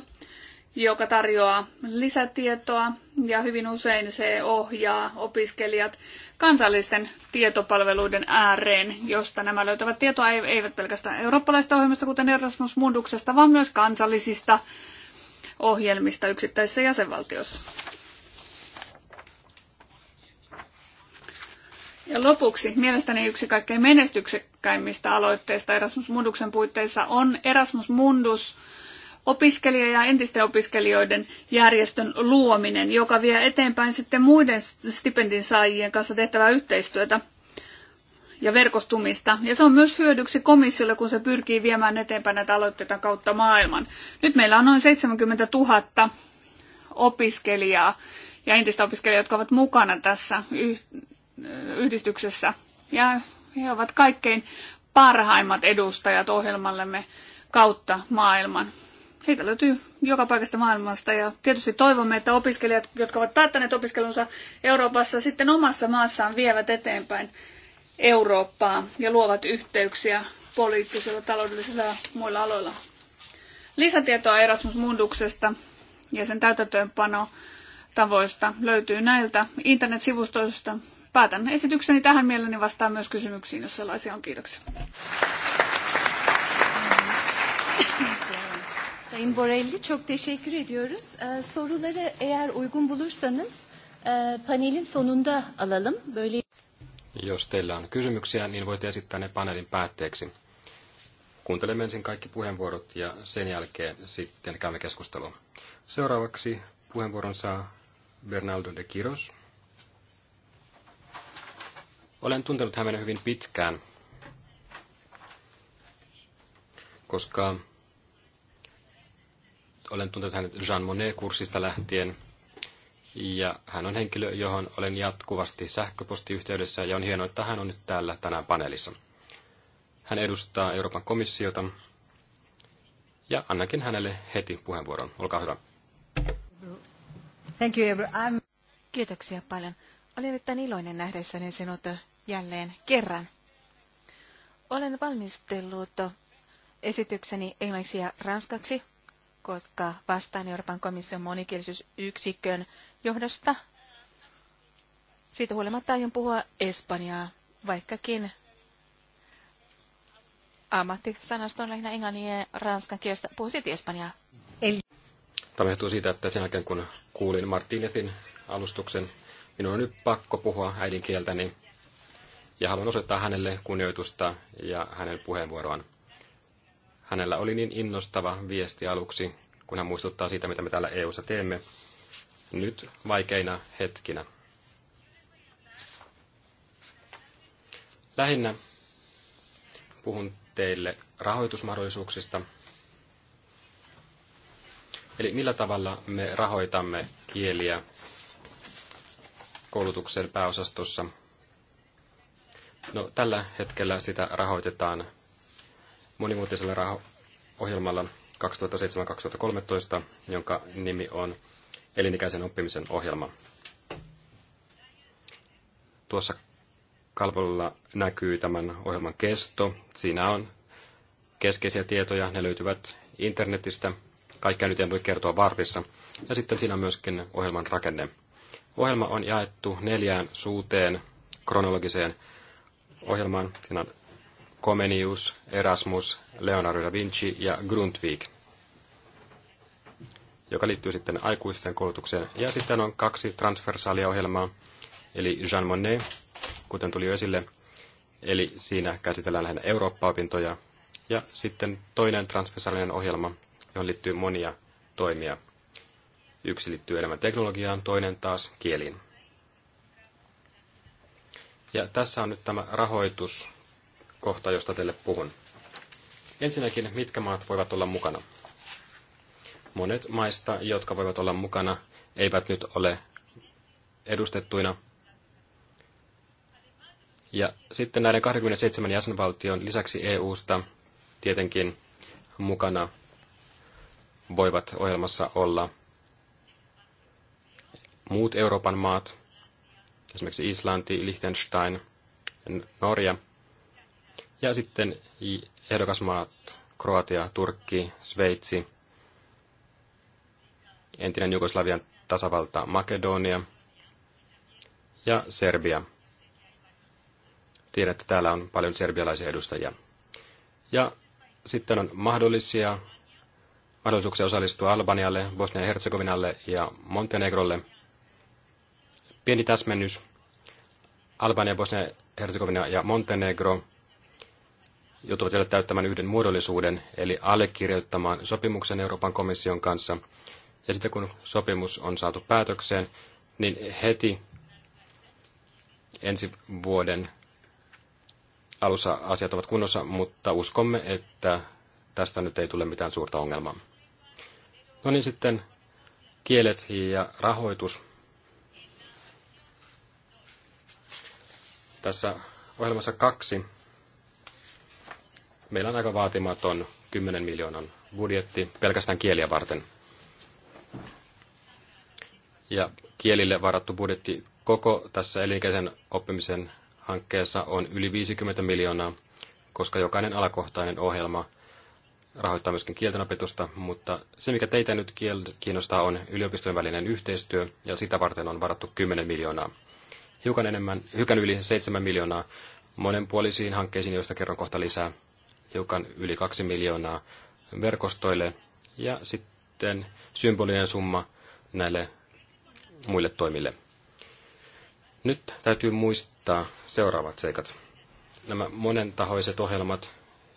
joka tarjoaa lisätietoa ja hyvin usein se ohjaa opiskelijat kansallisten tietopalveluiden ääreen, josta nämä löytävät tietoa eivät pelkästään eurooppalaista ohjelmista, kuten Erasmus Munduksesta, vaan myös kansallisista ohjelmista yksittäisissä jäsenvaltiossa. Ja lopuksi mielestäni yksi kaikkein menestyksekkäin menekkäimmistä aloitteista Erasmus Munduksen puitteissa on Erasmus Mundus opiskelija- ja entisten opiskelijoiden järjestön luominen, joka vie eteenpäin sitten muiden stipendin saajien kanssa tehtävää yhteistyötä ja verkostumista. Ja se on myös hyödyksi komissiolle, kun se pyrkii viemään eteenpäin näitä aloitteita kautta maailman. Nyt meillä on noin 70 000 opiskelijaa ja entistä opiskelijaa, jotka ovat mukana tässä yhdistyksessä. Ja he ovat kaikkein parhaimmat edustajat ohjelmallemme kautta maailman. Heitä löytyy joka paikasta maailmasta ja tietysti toivomme, että opiskelijat, jotka ovat päättäneet opiskelunsa Euroopassa, sitten omassa maassaan vievät eteenpäin Eurooppaa ja luovat yhteyksiä poliittisilla, taloudellisilla ja muilla aloilla. Lisätietoa Erasmus Munduksesta ja sen täytäntöönpano tavoista löytyy näiltä internetsivustoista, päätän esitykseni tähän mielelläni vastaan myös kysymyksiin, jos sellaisia on. Kiitoksia. Sayın Borelli çok teşekkür
ediyoruz. Ee, soruları eğer uygun bulursanız e, panelin sonunda alalım. Böyle
jos teillä on kysymyksiä, niin voitte esittää ne paneelin päätteeksi. Kuuntelemme ensin kaikki puheenvuorot ja sen jälkeen sitten käymme keskustelua. Seuraavaksi puheenvuoron saa Bernardo de Quiros. Olen tuntenut hänen hyvin pitkään, koska olen tuntenut hänet Jean Monnet-kurssista lähtien. Ja hän on henkilö, johon olen jatkuvasti sähköpostiyhteydessä ja on hienoa, että hän on nyt täällä tänään paneelissa. Hän edustaa Euroopan komissiota ja annakin hänelle heti puheenvuoron. Olkaa hyvä.
Thank you, Kiitoksia paljon. Olin erittäin iloinen nähdessäni sinut jälleen kerran. Olen valmistellut esitykseni englanniksi ja ranskaksi, koska vastaan Euroopan komission monikielisyysyksikön johdosta. Siitä huolimatta aion puhua espanjaa, vaikkakin ammattisanasto on lähinnä englannin ja ranskan kielestä. Puhu silti espanjaa. Eli...
Tämä johtuu siitä, että sen jälkeen kun kuulin Martinetin alustuksen, minun on nyt pakko puhua äidinkieltäni, niin ja haluan osoittaa hänelle kunnioitusta ja hänen puheenvuoroaan. Hänellä oli niin innostava viesti aluksi, kun hän muistuttaa siitä, mitä me täällä EU:ssa teemme, nyt vaikeina hetkinä. Lähinnä puhun teille rahoitusmahdollisuuksista. Eli millä tavalla me rahoitamme kieliä koulutuksen pääosastossa – No, tällä hetkellä sitä rahoitetaan monimuotoisella raho- ohjelmalla 2007-2013, jonka nimi on elinikäisen oppimisen ohjelma. Tuossa kalvolla näkyy tämän ohjelman kesto. Siinä on keskeisiä tietoja, ne löytyvät internetistä. Kaikkea nyt en voi kertoa vartissa. Ja sitten siinä on myöskin ohjelman rakenne. Ohjelma on jaettu neljään suuteen kronologiseen ohjelmaan. Siinä on Comenius, Erasmus, Leonardo da Vinci ja Grundtvig, joka liittyy sitten aikuisten koulutukseen. Ja sitten on kaksi transversaalia ohjelmaa, eli Jean Monnet, kuten tuli jo esille, eli siinä käsitellään lähinnä Eurooppa-opintoja, ja sitten toinen transversaalinen ohjelma, johon liittyy monia toimia. Yksi liittyy enemmän teknologiaan, toinen taas kieliin. Ja tässä on nyt tämä rahoituskohta, josta teille puhun. Ensinnäkin, mitkä maat voivat olla mukana? Monet maista, jotka voivat olla mukana, eivät nyt ole edustettuina. Ja sitten näiden 27 jäsenvaltion lisäksi EUsta tietenkin mukana voivat ohjelmassa olla muut Euroopan maat, esimerkiksi Islanti, Liechtenstein, Norja. Ja sitten ehdokasmaat Kroatia, Turkki, Sveitsi, entinen Jugoslavian tasavalta Makedonia ja Serbia. Tiedän, että täällä on paljon serbialaisia edustajia. Ja sitten on mahdollisia mahdollisuuksia osallistua Albanialle, Bosnia-Herzegovinalle ja Montenegrolle – Pieni täsmennys. Albania, Bosnia, Herzegovina ja Montenegro joutuvat vielä täyttämään yhden muodollisuuden, eli allekirjoittamaan sopimuksen Euroopan komission kanssa. Ja sitten kun sopimus on saatu päätökseen, niin heti ensi vuoden alussa asiat ovat kunnossa, mutta uskomme, että tästä nyt ei tule mitään suurta ongelmaa. No niin, sitten kielet ja rahoitus. Tässä ohjelmassa kaksi meillä on aika vaatimaton 10 miljoonan budjetti pelkästään kieliä varten. Ja kielille varattu budjetti koko tässä elinikäisen oppimisen hankkeessa on yli 50 miljoonaa, koska jokainen alakohtainen ohjelma rahoittaa myöskin kieltenopetusta, mutta se mikä teitä nyt kiinnostaa on yliopistojen välinen yhteistyö ja sitä varten on varattu 10 miljoonaa hiukan, enemmän, hiukan yli 7 miljoonaa monenpuolisiin hankkeisiin, joista kerron kohta lisää, hiukan yli 2 miljoonaa verkostoille ja sitten symbolinen summa näille muille toimille. Nyt täytyy muistaa seuraavat seikat. Nämä monentahoiset ohjelmat,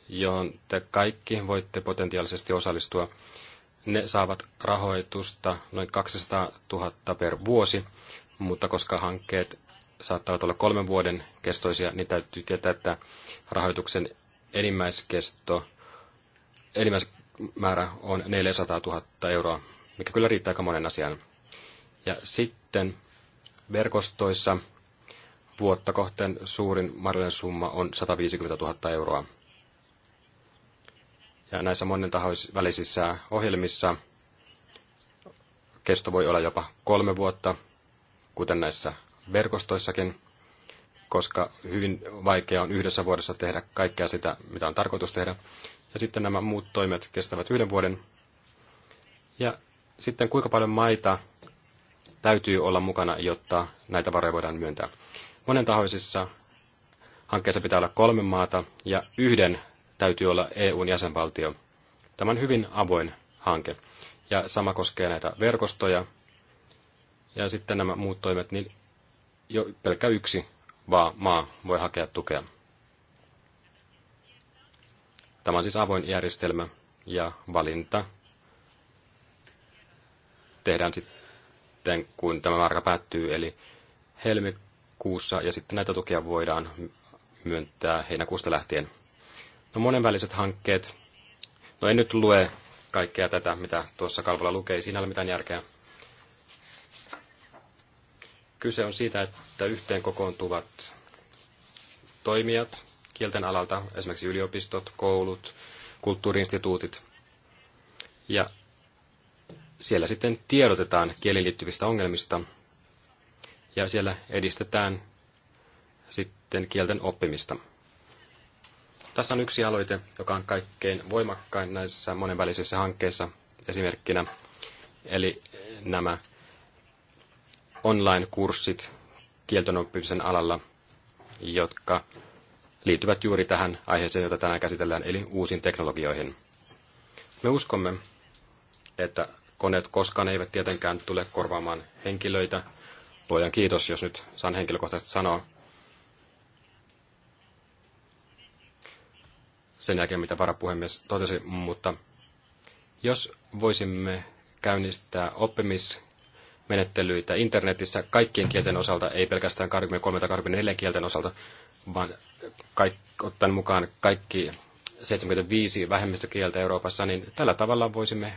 johon te kaikki voitte potentiaalisesti osallistua, ne saavat rahoitusta noin 200 000 per vuosi, mutta koska hankkeet saattavat olla kolmen vuoden kestoisia, niin täytyy tietää, että rahoituksen enimmäiskesto, enimmäismäärä on 400 000 euroa, mikä kyllä riittää aika monen asian. Ja sitten verkostoissa vuotta kohteen suurin mahdollinen summa on 150 000 euroa. Ja näissä monen välisissä ohjelmissa kesto voi olla jopa kolme vuotta, kuten näissä verkostoissakin, koska hyvin vaikea on yhdessä vuodessa tehdä kaikkea sitä, mitä on tarkoitus tehdä. Ja sitten nämä muut toimet kestävät yhden vuoden. Ja sitten kuinka paljon maita täytyy olla mukana, jotta näitä varoja voidaan myöntää. tahoisissa hankkeissa pitää olla kolme maata ja yhden täytyy olla EUn jäsenvaltio. Tämä on hyvin avoin hanke. Ja sama koskee näitä verkostoja ja sitten nämä muut toimet, niin jo pelkä yksi vaan maa voi hakea tukea. Tämä on siis avoin järjestelmä ja valinta tehdään sitten, kun tämä määrä päättyy, eli helmikuussa, ja sitten näitä tukia voidaan myöntää heinäkuusta lähtien. No monenväliset hankkeet. No en nyt lue kaikkea tätä, mitä tuossa kalvolla lukee, ei siinä ole mitään järkeä. Kyse on siitä, että yhteen kokoontuvat toimijat kielten alalta, esimerkiksi yliopistot, koulut, kulttuuriinstituutit. Ja siellä sitten tiedotetaan kieliin liittyvistä ongelmista ja siellä edistetään sitten kielten oppimista. Tässä on yksi aloite, joka on kaikkein voimakkain näissä monenvälisissä hankkeissa esimerkkinä, eli nämä online-kurssit oppimisen alalla, jotka liittyvät juuri tähän aiheeseen, jota tänään käsitellään, eli uusiin teknologioihin. Me uskomme, että koneet koskaan eivät tietenkään tule korvaamaan henkilöitä. Luojan kiitos, jos nyt saan henkilökohtaisesti sanoa. Sen jälkeen, mitä varapuhemies totesi, mutta jos voisimme käynnistää oppimis- menettelyitä internetissä kaikkien kielten osalta, ei pelkästään 23 tai 24 kielten osalta, vaan kaikki, ottaen mukaan kaikki 75 vähemmistökieltä Euroopassa, niin tällä tavalla voisimme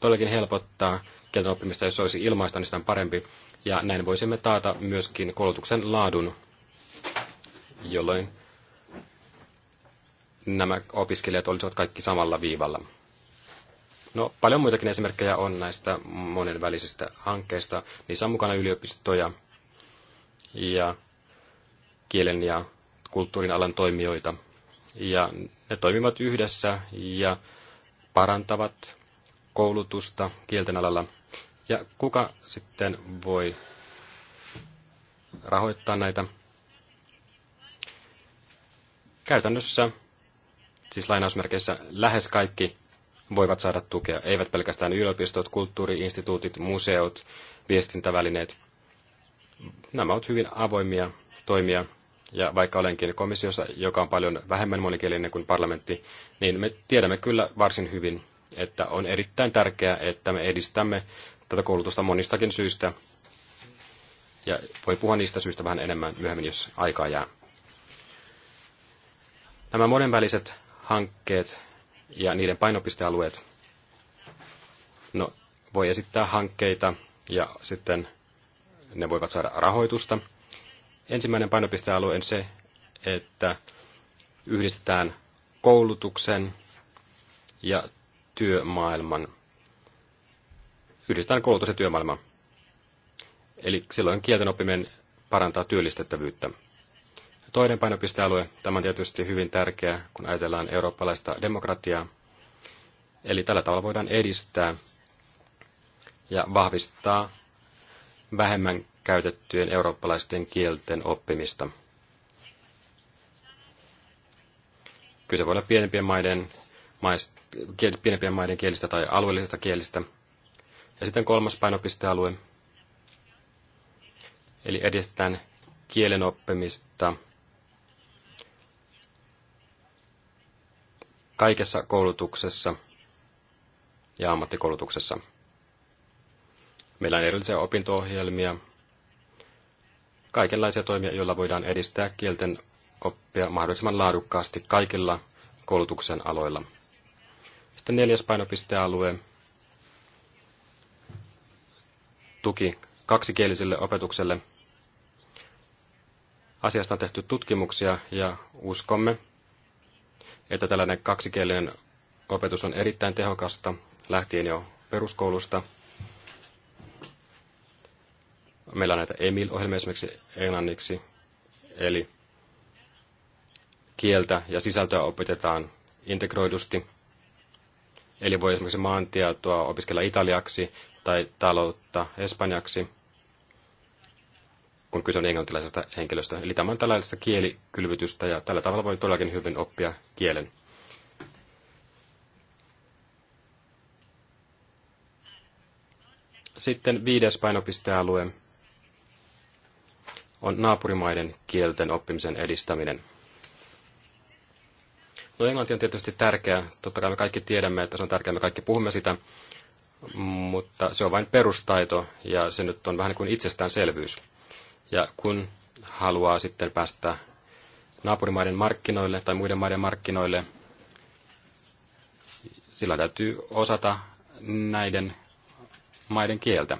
todellakin helpottaa kielten oppimista, jos se olisi ilmaista, niin sitä on parempi. Ja näin voisimme taata myöskin koulutuksen laadun, jolloin nämä opiskelijat olisivat kaikki samalla viivalla. No, paljon muitakin esimerkkejä on näistä monenvälisistä hankkeista. Niissä on mukana yliopistoja ja kielen ja kulttuurin alan toimijoita. Ja ne toimivat yhdessä ja parantavat koulutusta kielten alalla. Ja kuka sitten voi rahoittaa näitä? Käytännössä, siis lainausmerkeissä, lähes kaikki voivat saada tukea. Eivät pelkästään yliopistot, kulttuuriinstituutit, museot, viestintävälineet. Nämä ovat hyvin avoimia toimia. Ja vaikka olenkin komissiossa, joka on paljon vähemmän monikielinen kuin parlamentti, niin me tiedämme kyllä varsin hyvin, että on erittäin tärkeää, että me edistämme tätä koulutusta monistakin syistä. Ja voi puhua niistä syistä vähän enemmän myöhemmin, jos aikaa jää. Nämä monenväliset hankkeet ja niiden painopistealueet. No, voi esittää hankkeita ja sitten ne voivat saada rahoitusta. Ensimmäinen painopistealue on se, että yhdistetään koulutuksen ja työmaailman. Yhdistetään koulutus ja työmaailma. Eli silloin kielten oppiminen parantaa työllistettävyyttä. Toinen painopistealue, tämä on tietysti hyvin tärkeä, kun ajatellaan eurooppalaista demokratiaa. Eli tällä tavalla voidaan edistää ja vahvistaa vähemmän käytettyjen eurooppalaisten kielten oppimista. Kyse voi olla pienempien maiden, maist, pienempien maiden kielistä tai alueellisista kielistä. Ja sitten kolmas painopistealue, eli edistetään kielen oppimista kaikessa koulutuksessa ja ammattikoulutuksessa. Meillä on erillisiä opinto-ohjelmia, kaikenlaisia toimia, joilla voidaan edistää kielten oppia mahdollisimman laadukkaasti kaikilla koulutuksen aloilla. Sitten neljäs painopistealue, tuki kaksikieliselle opetukselle. Asiasta on tehty tutkimuksia ja uskomme, että tällainen kaksikielinen opetus on erittäin tehokasta lähtien jo peruskoulusta. Meillä on näitä EMIL-ohjelmia esimerkiksi englanniksi, eli kieltä ja sisältöä opetetaan integroidusti. Eli voi esimerkiksi maantietoa opiskella italiaksi tai taloutta espanjaksi – kun kyse on englantilaisesta henkilöstä. Eli tämä on tällaista kielikylvytystä ja tällä tavalla voi todellakin hyvin oppia kielen. Sitten viides painopistealue on naapurimaiden kielten oppimisen edistäminen. No englanti on tietysti tärkeä. Totta kai me kaikki tiedämme, että se on tärkeää, me kaikki puhumme sitä, mutta se on vain perustaito ja se nyt on vähän niin kuin itsestäänselvyys. Ja kun haluaa sitten päästä naapurimaiden markkinoille tai muiden maiden markkinoille, sillä täytyy osata näiden maiden kieltä.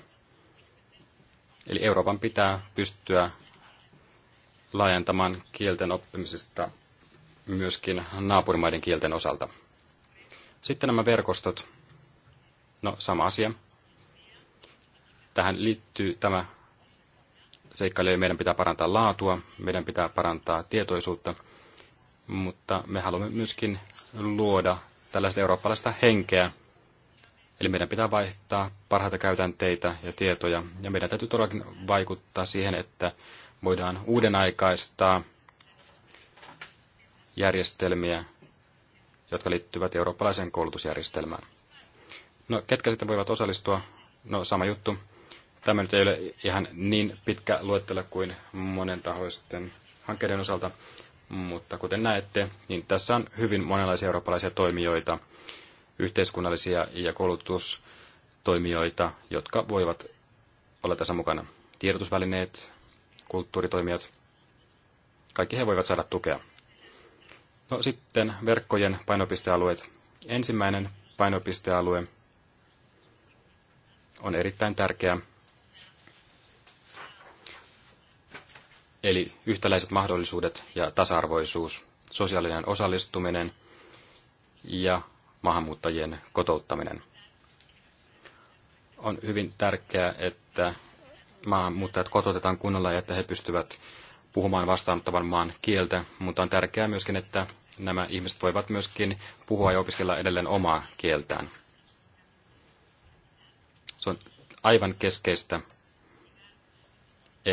Eli Euroopan pitää pystyä laajentamaan kielten oppimisesta myöskin naapurimaiden kielten osalta. Sitten nämä verkostot. No, sama asia. Tähän liittyy tämä seikkailee. Meidän pitää parantaa laatua, meidän pitää parantaa tietoisuutta, mutta me haluamme myöskin luoda tällaista eurooppalaista henkeä. Eli meidän pitää vaihtaa parhaita käytänteitä ja tietoja, ja meidän täytyy todellakin vaikuttaa siihen, että voidaan uudenaikaistaa järjestelmiä, jotka liittyvät eurooppalaiseen koulutusjärjestelmään. No, ketkä sitten voivat osallistua? No, sama juttu. Tämä nyt ei ole ihan niin pitkä luettelo kuin monen tahoisten hankkeiden osalta, mutta kuten näette, niin tässä on hyvin monenlaisia eurooppalaisia toimijoita, yhteiskunnallisia ja koulutustoimijoita, jotka voivat olla tässä mukana. Tiedotusvälineet, kulttuuritoimijat, kaikki he voivat saada tukea. No sitten verkkojen painopistealueet. Ensimmäinen painopistealue on erittäin tärkeä Eli yhtäläiset mahdollisuudet ja tasa-arvoisuus, sosiaalinen osallistuminen ja maahanmuuttajien kotouttaminen. On hyvin tärkeää, että maahanmuuttajat kotoutetaan kunnolla ja että he pystyvät puhumaan vastaanottavan maan kieltä, mutta on tärkeää myöskin, että nämä ihmiset voivat myöskin puhua ja opiskella edelleen omaa kieltään. Se on aivan keskeistä,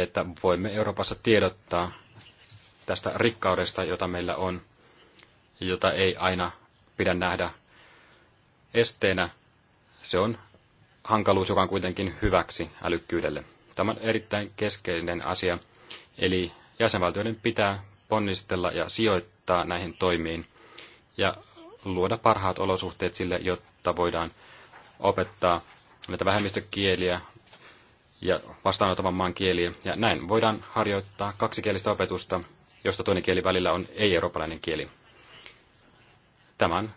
että voimme Euroopassa tiedottaa tästä rikkaudesta, jota meillä on, jota ei aina pidä nähdä esteenä. Se on hankaluus, joka on kuitenkin hyväksi älykkyydelle. Tämä on erittäin keskeinen asia, eli jäsenvaltioiden pitää ponnistella ja sijoittaa näihin toimiin ja luoda parhaat olosuhteet sille, jotta voidaan opettaa näitä vähemmistökieliä, ja vastaanottavan maan kieliä. Ja näin voidaan harjoittaa kaksikielistä opetusta, josta toinen kieli välillä on ei-eurooppalainen kieli. Tämä on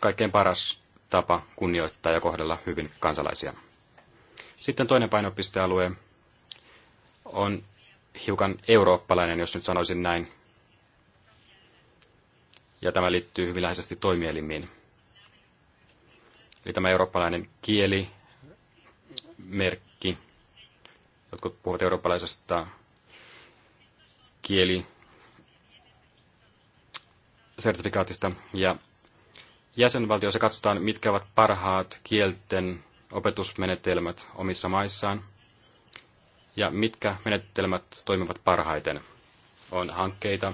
kaikkein paras tapa kunnioittaa ja kohdella hyvin kansalaisia. Sitten toinen painopistealue on hiukan eurooppalainen, jos nyt sanoisin näin. Ja tämä liittyy hyvin läheisesti toimielimiin. Eli tämä eurooppalainen kieli, merkki, Jotkut puhuvat eurooppalaisesta sertifikaatista ja jäsenvaltioissa katsotaan, mitkä ovat parhaat kielten opetusmenetelmät omissa maissaan ja mitkä menetelmät toimivat parhaiten. On hankkeita,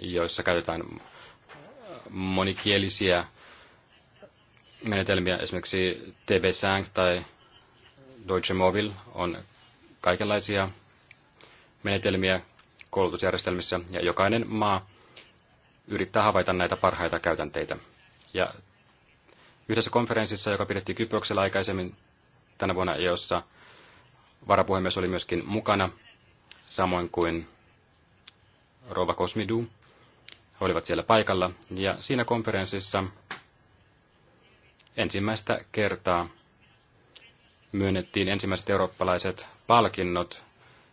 joissa käytetään monikielisiä menetelmiä, esimerkiksi TV5 tai Deutsche Mobil on kaikenlaisia menetelmiä koulutusjärjestelmissä ja jokainen maa yrittää havaita näitä parhaita käytänteitä. Ja yhdessä konferenssissa, joka pidettiin Kyproksella aikaisemmin tänä vuonna, jossa varapuhemies oli myöskin mukana, samoin kuin Rova Kosmidu, he olivat siellä paikalla. Ja siinä konferenssissa ensimmäistä kertaa myönnettiin ensimmäiset eurooppalaiset palkinnot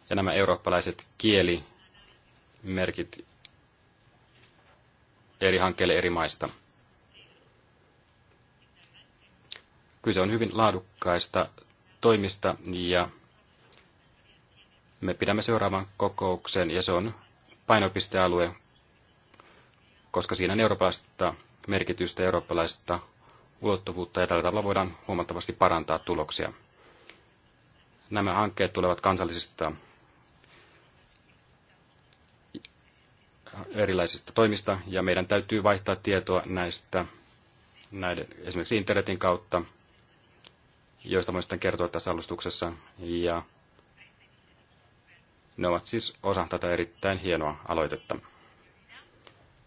ja nämä eurooppalaiset kielimerkit eri hankkeille eri maista. Kyse on hyvin laadukkaista toimista ja me pidämme seuraavan kokouksen ja se on painopistealue, koska siinä on eurooppalaista merkitystä, eurooppalaista ulottuvuutta ja tällä tavalla voidaan huomattavasti parantaa tuloksia nämä hankkeet tulevat kansallisista erilaisista toimista, ja meidän täytyy vaihtaa tietoa näistä näiden, esimerkiksi internetin kautta, joista voin sitten kertoa tässä alustuksessa, ja ne ovat siis osa tätä erittäin hienoa aloitetta.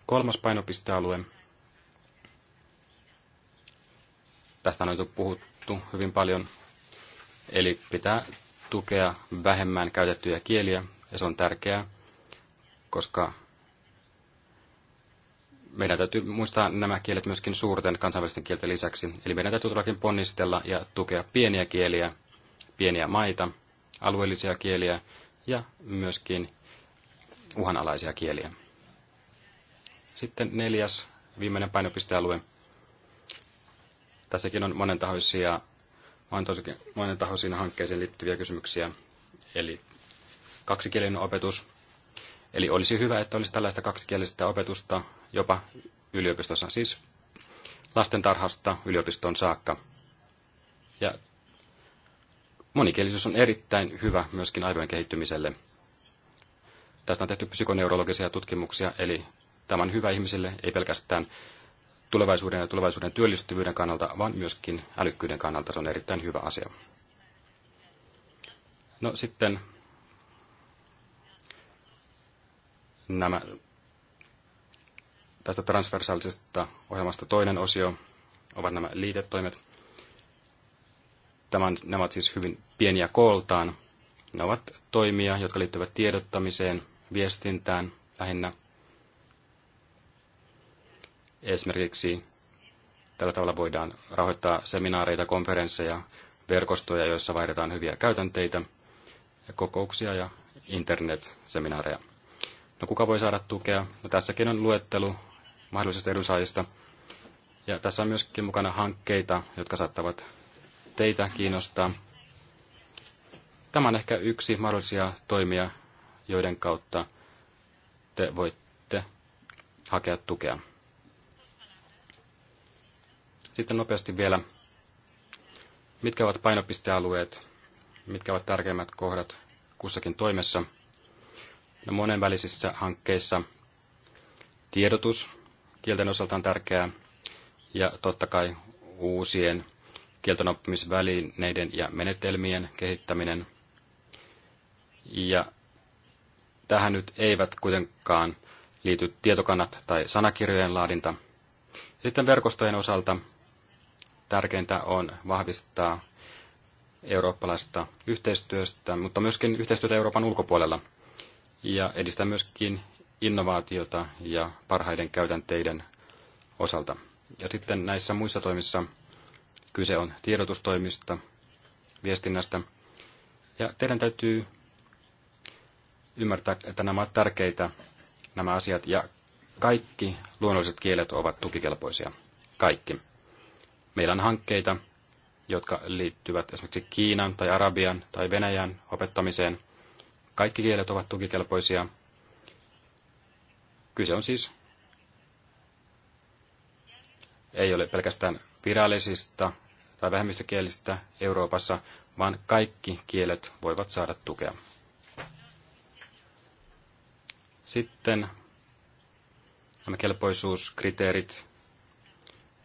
Kolmas painopistealue. Tästä on puhuttu hyvin paljon Eli pitää tukea vähemmän käytettyjä kieliä, ja se on tärkeää, koska meidän täytyy muistaa nämä kielet myöskin suurten kansainvälisten kielten lisäksi. Eli meidän täytyy todellakin ponnistella ja tukea pieniä kieliä, pieniä maita, alueellisia kieliä ja myöskin uhanalaisia kieliä. Sitten neljäs, viimeinen painopistealue. Tässäkin on monentahoisia on tosikin monen taho siinä hankkeeseen liittyviä kysymyksiä, eli kaksikielinen opetus. Eli olisi hyvä, että olisi tällaista kaksikielistä opetusta jopa yliopistossa, siis lastentarhasta yliopiston saakka. Ja monikielisyys on erittäin hyvä myöskin aivojen kehittymiselle. Tästä on tehty psykoneurologisia tutkimuksia, eli tämä on hyvä ihmisille, ei pelkästään tulevaisuuden ja tulevaisuuden työllistyvyyden kannalta, vaan myöskin älykkyyden kannalta. Se on erittäin hyvä asia. No sitten nämä tästä transversaalisesta ohjelmasta toinen osio ovat nämä liitetoimet. Tämän, nämä ovat siis hyvin pieniä kooltaan. Ne ovat toimia, jotka liittyvät tiedottamiseen, viestintään lähinnä. Esimerkiksi tällä tavalla voidaan rahoittaa seminaareita, konferensseja, verkostoja, joissa vaihdetaan hyviä käytänteitä, kokouksia ja internetseminaareja. No kuka voi saada tukea? No, tässäkin on luettelu mahdollisista edunsaajista. Ja tässä on myöskin mukana hankkeita, jotka saattavat teitä kiinnostaa. Tämä on ehkä yksi mahdollisia toimia, joiden kautta te voitte hakea tukea. Sitten nopeasti vielä, mitkä ovat painopistealueet, mitkä ovat tärkeimmät kohdat kussakin toimessa. No, monenvälisissä hankkeissa tiedotus kielten osalta on tärkeää ja totta kai uusien kielten oppimisvälineiden ja menetelmien kehittäminen. Ja tähän nyt eivät kuitenkaan liity tietokannat tai sanakirjojen laadinta. Sitten verkostojen osalta tärkeintä on vahvistaa eurooppalaista yhteistyöstä, mutta myöskin yhteistyötä Euroopan ulkopuolella ja edistää myöskin innovaatiota ja parhaiden käytänteiden osalta. Ja sitten näissä muissa toimissa kyse on tiedotustoimista, viestinnästä. Ja teidän täytyy ymmärtää, että nämä ovat tärkeitä nämä asiat ja kaikki luonnolliset kielet ovat tukikelpoisia. Kaikki. Meillä on hankkeita, jotka liittyvät esimerkiksi Kiinan tai Arabian tai Venäjän opettamiseen. Kaikki kielet ovat tukikelpoisia. Kyse on siis ei ole pelkästään virallisista tai vähemmistökielistä Euroopassa, vaan kaikki kielet voivat saada tukea. Sitten nämä kelpoisuuskriteerit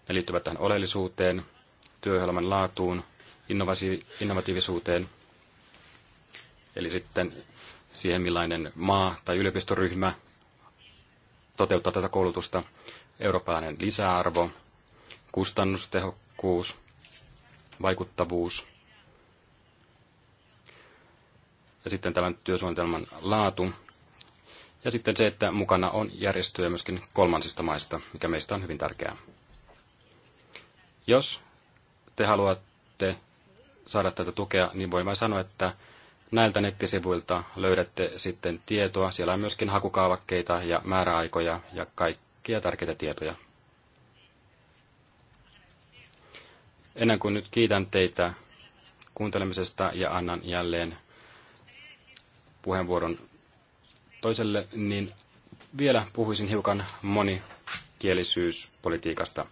ne liittyvät tähän oleellisuuteen, työelämän laatuun, innovatiivisuuteen, eli sitten siihen millainen maa tai yliopistoryhmä toteuttaa tätä koulutusta, eurooppalainen lisäarvo, kustannustehokkuus, vaikuttavuus ja sitten tämän työsuunnitelman laatu ja sitten se, että mukana on järjestöjä myöskin kolmansista maista, mikä meistä on hyvin tärkeää. Jos te haluatte saada tätä tukea, niin voin vain sanoa, että näiltä nettisivuilta löydätte sitten tietoa. Siellä on myöskin hakukaavakkeita ja määräaikoja ja kaikkia tärkeitä tietoja. Ennen kuin nyt kiitän teitä kuuntelemisesta ja annan jälleen puheenvuoron toiselle, niin vielä puhuisin hiukan monikielisyyspolitiikasta.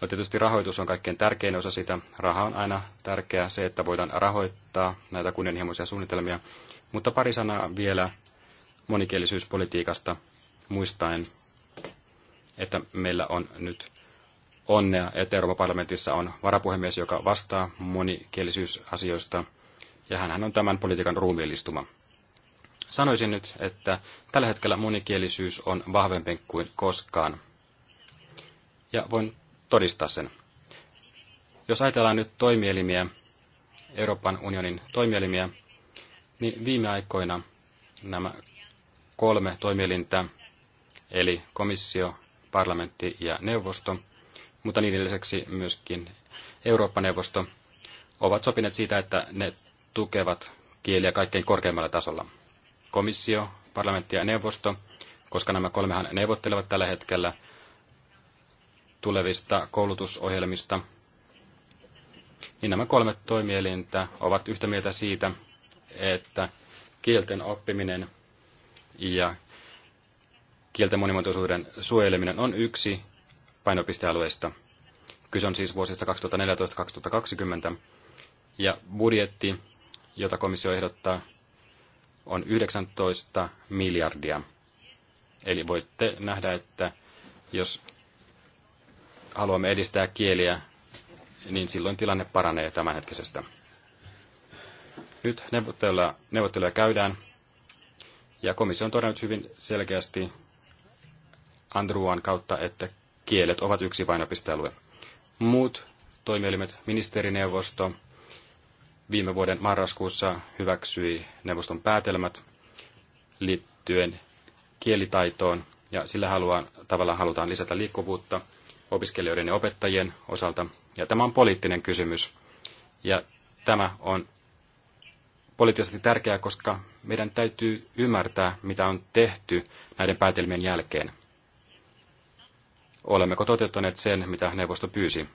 No tietysti rahoitus on kaikkein tärkein osa sitä. Raha on aina tärkeää se, että voidaan rahoittaa näitä kunnianhimoisia suunnitelmia. Mutta pari sanaa vielä monikielisyyspolitiikasta muistaen, että meillä on nyt onnea, että Euroopan parlamentissa on varapuhemies, joka vastaa monikielisyysasioista, ja hän on tämän politiikan ruumiillistuma. Sanoisin nyt, että tällä hetkellä monikielisyys on vahvempi kuin koskaan. Ja voin todistaa sen. Jos ajatellaan nyt toimielimiä, Euroopan unionin toimielimiä, niin viime aikoina nämä kolme toimielintä, eli komissio, parlamentti ja neuvosto, mutta niiden lisäksi myöskin Eurooppa-neuvosto, ovat sopineet siitä, että ne tukevat kieliä kaikkein korkeimmalla tasolla. Komissio, parlamentti ja neuvosto, koska nämä kolmehan neuvottelevat tällä hetkellä tulevista koulutusohjelmista, niin nämä kolme toimielintä ovat yhtä mieltä siitä, että kielten oppiminen ja kielten monimuotoisuuden suojeleminen on yksi painopistealueista. Kyse on siis vuosista 2014-2020, ja budjetti, jota komissio ehdottaa, on 19 miljardia. Eli voitte nähdä, että jos haluamme edistää kieliä, niin silloin tilanne paranee tämänhetkisestä. Nyt neuvotteluja, neuvotteluja käydään, ja komissio on todennut hyvin selkeästi Andruan kautta, että kielet ovat yksi painopistealue. Muut toimielimet, ministerineuvosto, viime vuoden marraskuussa hyväksyi neuvoston päätelmät liittyen kielitaitoon, ja sillä haluaa, tavallaan halutaan lisätä liikkuvuutta – opiskelijoiden ja opettajien osalta. Ja tämä on poliittinen kysymys. Ja tämä on poliittisesti tärkeää, koska meidän täytyy ymmärtää, mitä on tehty näiden päätelmien jälkeen. Olemmeko toteuttaneet sen, mitä neuvosto pyysi?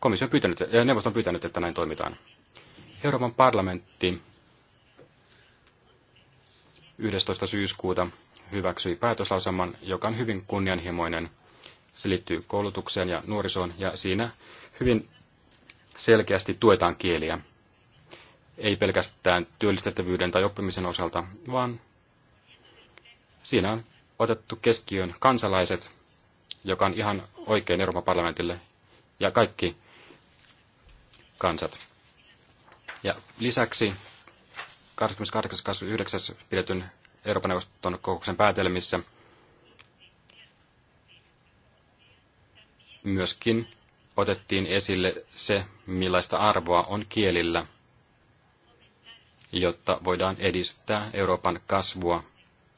Komissio on pyytänyt, ja eh, neuvosto on pyytänyt, että näin toimitaan. Euroopan parlamentti 11. syyskuuta hyväksyi päätöslauselman, joka on hyvin kunnianhimoinen – se liittyy koulutukseen ja nuorisoon ja siinä hyvin selkeästi tuetaan kieliä. Ei pelkästään työllistettävyyden tai oppimisen osalta, vaan siinä on otettu keskiön kansalaiset, joka on ihan oikein Euroopan parlamentille ja kaikki kansat. Ja lisäksi 28.29. pidetyn Euroopan neuvoston kokouksen päätelmissä Myöskin otettiin esille se, millaista arvoa on kielillä, jotta voidaan edistää Euroopan kasvua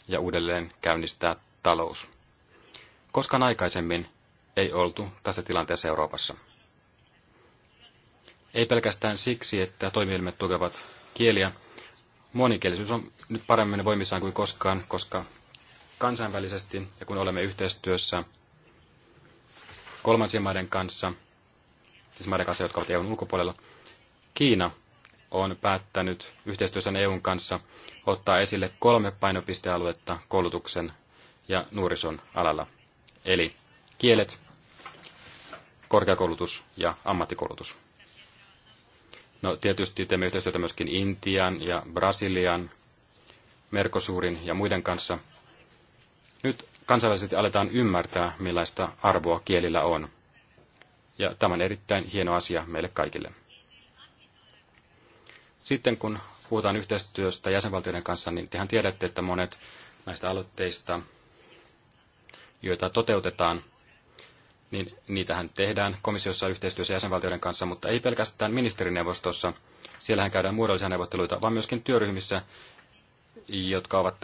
ja uudelleen käynnistää talous. Koskaan aikaisemmin ei oltu tässä tilanteessa Euroopassa. Ei pelkästään siksi, että toimielimet tukevat kieliä. Monikielisyys on nyt paremmin voimissaan kuin koskaan, koska kansainvälisesti ja kun olemme yhteistyössä kolmansien maiden kanssa, siis maiden kanssa, jotka ovat EUn ulkopuolella. Kiina on päättänyt yhteistyössä EUn kanssa ottaa esille kolme painopistealuetta koulutuksen ja nuorison alalla. Eli kielet, korkeakoulutus ja ammattikoulutus. No tietysti teemme yhteistyötä myöskin Intian ja Brasilian, Merkosuurin ja muiden kanssa. Nyt kansalaiset aletaan ymmärtää, millaista arvoa kielillä on. Ja tämä on erittäin hieno asia meille kaikille. Sitten kun puhutaan yhteistyöstä jäsenvaltioiden kanssa, niin tehän tiedätte, että monet näistä aloitteista, joita toteutetaan, niin niitähän tehdään komissiossa yhteistyössä jäsenvaltioiden kanssa, mutta ei pelkästään ministerineuvostossa. Siellähän käydään muodollisia neuvotteluita, vaan myöskin työryhmissä, jotka ovat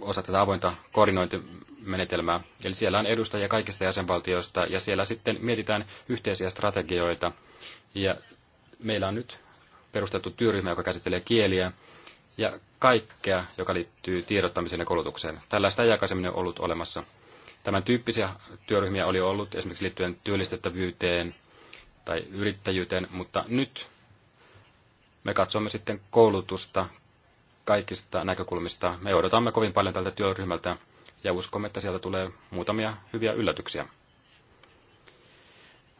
osa tätä avointa koordinointimenetelmää. Eli siellä on edustajia kaikista jäsenvaltioista ja siellä sitten mietitään yhteisiä strategioita. Ja meillä on nyt perustettu työryhmä, joka käsittelee kieliä ja kaikkea, joka liittyy tiedottamiseen ja koulutukseen. Tällaista ei aikaisemmin ollut olemassa. Tämän tyyppisiä työryhmiä oli ollut esimerkiksi liittyen työllistettävyyteen tai yrittäjyyteen, mutta nyt me katsomme sitten koulutusta kaikista näkökulmista. Me odotamme kovin paljon tältä työryhmältä ja uskomme, että sieltä tulee muutamia hyviä yllätyksiä.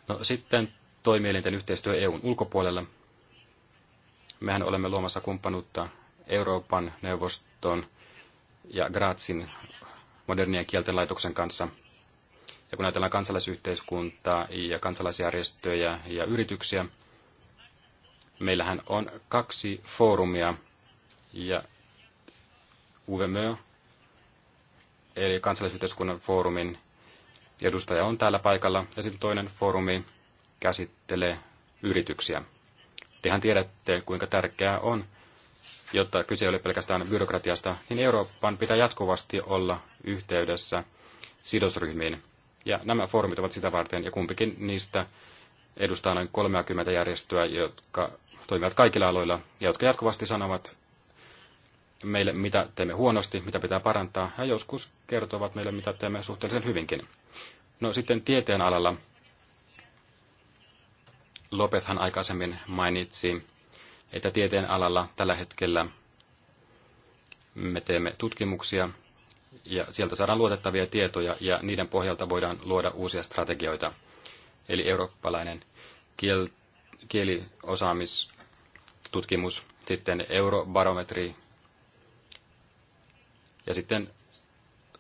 No, sitten toimielinten yhteistyö EUn ulkopuolella. Mehän olemme luomassa kumppanuutta Euroopan neuvoston ja Grazin modernien kielten laitoksen kanssa. Ja kun ajatellaan kansalaisyhteiskuntaa ja kansalaisjärjestöjä ja yrityksiä, meillähän on kaksi foorumia, ja UVMÖ, eli kansalaisyhteiskunnan foorumin edustaja on täällä paikalla, ja sitten toinen foorumi käsittelee yrityksiä. Tehän tiedätte, kuinka tärkeää on, jotta kyse ei ole pelkästään byrokratiasta, niin Euroopan pitää jatkuvasti olla yhteydessä sidosryhmiin. Ja nämä foorumit ovat sitä varten, ja kumpikin niistä edustaa noin 30 järjestöä, jotka toimivat kaikilla aloilla, ja jotka jatkuvasti sanovat meille, mitä teemme huonosti, mitä pitää parantaa, ja joskus kertovat meille, mitä teemme suhteellisen hyvinkin. No sitten tieteen alalla Lopethan aikaisemmin mainitsi, että tieteen alalla tällä hetkellä me teemme tutkimuksia ja sieltä saadaan luotettavia tietoja ja niiden pohjalta voidaan luoda uusia strategioita. Eli eurooppalainen kiel, kieliosaamistutkimus, sitten eurobarometri ja sitten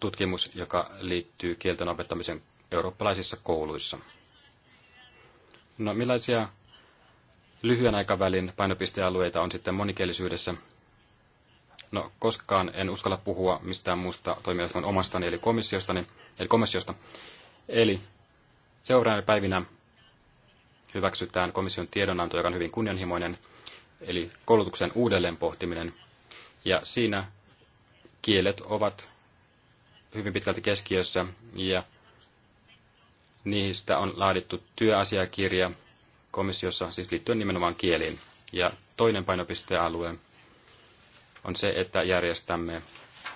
tutkimus, joka liittyy kielten opettamiseen eurooppalaisissa kouluissa. No millaisia lyhyen aikavälin painopistealueita on sitten monikielisyydessä? No koskaan en uskalla puhua mistään muusta toimijasta omastani eli komissiostani, eli komissiosta. Eli seuraavina päivinä hyväksytään komission tiedonanto, joka on hyvin kunnianhimoinen, eli koulutuksen uudelleen pohtiminen. Ja siinä kielet ovat hyvin pitkälti keskiössä ja niistä on laadittu työasiakirja komissiossa, siis liittyen nimenomaan kieliin. Ja toinen painopistealue on se, että järjestämme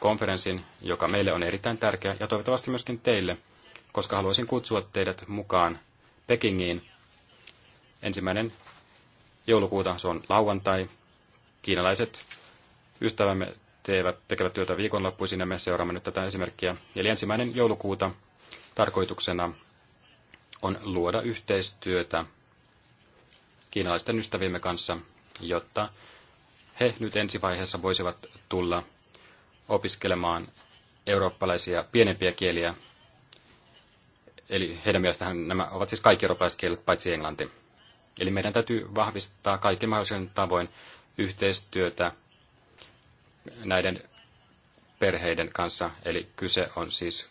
konferenssin, joka meille on erittäin tärkeä ja toivottavasti myöskin teille, koska haluaisin kutsua teidät mukaan Pekingiin ensimmäinen joulukuuta, se on lauantai. Kiinalaiset ystävämme teevät, tekevät työtä viikonloppuisin ja me seuraamme nyt tätä esimerkkiä. Eli ensimmäinen joulukuuta tarkoituksena on luoda yhteistyötä kiinalaisten ystäviemme kanssa, jotta he nyt ensi vaiheessa voisivat tulla opiskelemaan eurooppalaisia pienempiä kieliä. Eli heidän mielestään nämä ovat siis kaikki eurooppalaiset kielet paitsi englanti. Eli meidän täytyy vahvistaa kaiken mahdollisen tavoin yhteistyötä näiden perheiden kanssa. Eli kyse on siis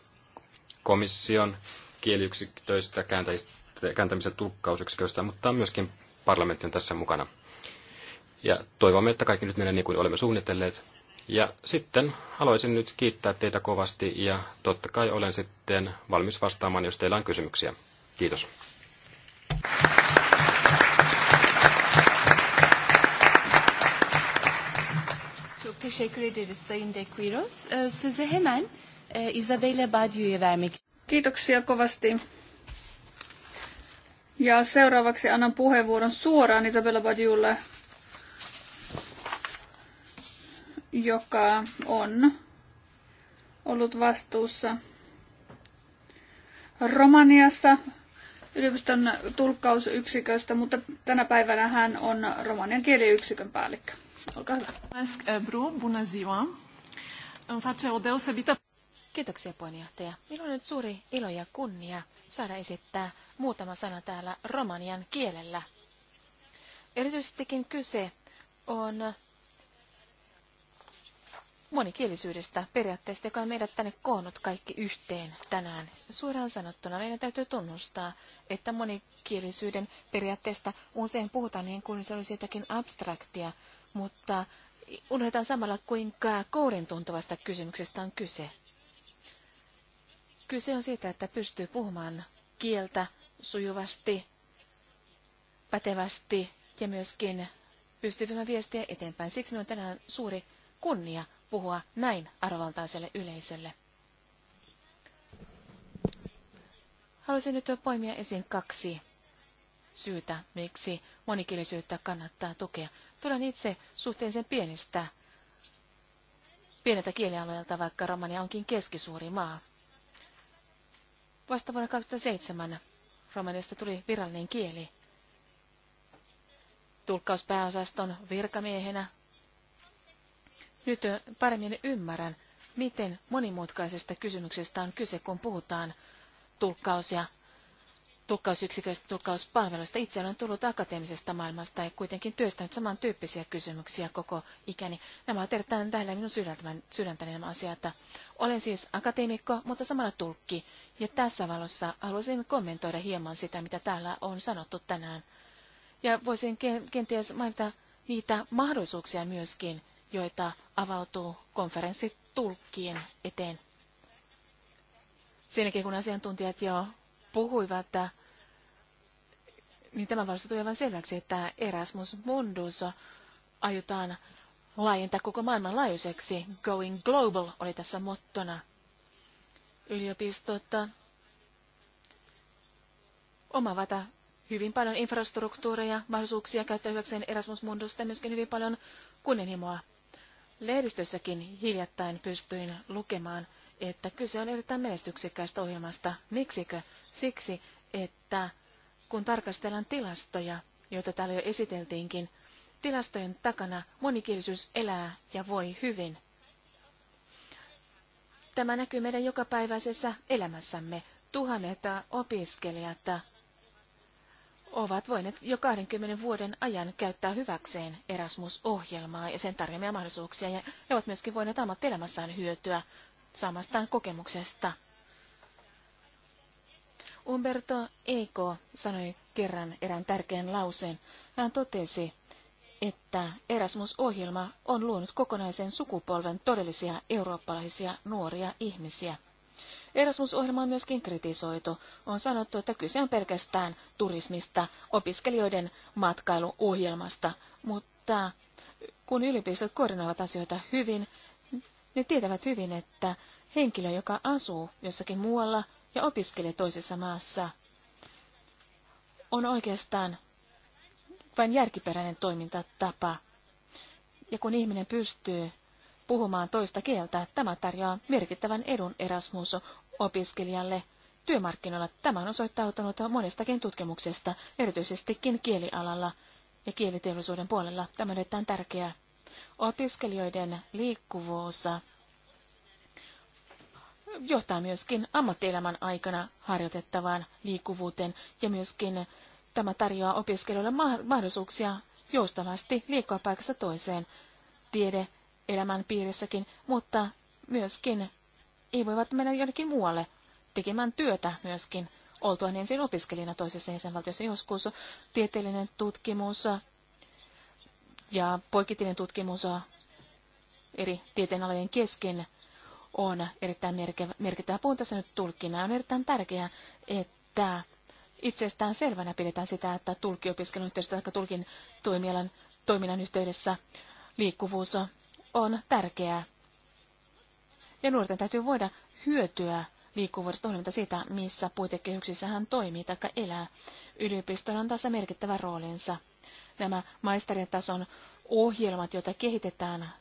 komission kieliyksiköistä, kääntämisen tulkkausyksiköistä, mutta myöskin parlamentti on tässä mukana. Ja toivomme, että kaikki nyt menee niin kuin olemme suunnitelleet. Ja sitten haluaisin nyt kiittää teitä kovasti ja totta kai olen sitten valmis vastaamaan, jos teillä on kysymyksiä. Kiitos.
Teşekkür ederiz Sayın De Quiroz. Sözü hemen e, Isabella Badiou'ya vermek. Kiitoksia kovasti. Ja seuraavaksi annan puheenvuoron suoraan Isabella Badiulle, joka on ollut vastuussa Romaniassa yliopiston tulkkausyksiköstä, mutta tänä päivänä hän on romanian kieliyksikön päällikkö hyvä. E,
Kiitoksia puheenjohtaja. Minulla on nyt suuri ilo ja kunnia saada esittää muutama sana täällä romanian kielellä. Erityisestikin kyse on monikielisyydestä periaatteesta, joka on meidät tänne koonnut kaikki yhteen tänään. Suoraan sanottuna meidän täytyy tunnustaa, että monikielisyyden periaatteesta usein puhutaan niin kuin se olisi jotakin abstraktia, mutta unohdetaan samalla, kuinka kourin tuntuvasta kysymyksestä on kyse. Kyse on siitä, että pystyy puhumaan kieltä sujuvasti, pätevästi ja myöskin pystyy viemään viestiä eteenpäin. Siksi on tänään suuri kunnia puhua näin arvovaltaiselle yleisölle. Haluaisin nyt poimia esiin kaksi syytä, miksi monikielisyyttä kannattaa tukea. Tulen itse suhteellisen pienestä, pieneltä kielialueelta, vaikka Romania onkin keskisuuri maa. Vasta vuonna 2007 romaniasta tuli virallinen kieli. Tulkkauspääosaston virkamiehenä. Nyt paremmin ymmärrän, miten monimutkaisesta kysymyksestä on kyse, kun puhutaan tulkkaus- ja tukkausyksiköistä, tukkauspalveluista. Itse olen tullut akateemisesta maailmasta ja kuitenkin työstänyt samantyyppisiä kysymyksiä koko ikäni. Nämä ovat erittäin tähdellä minun sydäntäni, sydäntäni nämä asiat. Olen siis akateemikko, mutta samalla tulkki. Ja tässä valossa haluaisin kommentoida hieman sitä, mitä täällä on sanottu tänään. Ja voisin kenties mainita niitä mahdollisuuksia myöskin, joita avautuu konferenssitulkkien eteen. Siinäkin kun asiantuntijat jo puhuivat niin tämän valossa tuli aivan selväksi, että Erasmus Mundus aiotaan laajentaa koko maailman laajuiseksi. Going Global oli tässä mottona. Yliopistot omavata hyvin paljon infrastruktuureja, mahdollisuuksia käyttää hyväkseen Erasmus Mundusta ja myöskin hyvin paljon kunnianhimoa. Lehdistössäkin hiljattain pystyin lukemaan, että kyse on erittäin menestyksekkäästä ohjelmasta. Miksikö? Siksi, että kun tarkastellaan tilastoja, joita täällä jo esiteltiinkin, tilastojen takana monikielisyys elää ja voi hyvin. Tämä näkyy meidän jokapäiväisessä elämässämme. Tuhannet opiskelijat ovat voineet jo 20 vuoden ajan käyttää hyväkseen Erasmus-ohjelmaa ja sen tarjoamia mahdollisuuksia, ja he ovat myöskin voineet ammattielämässään hyötyä samastaan kokemuksesta. Umberto Eiko sanoi kerran erään tärkeän lauseen. Hän totesi, että Erasmus-ohjelma on luonut kokonaisen sukupolven todellisia eurooppalaisia nuoria ihmisiä. Erasmus-ohjelma on myöskin kritisoitu. On sanottu, että kyse on pelkästään turismista, opiskelijoiden matkailuohjelmasta, mutta kun yliopistot koordinoivat asioita hyvin, ne tietävät hyvin, että henkilö, joka asuu jossakin muualla, ja opiskelee toisessa maassa, on oikeastaan vain järkiperäinen toimintatapa. Ja kun ihminen pystyy puhumaan toista kieltä, tämä tarjoaa merkittävän edun Erasmus-opiskelijalle. Työmarkkinoilla tämä on osoittautunut monestakin tutkimuksesta, erityisestikin kielialalla ja kieliteollisuuden puolella. Tämä on erittäin tärkeää. Opiskelijoiden liikkuvuus johtaa myöskin ammattielämän aikana harjoitettavaan liikkuvuuteen ja myöskin tämä tarjoaa opiskelijoille mahdollisuuksia joustavasti liikkua paikasta toiseen tiede elämän piirissäkin, mutta myöskin ei voivat mennä jonnekin muualle tekemään työtä myöskin oltua ensin opiskelijana toisessa jäsenvaltiossa. Joskus tieteellinen tutkimus ja poikittinen tutkimus eri tieteenalojen kesken on erittäin merkittävä. Puhun tässä nyt tulkkina. On erittäin tärkeää, että itsestään selvänä pidetään sitä, että tulkkiopiskelun yhteydessä tai tulkin toimialan, toiminnan yhteydessä liikkuvuus on tärkeää. Ja nuorten täytyy voida hyötyä liikkuvuudesta huolimatta siitä, missä puitekehyksissä hän toimii tai elää. Yliopistolla on tässä merkittävä roolinsa. Nämä maisteritason ohjelmat, joita kehitetään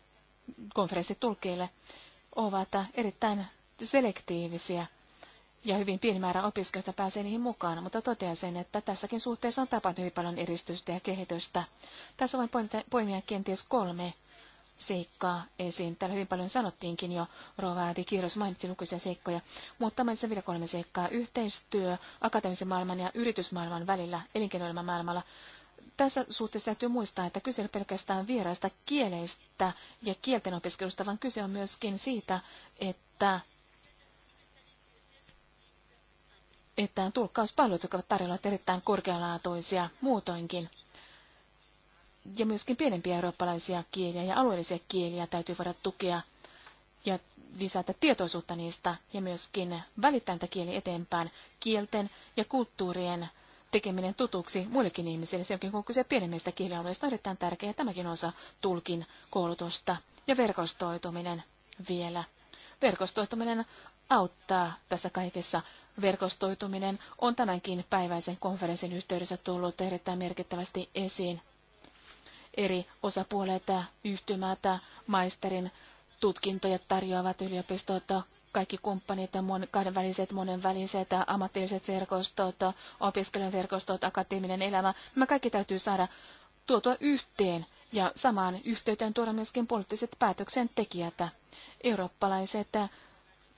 konferenssitulkeille, ovat erittäin selektiivisiä ja hyvin pieni määrä opiskelijoita pääsee niihin mukaan, mutta totean sen, että tässäkin suhteessa on tapahtunut hyvin paljon eristystä ja kehitystä. Tässä voin poimia kenties kolme seikkaa esiin. Täällä hyvin paljon sanottiinkin jo, Rovaati Kiiros mainitsi lukuisia seikkoja, mutta mainitsen vielä kolme seikkaa. Yhteistyö akateemisen maailman ja yritysmaailman välillä, elinkeinoelämän maailmalla, tässä suhteessa täytyy muistaa, että kyse ei pelkästään vieraista kieleistä ja kielten opiskelusta, vaan kyse on myöskin siitä, että että on tulkkauspalvelut, jotka ovat tarjolla erittäin korkealaatuisia muutoinkin. Ja myöskin pienempiä eurooppalaisia kieliä ja alueellisia kieliä täytyy voida tukea ja lisätä tietoisuutta niistä ja myöskin välittää kieli eteenpäin kielten ja kulttuurien tekeminen tutuksi muillekin ihmisille, sen jälkeen kun kyse pienemmistä kielialueista, on erittäin tärkeää tämäkin osa tulkin koulutusta ja verkostoituminen vielä. Verkostoituminen auttaa tässä kaikessa. Verkostoituminen on tämänkin päiväisen konferenssin yhteydessä tullut erittäin merkittävästi esiin. Eri osapuolet, yhtymät, maisterin tutkintoja tarjoavat yliopistot, kaikki kumppanit ja kahdenväliset, monenväliset, ammatilliset verkostot, verkostot, akateeminen elämä, nämä kaikki täytyy saada tuotua yhteen ja samaan yhteyteen tuoda myöskin poliittiset päätöksentekijät. Eurooppalaiset,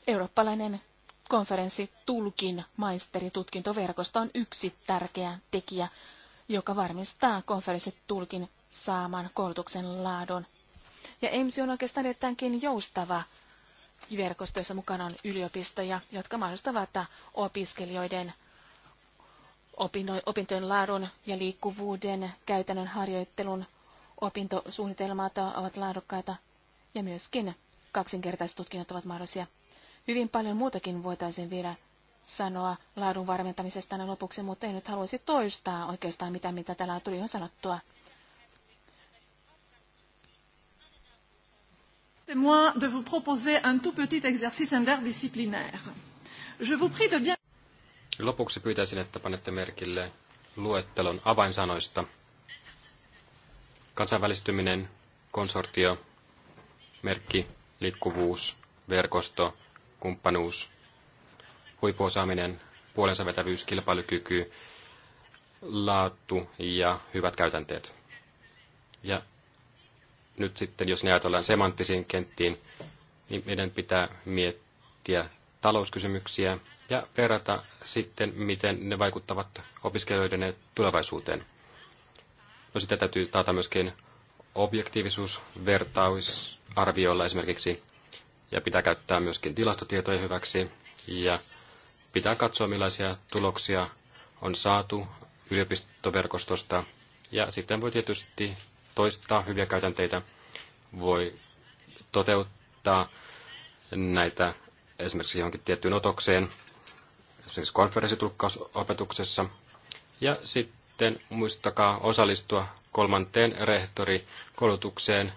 eurooppalainen konferenssi Tulkin maisteritutkintoverkosto on yksi tärkeä tekijä, joka varmistaa konferenssitulkin saaman koulutuksen laadun. Ja EMSI on oikeastaan erittäinkin joustava jossa mukana on yliopistoja, jotka mahdollistavat opiskelijoiden opintojen laadun ja liikkuvuuden, käytännön harjoittelun, opintosuunnitelmat ovat laadukkaita ja myöskin kaksinkertaiset tutkinnot ovat mahdollisia. Hyvin paljon muutakin voitaisiin vielä sanoa laadun varmentamisesta lopuksi, mutta en nyt haluaisi toistaa oikeastaan mitä, mitä täällä tuli jo sanottua.
Permettez-moi de vous proposer un tout petit exercice interdisciplinaire. Je vous prie de bien...
Lopuksi pyytäisin, että panette merkille luettelon avainsanoista. Kansainvälistyminen, konsortio, merkki, liikkuvuus, verkosto, kumppanuus, huippuosaaminen, puolensa vetävyys, kilpailukyky, laatu ja hyvät käytänteet. Ja nyt sitten, jos ne ajatellaan semanttisiin kenttiin, niin meidän pitää miettiä talouskysymyksiä ja verrata sitten, miten ne vaikuttavat opiskelijoiden tulevaisuuteen. No sitä täytyy taata myöskin objektiivisuus vertausarvioilla esimerkiksi, ja pitää käyttää myöskin tilastotietoja hyväksi, ja pitää katsoa, millaisia tuloksia on saatu yliopistoverkostosta, ja sitten voi tietysti toistaa hyviä käytänteitä, voi toteuttaa näitä esimerkiksi johonkin tiettyyn otokseen, esimerkiksi konferenssitulkkausopetuksessa. Ja sitten muistakaa osallistua kolmanteen rehtorikoulutukseen,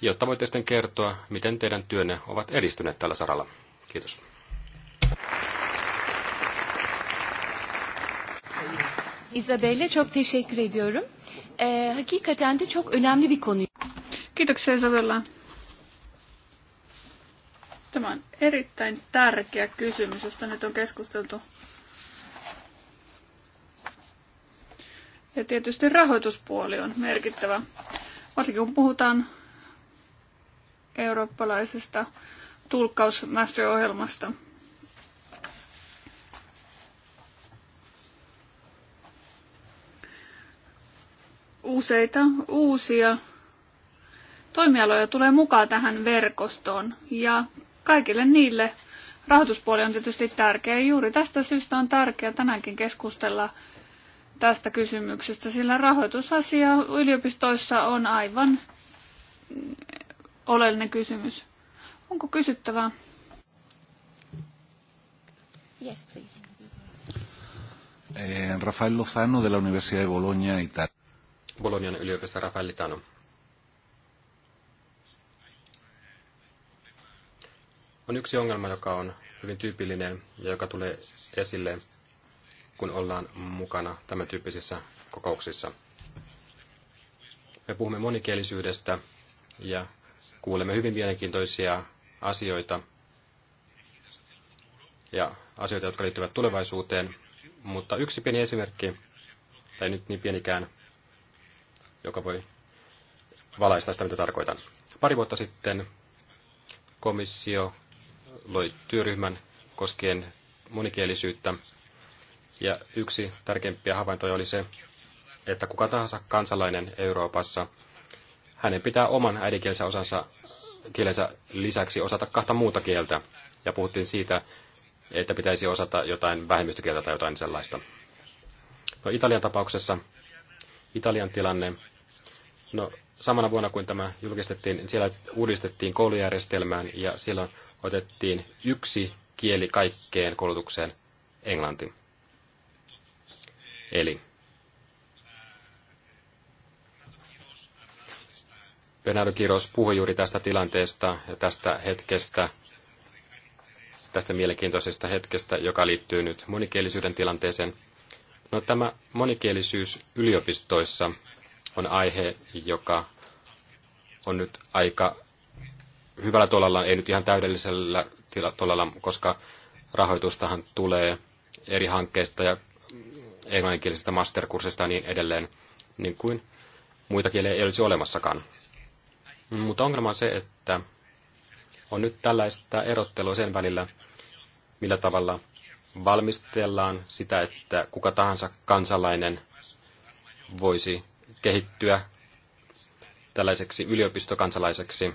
jotta voitte sitten kertoa, miten teidän työnne ovat edistyneet tällä saralla. Kiitos.
Isabelle çok teşekkür ediyorum e, hakikaten de çok önemli bir konu. Kiitoksia Isabella. Tämä on erittäin tärkeä kysymys, josta nyt on keskusteltu. Ja tietysti rahoituspuoli on merkittävä, varsinkin kun puhutaan eurooppalaisesta tulkkausmasterohjelmasta. ohjelmasta useita uusia toimialoja tulee mukaan tähän verkostoon ja kaikille niille rahoituspuoli on tietysti tärkeä. Juuri tästä syystä on tärkeää tänäänkin keskustella tästä kysymyksestä, sillä rahoitusasia yliopistoissa on aivan oleellinen kysymys. Onko kysyttävää? Yes, eh, please.
Rafael Lozano de la Universidad de Bologna, Italia.
Bolognan yliopistosta Rafaeli Litano. On yksi ongelma, joka on hyvin tyypillinen ja joka tulee esille, kun ollaan mukana tämän tyyppisissä kokouksissa. Me puhumme monikielisyydestä ja kuulemme hyvin mielenkiintoisia asioita ja asioita, jotka liittyvät tulevaisuuteen. Mutta yksi pieni esimerkki, tai nyt niin pienikään, joka voi valaista sitä, mitä tarkoitan. Pari vuotta sitten komissio loi työryhmän koskien monikielisyyttä, ja yksi tärkeimpiä havaintoja oli se, että kuka tahansa kansalainen Euroopassa, hänen pitää oman äidinkielensä osansa kielensä lisäksi osata kahta muuta kieltä. Ja puhuttiin siitä, että pitäisi osata jotain vähemmistökieltä tai jotain sellaista. No, Italian tapauksessa Italian tilanne No, samana vuonna kuin tämä julkistettiin, siellä uudistettiin koulujärjestelmään ja silloin otettiin yksi kieli kaikkeen koulutukseen, englanti. Eli Bernardo Kiros puhui juuri tästä tilanteesta ja tästä hetkestä, tästä mielenkiintoisesta hetkestä, joka liittyy nyt monikielisyyden tilanteeseen. No tämä monikielisyys yliopistoissa on aihe, joka on nyt aika hyvällä tolalla, ei nyt ihan täydellisellä tolalla, koska rahoitustahan tulee eri hankkeista ja englanninkielisistä masterkursseista ja niin edelleen, niin kuin muita kieliä ei olisi olemassakaan. Mutta ongelma on se, että on nyt tällaista erottelua sen välillä, millä tavalla valmistellaan sitä, että kuka tahansa kansalainen voisi kehittyä tällaiseksi yliopistokansalaiseksi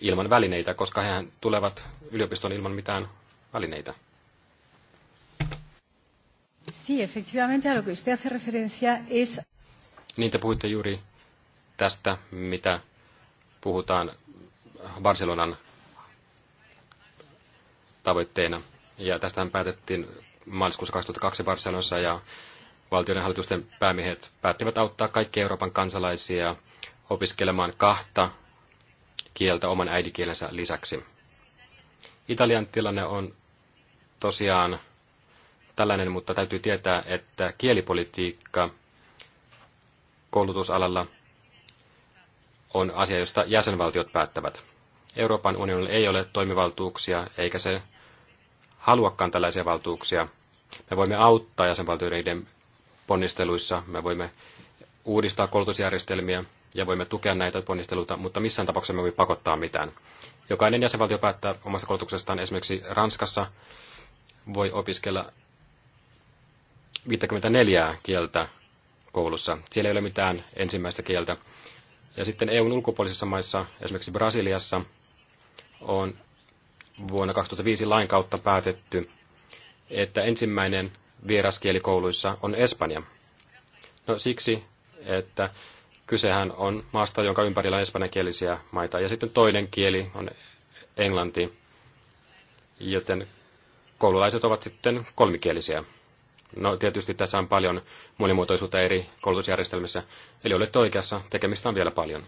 ilman välineitä, koska hehän tulevat yliopiston ilman mitään välineitä.
Sí, efectivamente, a lo que usted hace referencia es...
Niin te puhuitte juuri tästä, mitä puhutaan Barcelonan tavoitteena. Ja tästähän päätettiin maaliskuussa 2002 Barcelonassa ja valtioiden hallitusten päämiehet päättivät auttaa kaikkia Euroopan kansalaisia opiskelemaan kahta kieltä oman äidinkielensä lisäksi. Italian tilanne on tosiaan tällainen, mutta täytyy tietää, että kielipolitiikka koulutusalalla on asia, josta jäsenvaltiot päättävät. Euroopan unionilla ei ole toimivaltuuksia, eikä se haluakaan tällaisia valtuuksia. Me voimme auttaa jäsenvaltioiden ponnisteluissa. Me voimme uudistaa koulutusjärjestelmiä ja voimme tukea näitä ponnisteluita, mutta missään tapauksessa me voi pakottaa mitään. Jokainen jäsenvaltio päättää omasta koulutuksestaan. Esimerkiksi Ranskassa voi opiskella 54 kieltä koulussa. Siellä ei ole mitään ensimmäistä kieltä. Ja sitten EUn ulkopuolisissa maissa, esimerkiksi Brasiliassa, on vuonna 2005 lain kautta päätetty, että ensimmäinen vieraskielikouluissa on Espanja. No siksi, että kysehän on maasta, jonka ympärillä on espanjankielisiä maita. Ja sitten toinen kieli on englanti, joten koululaiset ovat sitten kolmikielisiä. No tietysti tässä on paljon monimuotoisuutta eri koulutusjärjestelmissä, eli olette oikeassa, tekemistä on vielä paljon.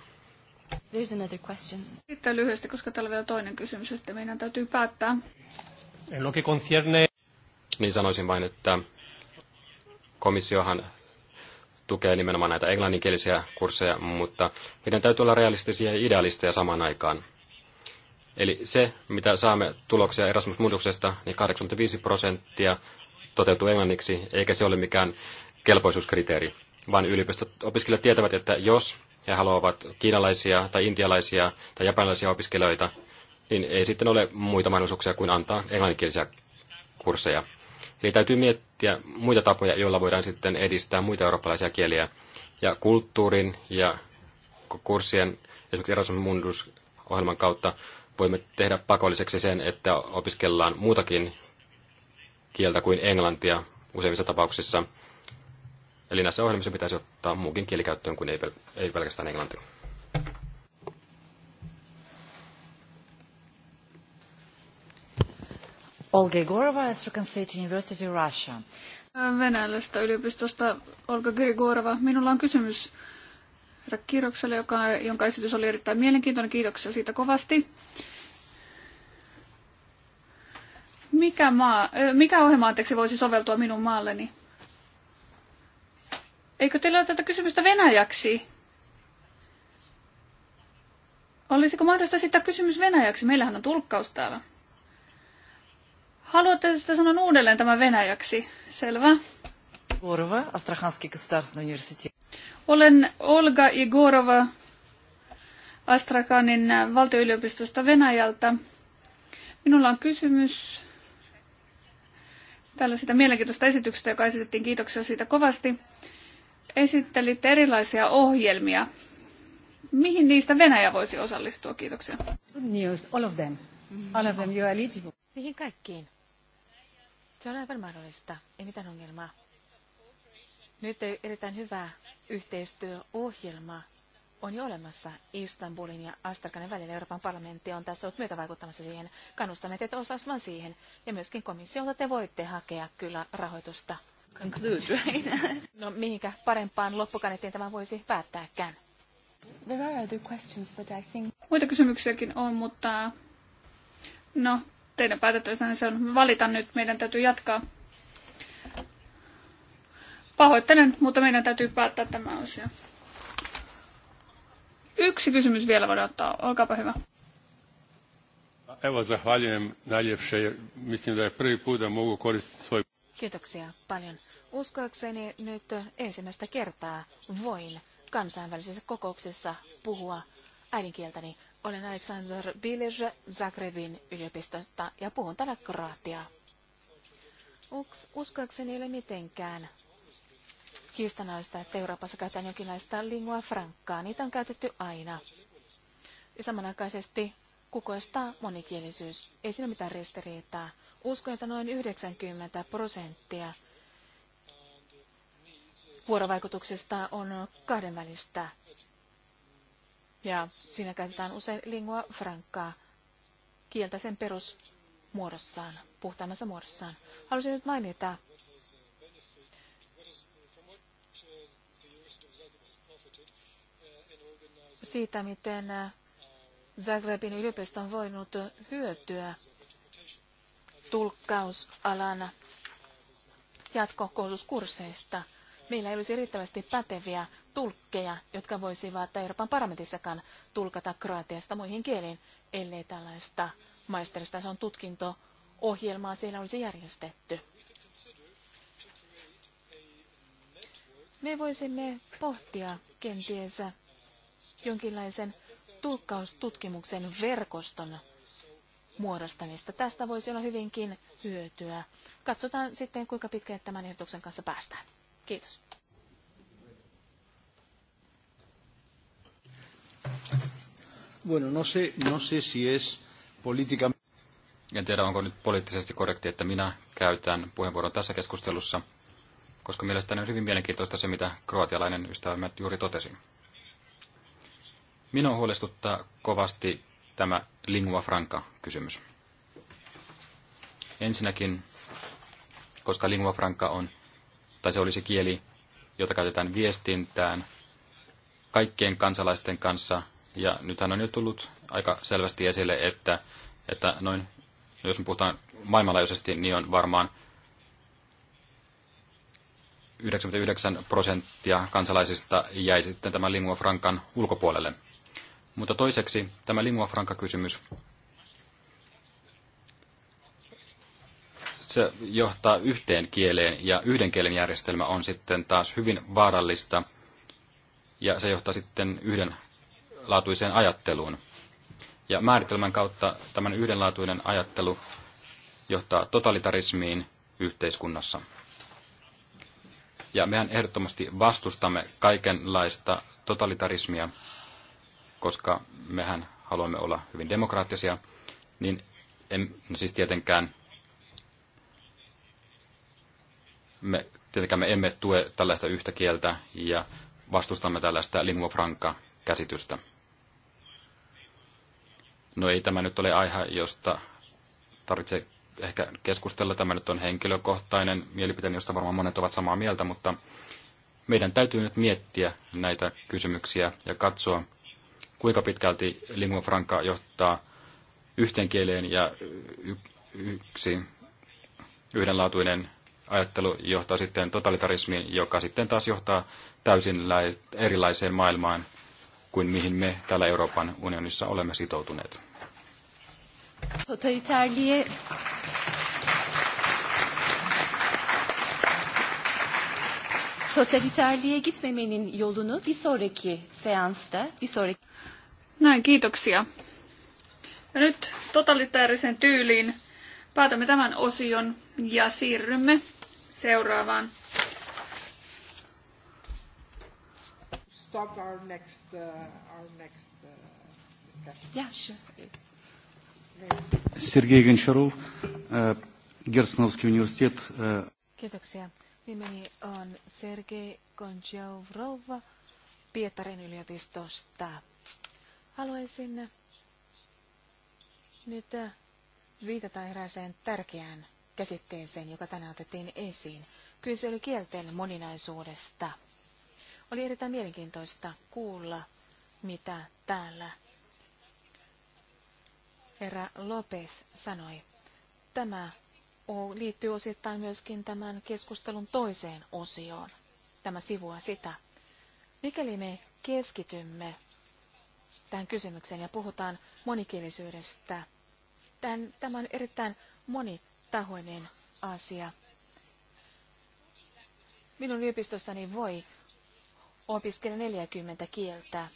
There's another question. Sitten lyhyesti, koska täällä on vielä toinen kysymys, että meidän täytyy päättää.
En lo que concierne... Niin sanoisin vain, että komissiohan tukee nimenomaan näitä englanninkielisiä kursseja, mutta meidän täytyy olla realistisia ja idealisteja samaan aikaan. Eli se, mitä saamme tuloksia Erasmus niin 85 prosenttia toteutuu englanniksi, eikä se ole mikään kelpoisuuskriteeri, vaan yliopistot opiskelijat tietävät, että jos he haluavat kiinalaisia tai intialaisia tai japanilaisia opiskelijoita, niin ei sitten ole muita mahdollisuuksia kuin antaa englanninkielisiä kursseja. Eli täytyy miettiä muita tapoja, joilla voidaan sitten edistää muita eurooppalaisia kieliä. Ja kulttuurin ja kurssien, esimerkiksi Erasmus Mundus-ohjelman kautta, voimme tehdä pakolliseksi sen, että opiskellaan muutakin kieltä kuin englantia useimmissa tapauksissa. Eli näissä ohjelmissa pitäisi ottaa muukin kielikäyttöön kuin ei, pel- ei pelkästään englanti.
Olga Igorova, Astrakhan State University, Russia. Äh, Venäläisestä yliopistosta Olga Grigorova. Minulla on kysymys herra joka, jonka esitys oli erittäin mielenkiintoinen. Kiitoksia siitä kovasti. Mikä, maa, äh, mikä ohjelma anteeksi voisi soveltua minun maalleni? Eikö teillä ole tätä kysymystä venäjäksi? Olisiko mahdollista esittää kysymys venäjäksi? Meillähän on tulkkaus täällä. Haluatte sitä sanon uudelleen tämän venäjäksi? Selvä. Igorova, Astrahanski государственный университет. Olen Olga Igorova Astrakanin valtioyliopistosta Venäjältä. Minulla on kysymys tällaisesta mielenkiintoista esityksestä, joka esitettiin. Kiitoksia siitä kovasti. Esittelitte erilaisia ohjelmia. Mihin niistä Venäjä voisi osallistua? Kiitoksia.
Good news, all of them. All of
them, you are eligible.
Mihin kaikkiin? Se on aivan mahdollista, ei mitään ongelmaa. Nyt erittäin hyvä yhteistyöohjelma on jo olemassa Istanbulin ja Astrakanen välillä. Euroopan parlamentti on tässä ollut myötä vaikuttamassa siihen. Kannustamme teitä osallistumaan siihen. Ja myöskin komissiolta te voitte hakea kyllä rahoitusta. Conclude, right? no mihinkä parempaan loppukanettiin tämä voisi päättääkään.
There are other questions, I think... Muita kysymyksiäkin on, mutta no, teidän päätettävissä niin se on valita nyt. Meidän täytyy jatkaa. Pahoittelen, mutta meidän täytyy päättää tämä asia. Yksi kysymys vielä voidaan ottaa. Olkaapa hyvä. Evo, zahvaljujem najljepše. Mislim da je prvi put da mogu koristiti svoj... Kiitoksia paljon.
Uskoakseni nyt ensimmäistä kertaa voin kansainvälisessä kokouksessa puhua äidinkieltäni. Olen Aleksandr Bilež Zagrebin yliopistosta ja puhun täällä kroatiaa. Uskoakseni ei ole mitenkään kiistanaista, että Euroopassa käytetään jonkinlaista lingua francaa. Niitä on käytetty aina. Ja samanaikaisesti kukoistaa monikielisyys. Ei siinä mitään ristiriitaa. Uskon, että noin 90 prosenttia vuorovaikutuksesta on kahdenvälistä ja siinä käytetään usein lingua francaa, kieltä sen perusmuodossaan, puhtaimmassa muodossaan. Haluaisin nyt mainita siitä, miten äh, Zagrebin yliopisto on voinut hyötyä tulkkausalan jatkokoulutuskursseista. Meillä ei olisi riittävästi päteviä tulkkeja, jotka voisivat Euroopan parlamentissakaan tulkata kroatiasta muihin kieliin, ellei tällaista maisteristason tutkinto-ohjelmaa siellä olisi järjestetty. Me voisimme pohtia kenties jonkinlaisen tulkkaustutkimuksen verkoston muodostamista. Tästä voisi olla hyvinkin hyötyä. Katsotaan sitten, kuinka pitkään tämän ehdotuksen kanssa päästään. Kiitos. Bueno, no sé, no sé si es politica...
En tiedä, onko nyt poliittisesti korrekti, että minä käytän puheenvuoron tässä keskustelussa, koska mielestäni on hyvin mielenkiintoista se, mitä kroatialainen ystävämme juuri totesi. Minua huolestuttaa kovasti tämä lingua franca kysymys. Ensinnäkin, koska lingua franca on, tai se olisi kieli, jota käytetään viestintään – kaikkien kansalaisten kanssa. Ja nythän on jo tullut aika selvästi esille, että, että noin, jos me puhutaan maailmanlaajuisesti, niin on varmaan 99 prosenttia kansalaisista jäi sitten tämän lingua frankan ulkopuolelle. Mutta toiseksi tämä lingua franca kysymys se johtaa yhteen kieleen ja yhden kielen järjestelmä on sitten taas hyvin vaarallista ja se johtaa sitten yhdenlaatuiseen ajatteluun. Ja määritelmän kautta tämän yhdenlaatuinen ajattelu johtaa totalitarismiin yhteiskunnassa. Ja mehän ehdottomasti vastustamme kaikenlaista totalitarismia, koska mehän haluamme olla hyvin demokraattisia, niin en, no siis tietenkään me, tietenkään me emme tue tällaista yhtä kieltä ja vastustamme tällaista lingua franca-käsitystä. No ei tämä nyt ole aihe, josta tarvitsee ehkä keskustella. Tämä nyt on henkilökohtainen mielipiteeni, josta varmaan monet ovat samaa mieltä, mutta meidän täytyy nyt miettiä näitä kysymyksiä ja katsoa, kuinka pitkälti lingua franca johtaa yhteen kieleen ja yksi yhdenlaatuinen ajattelu johtaa sitten totalitarismiin, joka sitten taas johtaa täysin erilaiseen maailmaan kuin mihin me täällä Euroopan unionissa olemme sitoutuneet.
Totaliterliğe totaliterliğe gitmemenin yolunu bir sonraki seansta,
bir sonraki... Näin, kiitoksia. Ja nyt totalitaarisen tyyliin päätämme tämän osion ja siirrymme seuraavaan
start our next, uh,
our uh, discussion. Yeah, sure.
Sergei Goncharov, Gersnovski Universitet.
Kiitoksia. Nimeni on Sergey Goncharov Pietarin yliopistosta. Haluaisin nyt äh, viitata erääseen tärkeään käsitteeseen, joka tänään otettiin esiin. Kyse oli kielten moninaisuudesta – oli erittäin mielenkiintoista kuulla, mitä täällä herra Lopez sanoi. Tämä liittyy osittain myöskin tämän keskustelun toiseen osioon. Tämä sivua sitä. Mikäli me keskitymme tähän kysymykseen ja puhutaan monikielisyydestä, tämän, tämä on erittäin monitahoinen asia. Minun yliopistossani voi opiskeli 40 kieltä.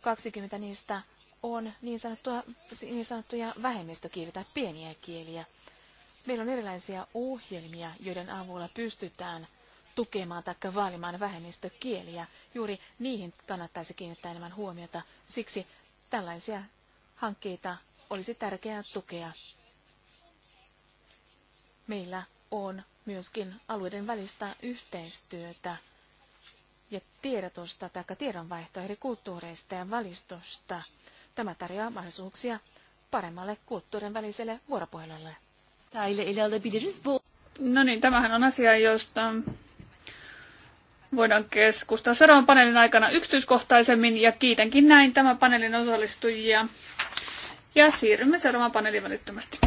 20 niistä on niin, sanottua, niin sanottuja vähemmistökieliä tai pieniä kieliä. Meillä on erilaisia ohjelmia, joiden avulla pystytään tukemaan tai vaalimaan vähemmistökieliä. Juuri niihin kannattaisi kiinnittää enemmän huomiota. Siksi tällaisia hankkeita olisi tärkeää tukea. Meillä on myöskin alueiden välistä yhteistyötä ja tiedotusta tai tiedonvaihtoa eri kulttuureista ja valistusta. Tämä tarjoaa mahdollisuuksia paremmalle kulttuurin väliselle vuoropuhelulle.
No niin, tämähän on asia, josta voidaan keskustaa seuraavan paneelin aikana yksityiskohtaisemmin ja kiitänkin näin tämän paneelin osallistujia. Ja siirrymme seuraavaan paneeliin välittömästi.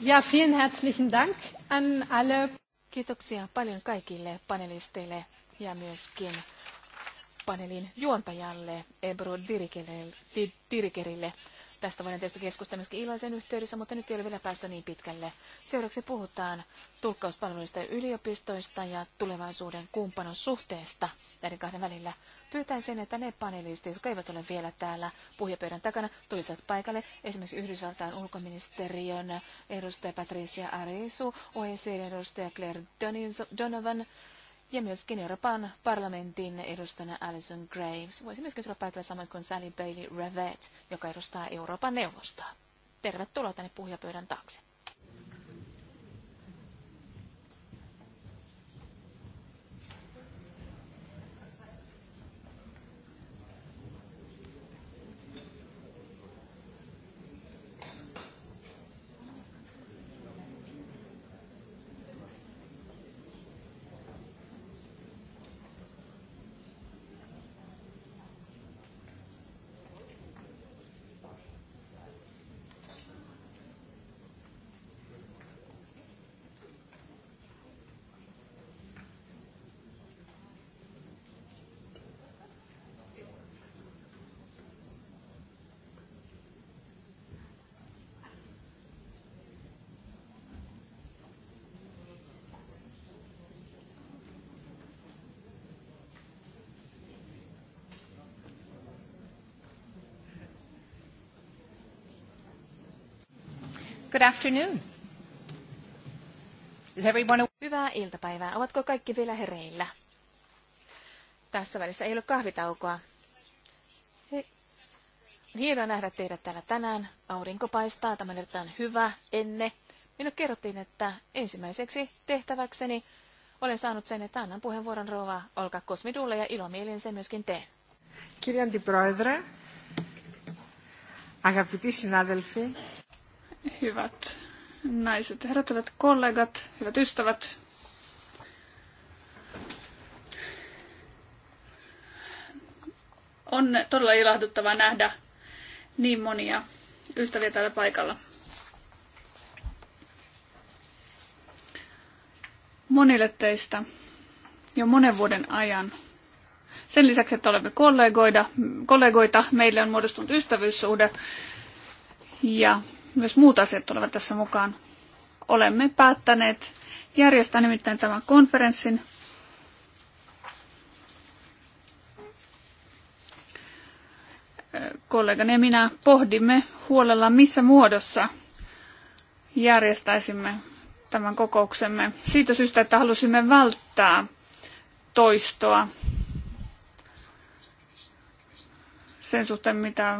Ja, vielen herzlichen Dank
an alle. Kiitoksia paljon kaikille panelisteille ja myöskin paneelin juontajalle Ebro Dirikerille. Tästä voidaan tietysti keskustella myöskin iloisen yhteydessä, mutta nyt ei ole vielä päästä niin pitkälle. Seuraavaksi puhutaan tulkkauspalveluista yliopistoista ja tulevaisuuden kumppanussuhteesta näiden kahden välillä pyytäen sen, että ne panelistit, jotka eivät ole vielä täällä puhujapöydän takana, tulisivat paikalle. Esimerkiksi Yhdysvaltain ulkoministeriön edustaja Patricia Arisu, OECD-edustaja Claire Donovan, ja myöskin Euroopan parlamentin edustajana Alison Graves. Voisi myöskin tulla paikalle samoin kuin Sally Bailey Revet, joka edustaa Euroopan neuvostoa. Tervetuloa tänne puhujapöydän taakse.
Good afternoon.
Is everyone... Hyvää iltapäivää. Ovatko kaikki vielä hereillä? Tässä välissä ei ole kahvitaukoa. He... hienoa nähdä teidät täällä tänään. Aurinko paistaa, tämä on hyvä enne. Minun kerrottiin, että ensimmäiseksi tehtäväkseni olen saanut sen, että annan puheenvuoron rouva Olka Kosmidulle ja ilomielin
sen myöskin teen. Kirjanti Proedre, Αγαπητοί adelfi, Hyvät naiset ja herrat, hyvät kollegat, hyvät ystävät. On todella ilahduttavaa nähdä niin monia ystäviä täällä paikalla. Monille teistä jo monen vuoden ajan sen lisäksi, että olemme kollegoita, meille on muodostunut ystävyyssuhde ja myös muut asiat tulevat tässä mukaan. Olemme päättäneet järjestää nimittäin tämän konferenssin. Kollegani ja minä pohdimme huolella, missä muodossa järjestäisimme tämän kokouksemme. Siitä syystä, että halusimme välttää toistoa sen suhteen, mitä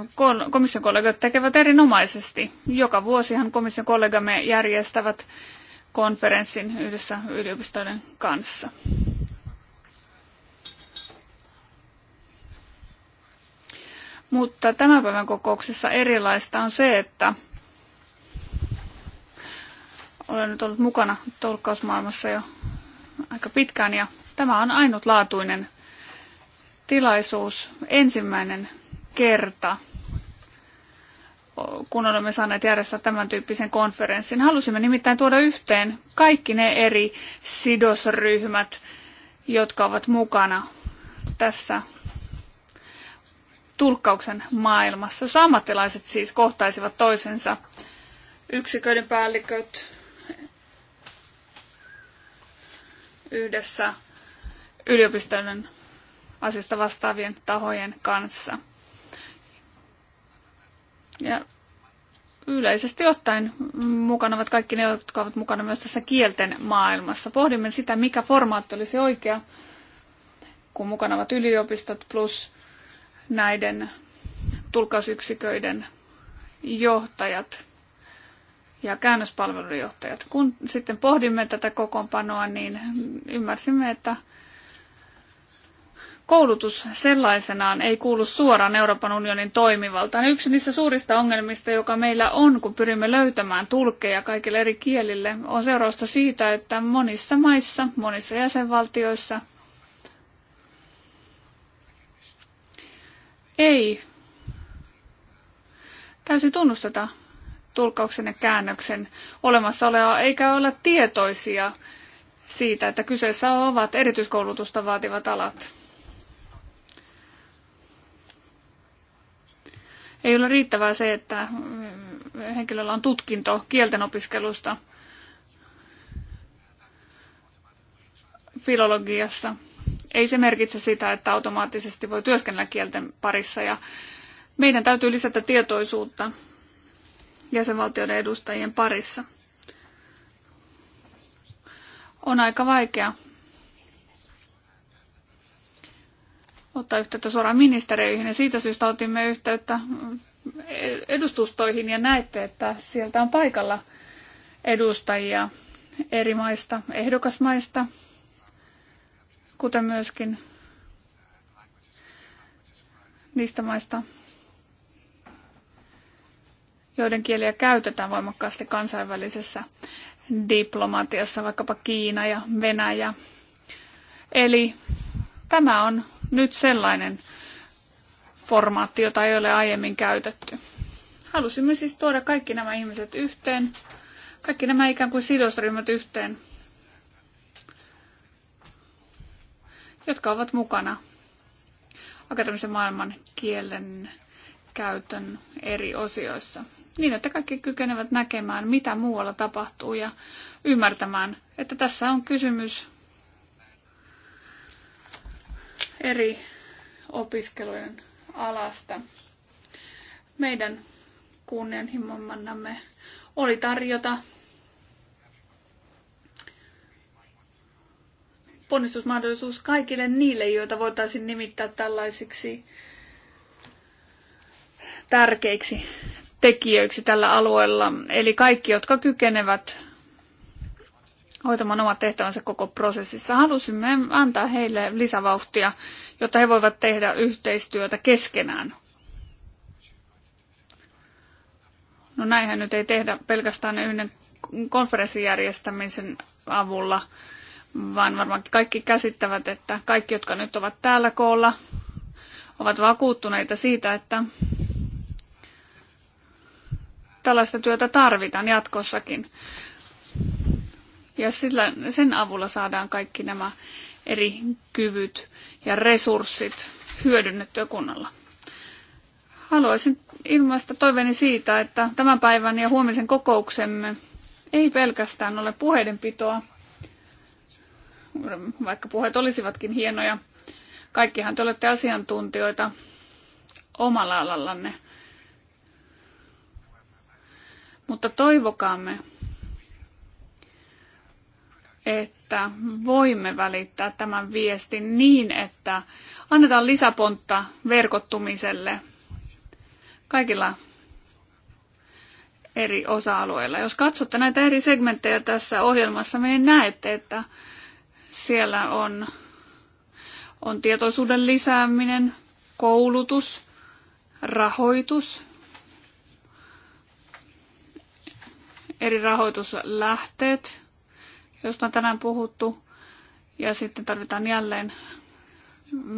komission kollegat tekevät erinomaisesti. Joka vuosihan komission kollegamme järjestävät konferenssin yhdessä yliopistojen kanssa. Mutta tämän päivän kokouksessa erilaista on se, että olen nyt ollut mukana tulkkausmaailmassa jo aika pitkään ja tämä on ainutlaatuinen tilaisuus, ensimmäinen kerta, kun olemme saaneet järjestää tämän tyyppisen konferenssin. Halusimme nimittäin tuoda yhteen kaikki ne eri sidosryhmät, jotka ovat mukana tässä tulkkauksen maailmassa, jos ammattilaiset siis kohtaisivat toisensa, yksiköiden päälliköt yhdessä yliopistojen asiasta vastaavien tahojen kanssa. Ja yleisesti ottaen mukana ovat kaikki ne, jotka ovat mukana myös tässä kielten maailmassa. Pohdimme sitä, mikä formaatti olisi oikea, kun mukana ovat yliopistot plus näiden tulkausyksiköiden johtajat ja käännöspalvelujohtajat. Kun sitten pohdimme tätä kokoonpanoa, niin ymmärsimme, että koulutus sellaisenaan ei kuulu suoraan Euroopan unionin toimivaltaan. Yksi niistä suurista ongelmista, joka meillä on, kun pyrimme löytämään tulkkeja kaikille eri kielille, on seurausta siitä, että monissa maissa, monissa jäsenvaltioissa ei täysin tunnusteta tulkkauksen ja käännöksen olemassaoloa, eikä olla tietoisia siitä, että kyseessä ovat erityiskoulutusta vaativat alat. Ei ole riittävää se, että henkilöllä on tutkinto opiskelusta filologiassa. Ei se merkitse sitä, että automaattisesti voi työskennellä kielten parissa ja meidän täytyy lisätä tietoisuutta jäsenvaltioiden edustajien parissa. On aika vaikea ottaa yhteyttä suoraan ministeriöihin ja siitä syystä otimme yhteyttä edustustoihin ja näette, että sieltä on paikalla edustajia eri maista, ehdokasmaista, kuten myöskin niistä maista, joiden kieliä käytetään voimakkaasti kansainvälisessä diplomatiassa, vaikkapa Kiina ja Venäjä. Eli tämä on nyt sellainen formaatti, jota ei ole aiemmin käytetty. Halusimme siis tuoda kaikki nämä ihmiset yhteen, kaikki nämä ikään kuin sidosryhmät yhteen, jotka ovat mukana akateemisen maailman kielen käytön eri osioissa. Niin, että kaikki kykenevät näkemään, mitä muualla tapahtuu ja ymmärtämään, että tässä on kysymys eri opiskelujen alasta. Meidän kunnianhimommannamme oli tarjota ponnistusmahdollisuus kaikille niille, joita voitaisiin nimittää tällaisiksi tärkeiksi tekijöiksi tällä alueella. Eli kaikki, jotka kykenevät hoitamaan omat tehtävänsä koko prosessissa. Halusimme antaa heille lisävauhtia, jotta he voivat tehdä yhteistyötä keskenään. No näinhän nyt ei tehdä pelkästään yhden konferenssin järjestämisen avulla, vaan varmaan kaikki käsittävät, että kaikki, jotka nyt ovat täällä koolla, ovat vakuuttuneita siitä, että tällaista työtä tarvitaan jatkossakin ja sillä, sen avulla saadaan kaikki nämä eri kyvyt ja resurssit hyödynnettyä kunnolla. Haluaisin ilmaista toiveeni siitä, että tämän päivän ja huomisen kokouksemme ei pelkästään ole puheidenpitoa, vaikka puheet olisivatkin hienoja. Kaikkihan te olette asiantuntijoita omalla alallanne. Mutta toivokaamme, että voimme välittää tämän viestin niin, että annetaan lisäpontta verkottumiselle kaikilla eri osa-alueilla. Jos katsotte näitä eri segmenttejä tässä ohjelmassa, niin näette, että siellä on, on tietoisuuden lisääminen, koulutus, rahoitus, eri rahoituslähteet, josta on tänään puhuttu. Ja sitten tarvitaan jälleen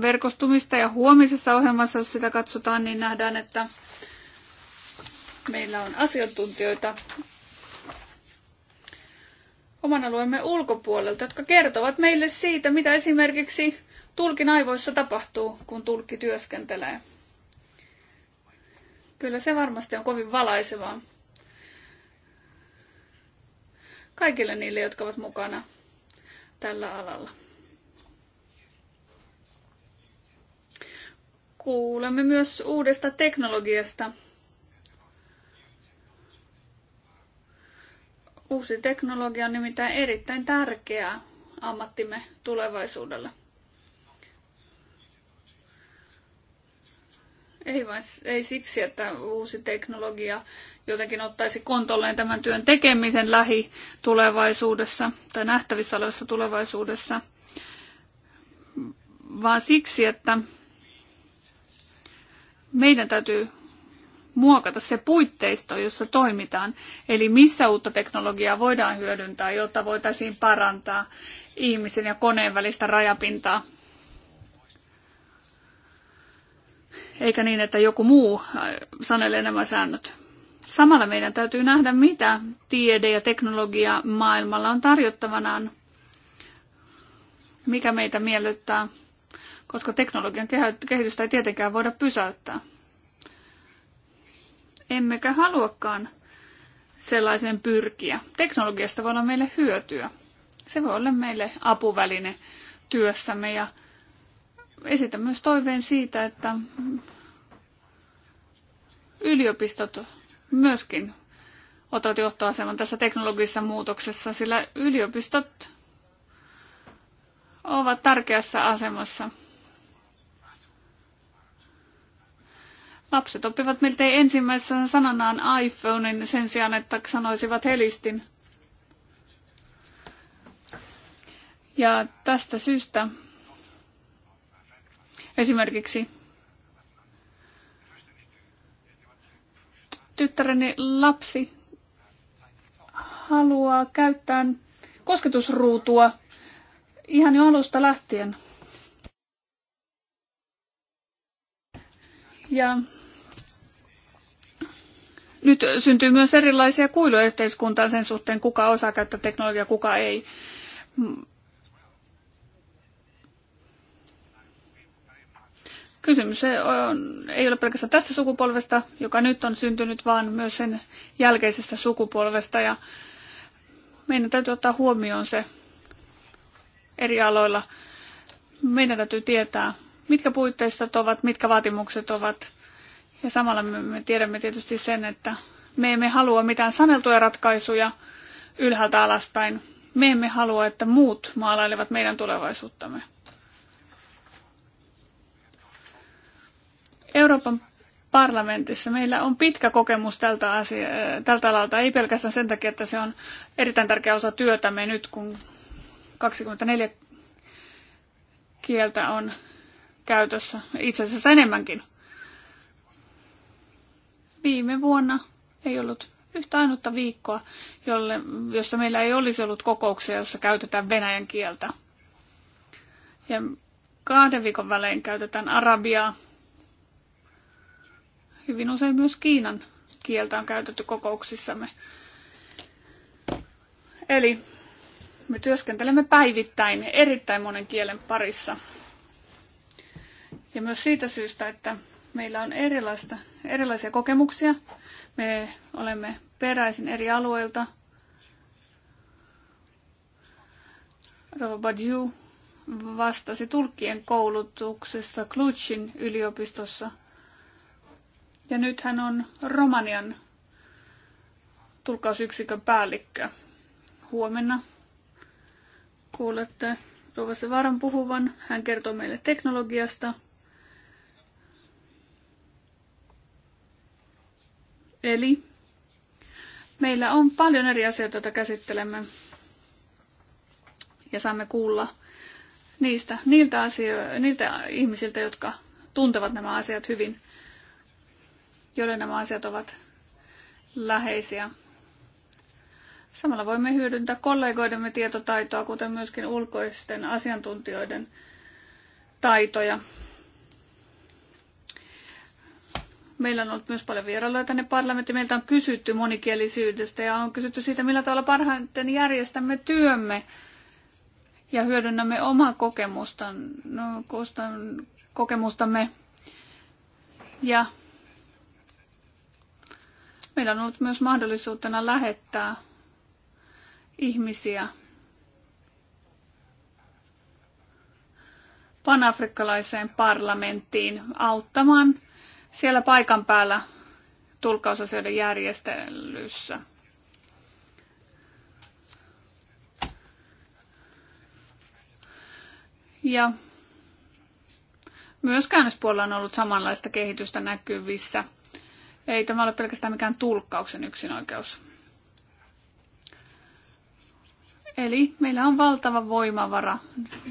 verkostumista ja huomisessa ohjelmassa, jos sitä katsotaan, niin nähdään, että meillä on asiantuntijoita oman alueemme ulkopuolelta, jotka kertovat meille siitä, mitä esimerkiksi tulkin aivoissa tapahtuu, kun tulkki työskentelee. Kyllä se varmasti on kovin valaisevaa kaikille niille, jotka ovat mukana tällä alalla. Kuulemme myös uudesta teknologiasta. Uusi teknologia on nimittäin erittäin tärkeää ammattimme tulevaisuudelle. Ei, vain, ei siksi, että uusi teknologia jotenkin ottaisi kontolleen tämän työn tekemisen lähitulevaisuudessa tai nähtävissä olevassa tulevaisuudessa, vaan siksi, että meidän täytyy muokata se puitteisto, jossa toimitaan, eli missä uutta teknologiaa voidaan hyödyntää, jotta voitaisiin parantaa ihmisen ja koneen välistä rajapintaa eikä niin, että joku muu äh, sanelee nämä säännöt. Samalla meidän täytyy nähdä, mitä tiede ja teknologia maailmalla on tarjottavanaan, mikä meitä miellyttää, koska teknologian kehitystä ei tietenkään voida pysäyttää. Emmekä haluakaan sellaisen pyrkiä. Teknologiasta voi olla meille hyötyä. Se voi olla meille apuväline työssämme ja esitän myös toiveen siitä, että yliopistot myöskin ottavat johtoaseman tässä teknologisessa muutoksessa, sillä yliopistot ovat tärkeässä asemassa. Lapset oppivat miltei ensimmäisessä sananaan iPhonein sen sijaan, että sanoisivat helistin. Ja tästä syystä Esimerkiksi tyttäreni lapsi haluaa käyttää kosketusruutua ihan jo alusta lähtien. Ja nyt syntyy myös erilaisia kuiluja yhteiskuntaan sen suhteen, kuka osaa käyttää teknologiaa, kuka ei. Kysymys on, ei ole pelkästään tästä sukupolvesta, joka nyt on syntynyt, vaan myös sen jälkeisestä sukupolvesta. Ja meidän täytyy ottaa huomioon se eri aloilla. Meidän täytyy tietää, mitkä puitteistot ovat, mitkä vaatimukset ovat. Ja samalla me tiedämme tietysti sen, että me emme halua mitään saneltuja ratkaisuja ylhäältä alaspäin. Me emme halua, että muut maalailevat meidän tulevaisuuttamme. Euroopan parlamentissa meillä on pitkä kokemus tältä, asia, äh, tältä alalta, ei pelkästään sen takia, että se on erittäin tärkeä osa työtämme nyt, kun 24 kieltä on käytössä, itse asiassa enemmänkin. Viime vuonna ei ollut yhtä ainutta viikkoa, jolle, jossa meillä ei olisi ollut kokouksia, jossa käytetään venäjän kieltä. Ja kahden viikon välein käytetään arabiaa, Hyvin usein myös Kiinan kieltä on käytetty kokouksissamme. Eli me työskentelemme päivittäin erittäin monen kielen parissa. Ja myös siitä syystä, että meillä on erilaista, erilaisia kokemuksia. Me olemme peräisin eri alueilta. Rova Badiou vastasi tulkkien koulutuksesta Klutsin yliopistossa – ja nyt hän on Romanian tulkausyksikön päällikkö. Huomenna kuulette Rova Sevaran puhuvan. Hän kertoo meille teknologiasta. Eli meillä on paljon eri asioita, joita käsittelemme ja saamme kuulla niistä, niiltä, asio- niiltä ihmisiltä, jotka tuntevat nämä asiat hyvin joille nämä asiat ovat läheisiä. Samalla voimme hyödyntää kollegoidemme tietotaitoa, kuten myöskin ulkoisten asiantuntijoiden taitoja. Meillä on ollut myös paljon vierailuja tänne parlamentti. Meiltä on kysytty monikielisyydestä ja on kysytty siitä, millä tavalla parhaiten järjestämme työmme ja hyödynnämme omaa kokemusta, no, kokemustamme. Ja Meillä on ollut myös mahdollisuutena lähettää ihmisiä panafrikkalaiseen parlamenttiin auttamaan siellä paikan päällä tulkkausasioiden järjestelyssä. Ja myös käännöspuolella on ollut samanlaista kehitystä näkyvissä – ei tämä ole pelkästään mikään tulkkauksen yksinoikeus. Eli meillä on valtava voimavara,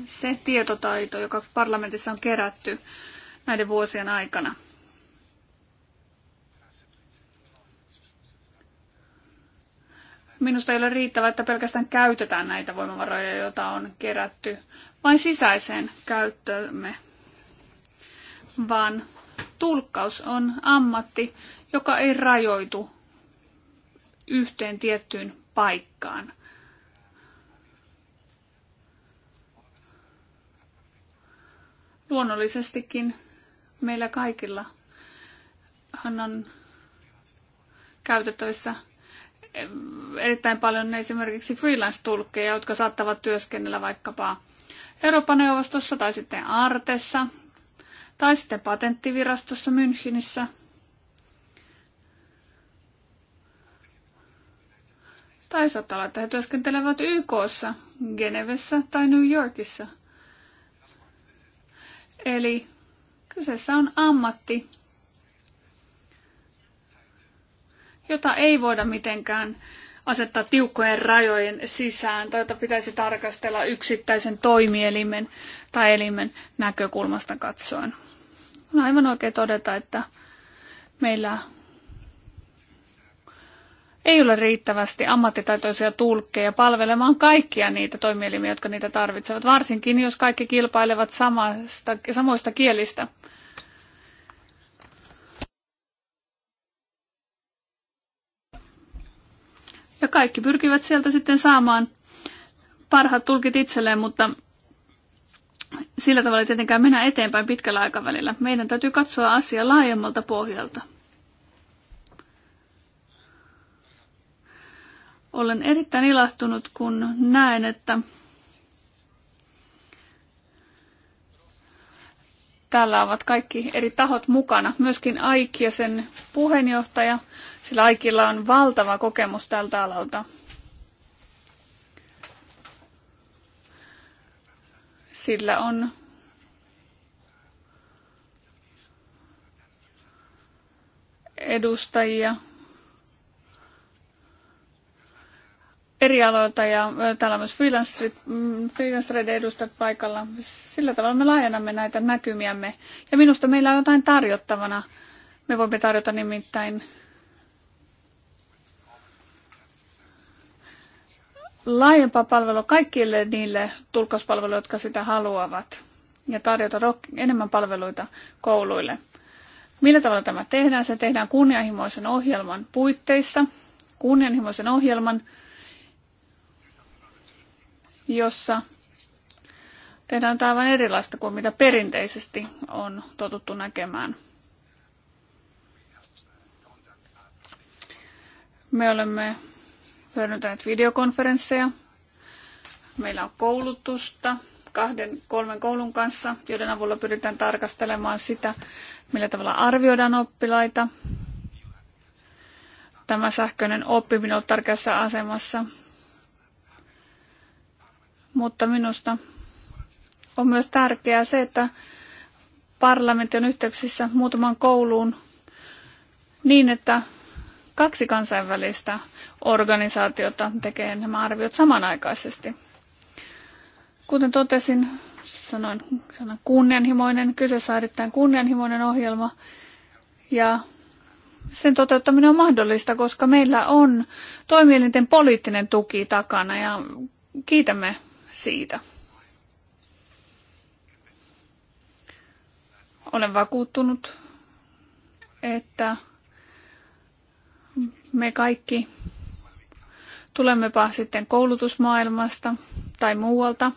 se tietotaito, joka parlamentissa on kerätty näiden vuosien aikana. Minusta ei ole riittävää, että pelkästään käytetään näitä voimavaroja, joita on kerätty vain sisäiseen käyttöömme, vaan tulkkaus on ammatti, joka ei rajoitu yhteen tiettyyn paikkaan. Luonnollisestikin meillä kaikilla hän on käytettävissä erittäin paljon esimerkiksi freelance-tulkkeja, jotka saattavat työskennellä vaikkapa Euroopan neuvostossa tai sitten Artessa tai sitten patenttivirastossa Münchenissä – Tai saattaa olla, että he työskentelevät YKssa, Genevessä tai New Yorkissa. Eli kyseessä on ammatti, jota ei voida mitenkään asettaa tiukkojen rajojen sisään, tai jota pitäisi tarkastella yksittäisen toimielimen tai elimen näkökulmasta katsoen. On aivan oikein todeta, että meillä ei ole riittävästi ammattitaitoisia tulkkeja palvelemaan kaikkia niitä toimielimiä, jotka niitä tarvitsevat, varsinkin jos kaikki kilpailevat samasta, samoista kielistä. Ja kaikki pyrkivät sieltä sitten saamaan parhaat tulkit itselleen, mutta sillä tavalla tietenkään mennä eteenpäin pitkällä aikavälillä. Meidän täytyy katsoa asiaa laajemmalta pohjalta. Olen erittäin ilahtunut, kun näen, että täällä ovat kaikki eri tahot mukana. Myöskin AIK ja sen puheenjohtaja, sillä AIKilla on valtava kokemus tältä alalta. Sillä on edustajia eri aloilta ja täällä on myös mm, freelancereiden edustajat paikalla. Sillä tavalla me laajennamme näitä näkymiämme. Ja minusta meillä on jotain tarjottavana. Me voimme tarjota nimittäin laajempaa palvelua kaikille niille tulkkauspalveluille, jotka sitä haluavat ja tarjota enemmän palveluita kouluille. Millä tavalla tämä tehdään? Se tehdään kunnianhimoisen ohjelman puitteissa. Kunnianhimoisen ohjelman, jossa tehdään aivan erilaista kuin mitä perinteisesti on totuttu näkemään. Me olemme hyödyntäneet videokonferensseja. Meillä on koulutusta kahden, kolmen koulun kanssa, joiden avulla pyritään tarkastelemaan sitä, millä tavalla arvioidaan oppilaita. Tämä sähköinen oppiminen on tärkeässä asemassa mutta minusta on myös tärkeää se, että parlamentti on yhteyksissä muutaman kouluun niin, että kaksi kansainvälistä organisaatiota tekee nämä arviot samanaikaisesti. Kuten totesin, sanoin, sanoin kunnianhimoinen, kyseessä on erittäin kunnianhimoinen ohjelma ja sen toteuttaminen on mahdollista, koska meillä on toimielinten poliittinen tuki takana ja kiitämme siitä. Olen vakuuttunut, että me kaikki, tulemmepa sitten koulutusmaailmasta tai muualta,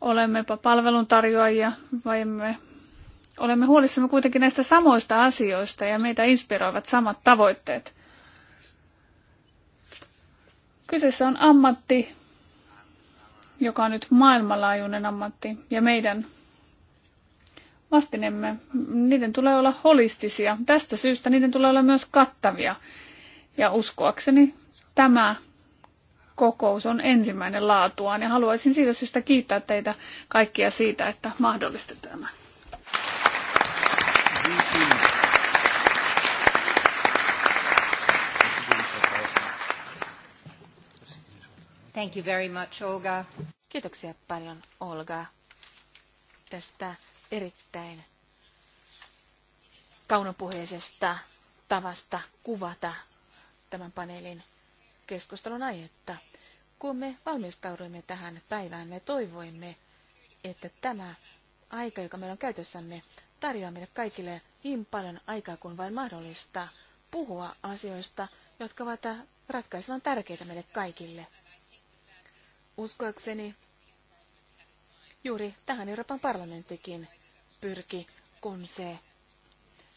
olemmepa palveluntarjoajia vai me olemme huolissamme kuitenkin näistä samoista asioista ja meitä inspiroivat samat tavoitteet. Kyseessä on ammatti, joka on nyt maailmanlaajuinen ammatti, ja meidän vastinemme, niiden tulee olla holistisia. Tästä syystä niiden tulee olla myös kattavia. Ja uskoakseni tämä kokous on ensimmäinen laatuaan ja haluaisin siitä syystä kiittää teitä kaikkia siitä, että mahdollistetaan you. Thank you very much, Olga.
Kiitoksia paljon, Olga, tästä erittäin kaunopuheisesta tavasta kuvata tämän paneelin keskustelun aihetta. Kun me valmistauduimme tähän päivään, me toivoimme, että tämä aika, joka meillä on käytössämme, tarjoaa meille kaikille niin paljon aikaa kuin vain mahdollista puhua asioista, jotka ovat ratkaisevan tärkeitä meille kaikille. Uskoakseni juuri tähän Euroopan parlamenttikin pyrki, kun se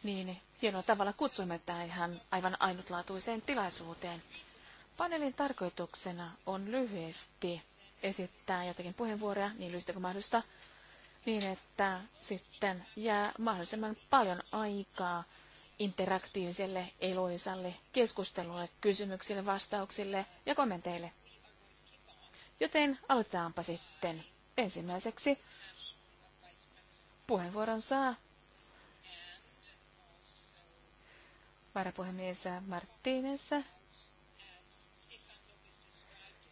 niin hienolla tavalla kutsuimme tähän aivan ainutlaatuiseen tilaisuuteen. Paneelin tarkoituksena on lyhyesti esittää jotakin puheenvuoroja, niin lyhyesti kuin mahdollista, niin että sitten jää mahdollisimman paljon aikaa interaktiiviselle, eloisalle keskustelulle, kysymyksille, vastauksille ja kommenteille. Joten aloitetaanpa sitten. Ensimmäiseksi puheenvuoron saa varapuhemies Martínez,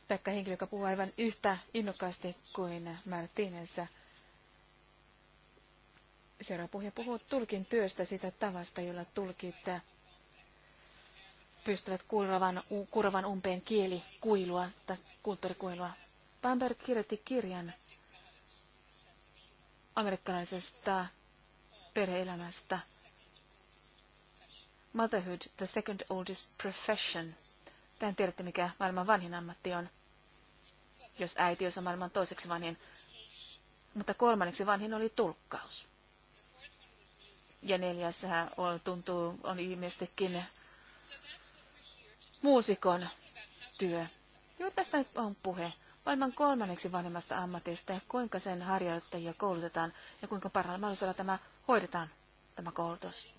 taikka henkilö, joka puhuu aivan yhtä innokkaasti kuin Martínez. Seuraava puhuja puhuu tulkin työstä sitä tavasta, jolla tulkit pystyvät kurvan, kurvan umpeen kielikuilua tai kulttuurikuilua. Bamberg kirjoitti kirjan amerikkalaisesta perheelämästä. Motherhood, the second oldest profession. Tämän tiedätte, mikä maailman vanhin ammatti on, jos äiti on maailman toiseksi vanhin. Mutta kolmanneksi vanhin oli tulkkaus. Ja neljäs on, tuntuu, on ilmeisestikin muusikon työ. Juuri tästä nyt on puhe. Maailman kolmanneksi vanhemmasta ammatista ja kuinka sen harjoittajia koulutetaan ja kuinka parhaalla mahdollisella tämä hoidetaan, tämä koulutus.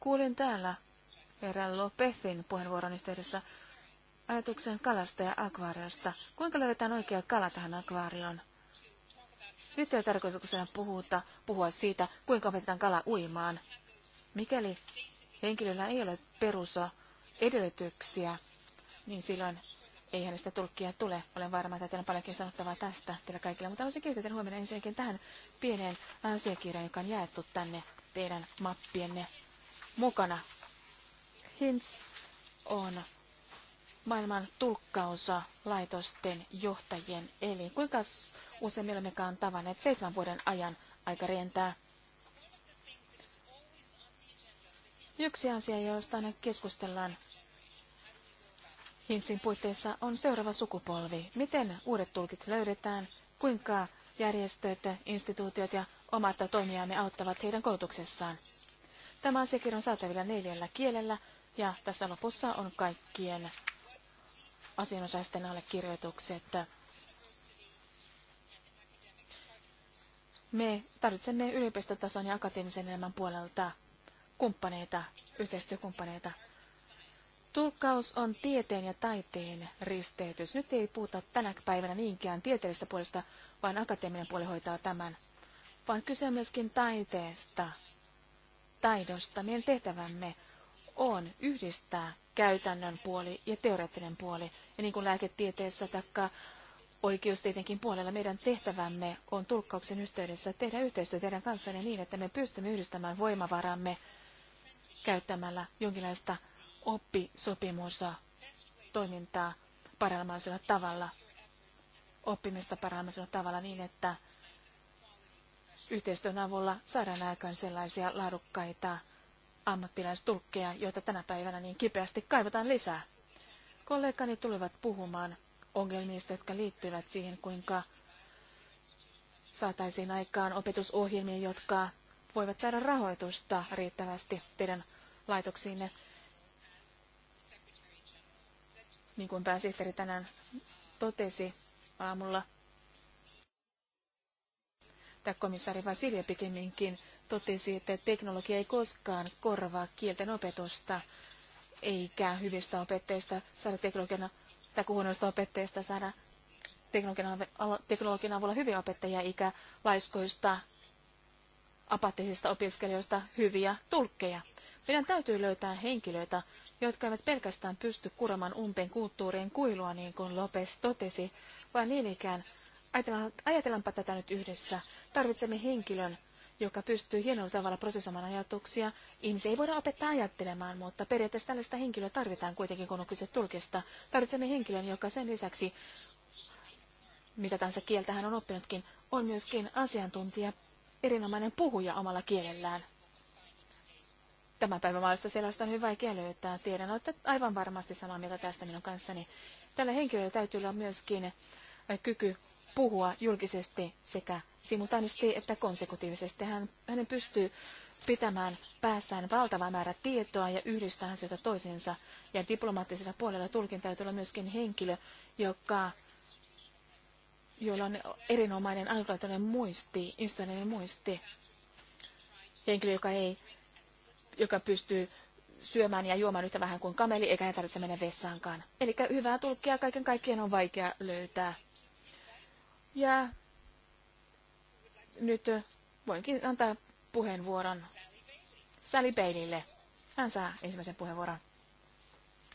Kuulin täällä erään Lopezin puheenvuoron yhteydessä ajatuksen kalasta ja akvaariosta. Kuinka löydetään oikea kala tähän akvaarioon? Nyt ei tarkoituksena puhuta, puhua siitä, kuinka opetetaan kala uimaan. Mikäli henkilöllä ei ole perusa edellytyksiä, niin silloin ei hänestä tulkkia tule. Olen varma, että teillä on paljonkin sanottavaa tästä teillä kaikilla, mutta haluaisin kiinnittää huomenna ensinnäkin tähän pieneen asiakirjaan, joka on jaettu tänne teidän mappienne mukana. Hints on maailman tulkkausa laitosten johtajien eli Kuinka usein me olemmekaan tavanneet seitsemän vuoden ajan aika rientää Yksi asia, josta aina keskustellaan Hintsin puitteissa, on seuraava sukupolvi. Miten uudet tulkit löydetään, kuinka järjestöt, instituutiot ja omat toimijamme auttavat heidän koulutuksessaan. Tämä asiakirja on saatavilla neljällä kielellä ja tässä lopussa on kaikkien asianosaisten allekirjoitukset. Me tarvitsemme yliopistotason ja akateemisen elämän puolelta kumppaneita, yhteistyökumppaneita. Tulkkaus on tieteen ja taiteen risteytys. Nyt ei puhuta tänä päivänä niinkään tieteellisestä puolesta, vaan akateeminen puoli hoitaa tämän. Vaan kyse on myöskin taiteesta, taidosta. Meidän tehtävämme on yhdistää käytännön puoli ja teoreettinen puoli. Ja niin kuin lääketieteessä tai oikeus tietenkin puolella meidän tehtävämme on tulkkauksen yhteydessä tehdä yhteistyötä teidän kanssanne niin, että me pystymme yhdistämään voimavaramme – käyttämällä jonkinlaista oppisopimusta toimintaa parhaimmaisella tavalla, oppimista parhaimmaisella tavalla niin, että yhteistyön avulla saadaan aikaan sellaisia laadukkaita ammattilaistulkkeja, joita tänä päivänä niin kipeästi kaivataan lisää. Kollegani tulevat puhumaan ongelmista, jotka liittyvät siihen, kuinka saataisiin aikaan opetusohjelmia, jotka voivat saada rahoitusta riittävästi teidän laitoksiinne. Niin kuin pääsihteeri tänään totesi aamulla, tai komissaari Vasilja pikemminkin totesi, että teknologia ei koskaan korvaa kielten opetusta, eikä hyvistä opetteista saada teknologiana, tai huonoista opetteista saada teknologian, teknologian avulla hyviä opettajia, eikä laiskoista apattisista opiskelijoista hyviä tulkkeja. Meidän täytyy löytää henkilöitä, jotka eivät pelkästään pysty kuromaan umpeen kulttuurien kuilua, niin kuin Lopes totesi, vaan niin ikään, ajatellaan, ajatellaanpa tätä nyt yhdessä, tarvitsemme henkilön, joka pystyy hienolla tavalla prosessoimaan ajatuksia. Ihmisiä ei voida opettaa ajattelemaan, mutta periaatteessa tällaista henkilöä tarvitaan kuitenkin, kun on kyse tulkista. Tarvitsemme henkilön, joka sen lisäksi, mitä tahansa kieltä hän on oppinutkin, on myöskin asiantuntija erinomainen puhuja omalla kielellään. Tämän päivän maailmasta sellaista on hyvä vaikea että Tiedän, että aivan varmasti samaa mieltä tästä minun kanssani. Tällä henkilöllä täytyy olla myöskin kyky puhua julkisesti sekä simultaanisti että konsekutiivisesti. Hän, hänen pystyy pitämään päässään valtava määrä tietoa ja yhdistämään sitä toisiinsa. Ja diplomaattisella puolella tulkin täytyy olla myöskin henkilö, joka jolla on erinomainen ainutlaatuinen muisti, instantainen muisti. Henkilö, joka, ei, joka pystyy syömään ja juomaan yhtä vähän kuin kameli, eikä hän tarvitse mennä vessaankaan. Eli hyvää tulkkia kaiken kaikkien on vaikea löytää. Ja nyt voinkin antaa puheenvuoron Sally Baileylle. Hän saa ensimmäisen puheenvuoron.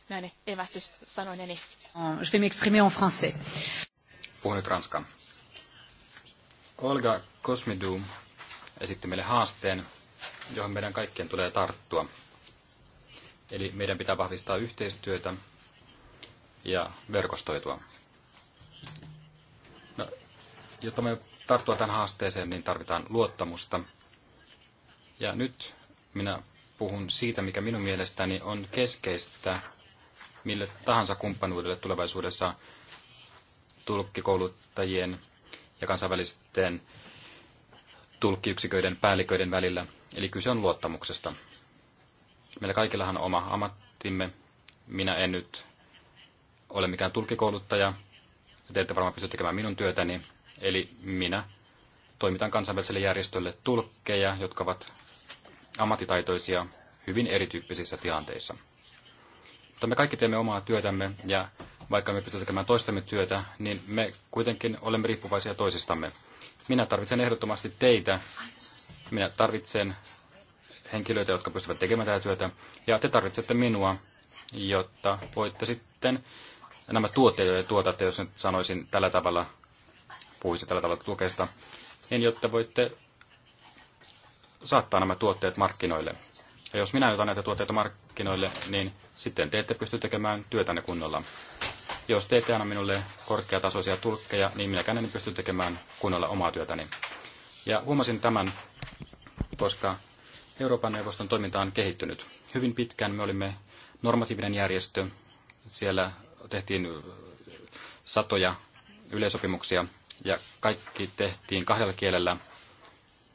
Näin evästys
sanoineni. Je vais m'exprimer en français
puhun nyt Olga Kosmidu esitti meille haasteen, johon meidän kaikkien tulee tarttua. Eli meidän pitää vahvistaa yhteistyötä ja verkostoitua. No, jotta me tarttua tähän haasteeseen, niin tarvitaan luottamusta. Ja nyt minä puhun siitä, mikä minun mielestäni on keskeistä mille tahansa kumppanuudelle tulevaisuudessa tulkkikouluttajien ja kansainvälisten tulkkiyksiköiden päälliköiden välillä, eli kyse on luottamuksesta. Meillä kaikillahan on oma ammattimme. Minä en nyt ole mikään tulkkikouluttaja, te ette varmaan pysty tekemään minun työtäni, eli minä toimitan kansainväliselle järjestölle tulkkeja, jotka ovat ammattitaitoisia hyvin erityyppisissä tilanteissa. Mutta me kaikki teemme omaa työtämme ja vaikka me pystymme tekemään toistamme työtä, niin me kuitenkin olemme riippuvaisia toisistamme. Minä tarvitsen ehdottomasti teitä. Minä tarvitsen henkilöitä, jotka pystyvät tekemään tätä työtä. Ja te tarvitsette minua, jotta voitte sitten nämä tuotteet, joita tuotatte, jos nyt sanoisin tällä tavalla, puhuisi tällä tavalla tukesta, niin jotta voitte saattaa nämä tuotteet markkinoille. Ja jos minä jotain näitä tuotteita markkinoille, niin sitten te ette pysty tekemään työtänne kunnolla. Jos te ette anna minulle korkeatasoisia tulkkeja, niin minäkään en pysty tekemään kunnolla omaa työtäni. Ja huomasin tämän, koska Euroopan neuvoston toiminta on kehittynyt. Hyvin pitkään me olimme normatiivinen järjestö. Siellä tehtiin satoja yleisopimuksia ja kaikki tehtiin kahdella kielellä.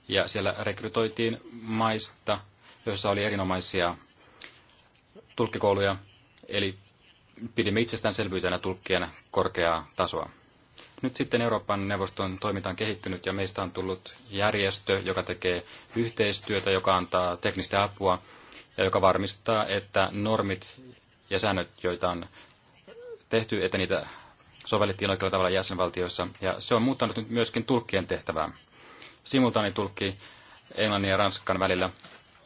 Ja siellä rekrytoitiin maista, joissa oli erinomaisia tulkkikouluja. Eli pidimme itsestäänselvyytenä tulkkien korkeaa tasoa. Nyt sitten Euroopan neuvoston toiminta on kehittynyt ja meistä on tullut järjestö, joka tekee yhteistyötä, joka antaa teknistä apua ja joka varmistaa, että normit ja säännöt, joita on tehty, että niitä sovellettiin oikealla tavalla jäsenvaltioissa. Ja se on muuttanut nyt myöskin tulkkien tehtävää. Simultaanitulkki englannin ja ranskan välillä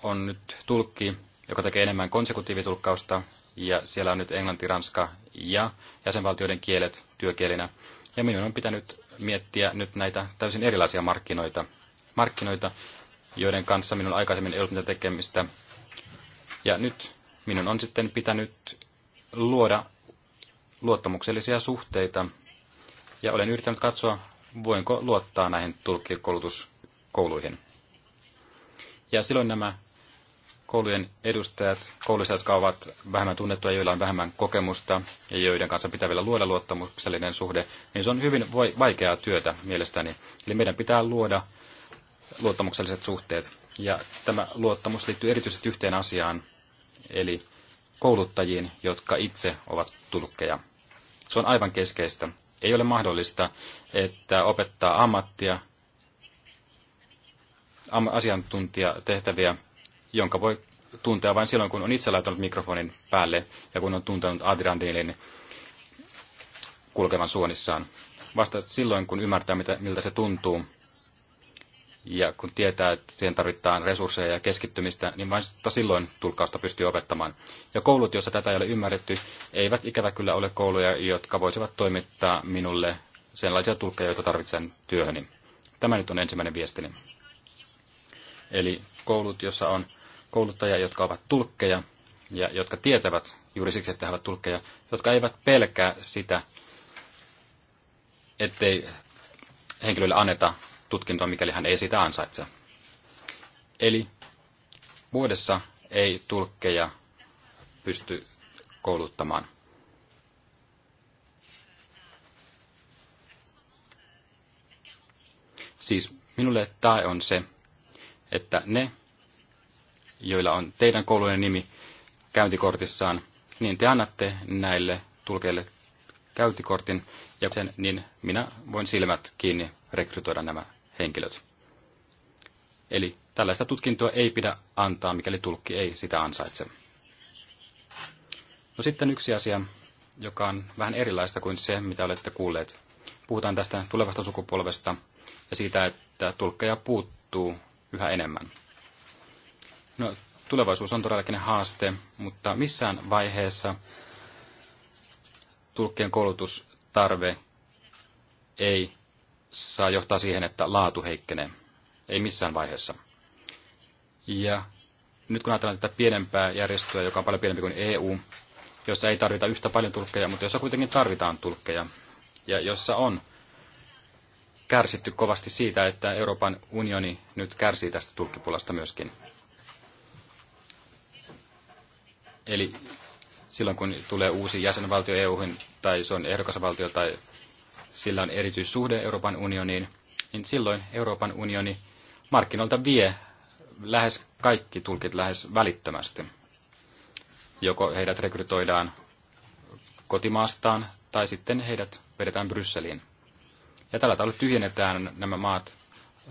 on nyt tulkki, joka tekee enemmän konsekutiivitulkkausta ja siellä on nyt englanti, ranska ja jäsenvaltioiden kielet työkielinä. Ja minun on pitänyt miettiä nyt näitä täysin erilaisia markkinoita, markkinoita joiden kanssa minun aikaisemmin ei ollut mitään tekemistä. Ja nyt minun on sitten pitänyt luoda luottamuksellisia suhteita, ja olen yrittänyt katsoa, voinko luottaa näihin tulkkikoulutuskouluihin. Ja silloin nämä koulujen edustajat kouluissa, jotka ovat vähemmän tunnettuja, joilla on vähemmän kokemusta ja joiden kanssa pitää vielä luoda luottamuksellinen suhde, niin se on hyvin vaikeaa työtä mielestäni. Eli meidän pitää luoda luottamukselliset suhteet. Ja tämä luottamus liittyy erityisesti yhteen asiaan, eli kouluttajiin, jotka itse ovat tulkkeja. Se on aivan keskeistä. Ei ole mahdollista, että opettaa ammattia, asiantuntijatehtäviä jonka voi tuntea vain silloin, kun on itse laittanut mikrofonin päälle ja kun on tuntenut adrenaliinin kulkevan suonissaan. Vasta silloin, kun ymmärtää, mitä, miltä se tuntuu, ja kun tietää, että siihen tarvitaan resursseja ja keskittymistä, niin vain silloin tulkausta pystyy opettamaan. Ja koulut, joissa tätä ei ole ymmärretty, eivät ikävä kyllä ole kouluja, jotka voisivat toimittaa minulle sellaisia tulkkeja, joita tarvitsen työhöni. Tämä nyt on ensimmäinen viestini. Eli koulut, jossa on kouluttajia, jotka ovat tulkkeja ja jotka tietävät juuri siksi, että he ovat tulkkeja, jotka eivät pelkää sitä, ettei henkilölle anneta tutkintoa, mikäli hän ei sitä ansaitse. Eli vuodessa ei tulkkeja pysty kouluttamaan. Siis minulle tae on se, että ne, joilla on teidän koulujen nimi käyntikortissaan, niin te annatte näille tulkeille käyntikortin ja sen, niin minä voin silmät kiinni rekrytoida nämä henkilöt. Eli tällaista tutkintoa ei pidä antaa, mikäli tulkki ei sitä ansaitse. No sitten yksi asia, joka on vähän erilaista kuin se, mitä olette kuulleet. Puhutaan tästä tulevasta sukupolvesta ja siitä, että tulkkeja puuttuu yhä enemmän. No, tulevaisuus on todellakin haaste, mutta missään vaiheessa tulkkien koulutustarve ei saa johtaa siihen, että laatu heikkenee. Ei missään vaiheessa. Ja nyt kun ajatellaan tätä pienempää järjestöä, joka on paljon pienempi kuin EU, jossa ei tarvita yhtä paljon tulkkeja, mutta jossa kuitenkin tarvitaan tulkkeja, ja jossa on kärsitty kovasti siitä, että Euroopan unioni nyt kärsii tästä tulkkipulasta myöskin. Eli silloin kun tulee uusi jäsenvaltio eu tai se on ehdokasvaltio tai sillä on erityissuhde Euroopan unioniin, niin silloin Euroopan unioni markkinoilta vie lähes kaikki tulkit lähes välittömästi. Joko heidät rekrytoidaan kotimaastaan tai sitten heidät vedetään Brysseliin. Ja tällä tavalla tyhjennetään nämä maat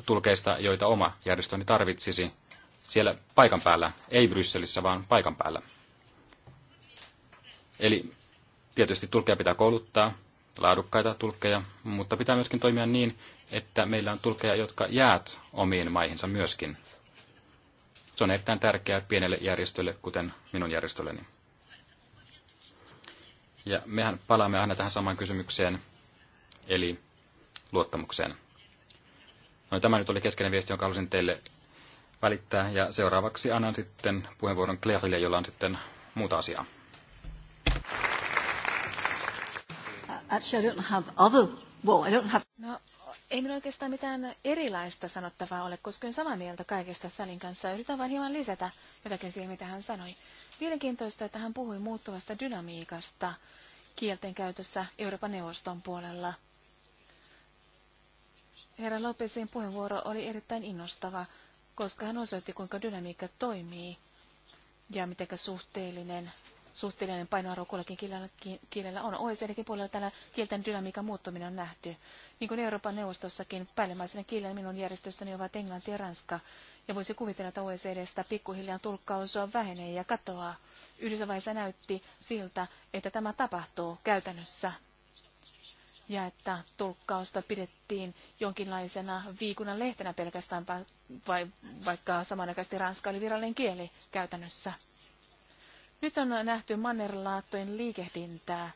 tulkeista, joita oma järjestöni tarvitsisi siellä paikan päällä, ei Brysselissä, vaan paikan päällä. Eli tietysti tulkkeja pitää kouluttaa, laadukkaita tulkkeja, mutta pitää myöskin toimia niin, että meillä on tulkkeja, jotka jäät omiin maihinsa myöskin. Se on erittäin tärkeää pienelle järjestölle, kuten minun järjestölleni. Ja mehän palaamme aina tähän samaan kysymykseen, eli luottamukseen. No, tämä nyt oli keskeinen viesti, jonka halusin teille välittää, ja seuraavaksi annan sitten puheenvuoron Clairelle, jolla on sitten muuta asiaa. Actually, I don't have other... Well, I don't have...
No, ei minulla oikeastaan mitään erilaista sanottavaa ole, koska olen samaa mieltä kaikesta Salin kanssa. Yritän vain hieman lisätä jotakin siihen, mitä hän sanoi. Mielenkiintoista, että hän puhui muuttuvasta dynamiikasta kielten käytössä Euroopan neuvoston puolella. Herra Lopesin puheenvuoro oli erittäin innostava, koska hän osoitti, kuinka dynamiikka toimii ja miten suhteellinen suhteellinen painoarvo kullakin kielellä on. OECDkin puolella tällä kielten dynamiikan muuttuminen on nähty. Niin kuin Euroopan neuvostossakin päällimmäisenä kielellä minun järjestössäni ovat englanti ja ranska. Ja voisi kuvitella, että OECDstä pikkuhiljaa tulkkaus on vähenee ja katoaa. Yhdysvaiheessa näytti siltä, että tämä tapahtuu käytännössä ja että tulkkausta pidettiin jonkinlaisena viikunnan lehtenä pelkästään, vai, vaikka samanaikaisesti ranska oli virallinen kieli käytännössä. Nyt on nähty mannerlaattojen liikehdintää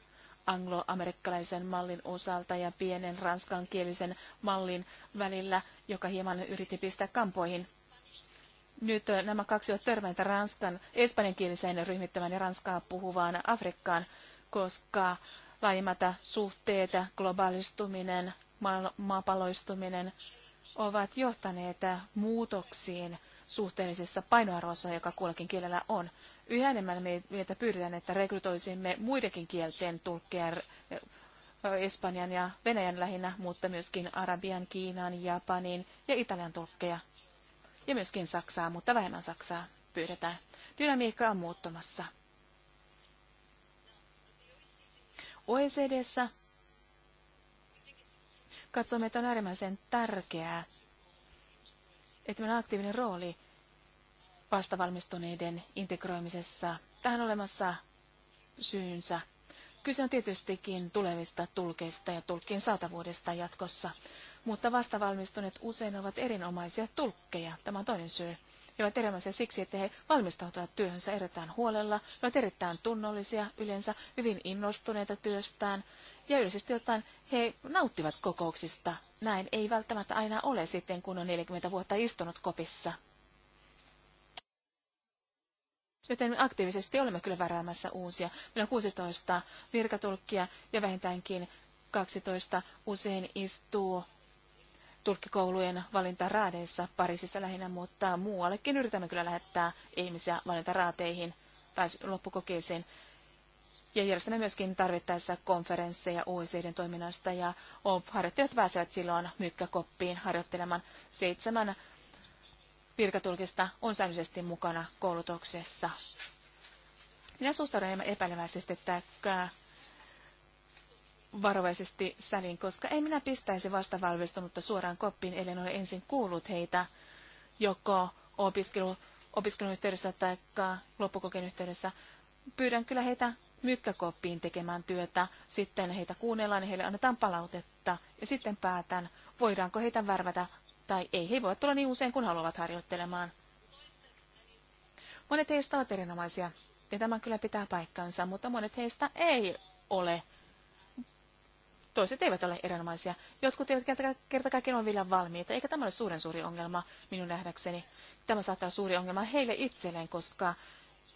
angloamerikkalaisen mallin osalta ja pienen ranskankielisen mallin välillä, joka hieman yritti pistää kampoihin. Nyt nämä kaksi ovat törmäntä ranskan, espanjankieliseen ryhmittävän ja ranskaa puhuvaan Afrikkaan, koska laajemmat suhteet, globaalistuminen, ma- maapalloistuminen ovat johtaneet muutoksiin suhteellisessa painoarvossa, joka kullakin kielellä on. Yhä enemmän meitä pyydetään, että rekrytoisimme muidenkin kielten tulkkeja eh, Espanjan ja Venäjän lähinnä, mutta myöskin Arabian, Kiinan, Japanin ja Italian tulkkeja. Ja myöskin Saksaa, mutta vähemmän Saksaa pyydetään. Dynamiikka on muuttumassa. OECDssä katsomme, että on äärimmäisen tärkeää, että meillä on aktiivinen rooli vastavalmistuneiden integroimisessa. Tähän olemassa syynsä. Kyse on tietystikin tulevista tulkeista ja tulkkien saatavuudesta jatkossa, mutta vastavalmistuneet usein ovat erinomaisia tulkkeja. Tämä on toinen syy. He ovat erinomaisia siksi, että he valmistautuvat työhönsä erittäin huolella, he ovat erittäin tunnollisia yleensä, hyvin innostuneita työstään ja yleisesti ottaen he nauttivat kokouksista. Näin ei välttämättä aina ole sitten, kun on 40 vuotta istunut kopissa. Joten aktiivisesti olemme kyllä varaamassa uusia. Meillä on 16 virkatulkkia ja vähintäänkin 12 usein istuu tulkkikoulujen valintaraadeissa Pariisissa lähinnä, mutta muuallekin yritämme kyllä lähettää ihmisiä valintaraateihin tai loppukokeeseen. Ja järjestämme myöskin tarvittaessa konferensseja OECDn toiminnasta ja harjoittajat pääsevät silloin mykkäkoppiin harjoittelemaan seitsemän virkatulkista on säännöllisesti mukana koulutuksessa. Minä suhtaudun enemmän epäileväisesti että varovaisesti sälin, koska en minä pistäisi vastavalmistunutta suoraan koppiin, eli ole ensin kuullut heitä joko opiskelu, opiskelun yhteydessä tai loppukokeen yhteydessä. Pyydän kyllä heitä mykkäkoppiin tekemään työtä, sitten heitä kuunnellaan ja heille annetaan palautetta ja sitten päätän, voidaanko heitä värvätä tai ei. He voi tulla niin usein kuin haluavat harjoittelemaan. Monet heistä ovat erinomaisia, ja tämä kyllä pitää paikkansa, mutta monet heistä ei ole. Toiset eivät ole erinomaisia. Jotkut eivät kerta kaikkiaan ole vielä valmiita, eikä tämä ole suuren suuri ongelma minun nähdäkseni. Tämä saattaa olla suuri ongelma heille itselleen, koska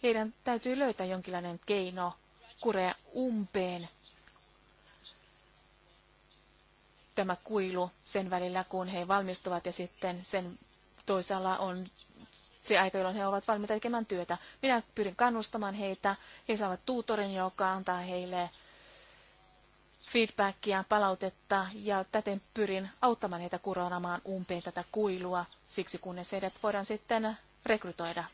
heidän täytyy löytää jonkinlainen keino kurea umpeen tämä kuilu sen välillä, kun he valmistuvat ja sitten sen toisaalla on se aika, jolloin he ovat valmiita tekemään työtä. Minä pyrin kannustamaan heitä. He saavat tuutorin, joka antaa heille feedbackia, palautetta ja täten pyrin auttamaan heitä kuronamaan umpeen tätä kuilua siksi, kunnes heidät voidaan sitten rekrytoida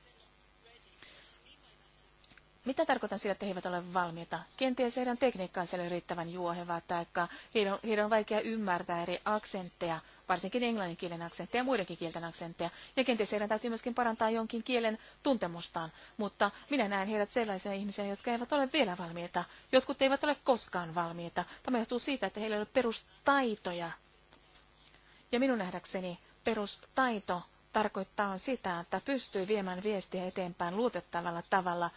mitä tarkoitan sillä, että he eivät ole valmiita? Kenties heidän tekniikkaansa ei riittävän juohevaa, tai heidän, heidän on vaikea ymmärtää eri aksentteja, varsinkin englannin kielen aksentteja ja muidenkin kielten aksentteja. Ja kenties heidän täytyy myöskin parantaa jonkin kielen tuntemustaan. Mutta minä näen heidät sellaisia ihmisiä, jotka eivät ole vielä valmiita. Jotkut eivät ole koskaan valmiita. Tämä johtuu siitä, että heillä ei ole perustaitoja. Ja minun nähdäkseni perustaito tarkoittaa sitä, että pystyy viemään viestiä eteenpäin luotettavalla tavalla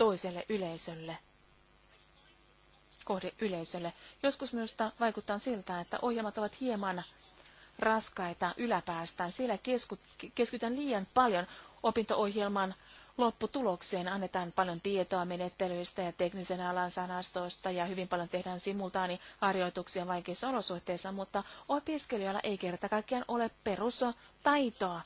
toiselle yleisölle, kohde yleisölle Joskus myös vaikuttaa siltä, että ohjelmat ovat hieman raskaita yläpäästään. Siellä keskitytään liian paljon opintoohjelman lopputulokseen. Annetaan paljon tietoa menettelyistä ja teknisen alan sanastoista ja hyvin paljon tehdään simultaaniharjoituksia vaikeissa olosuhteissa, mutta opiskelijalla ei kerta kaikkiaan ole perustaitoa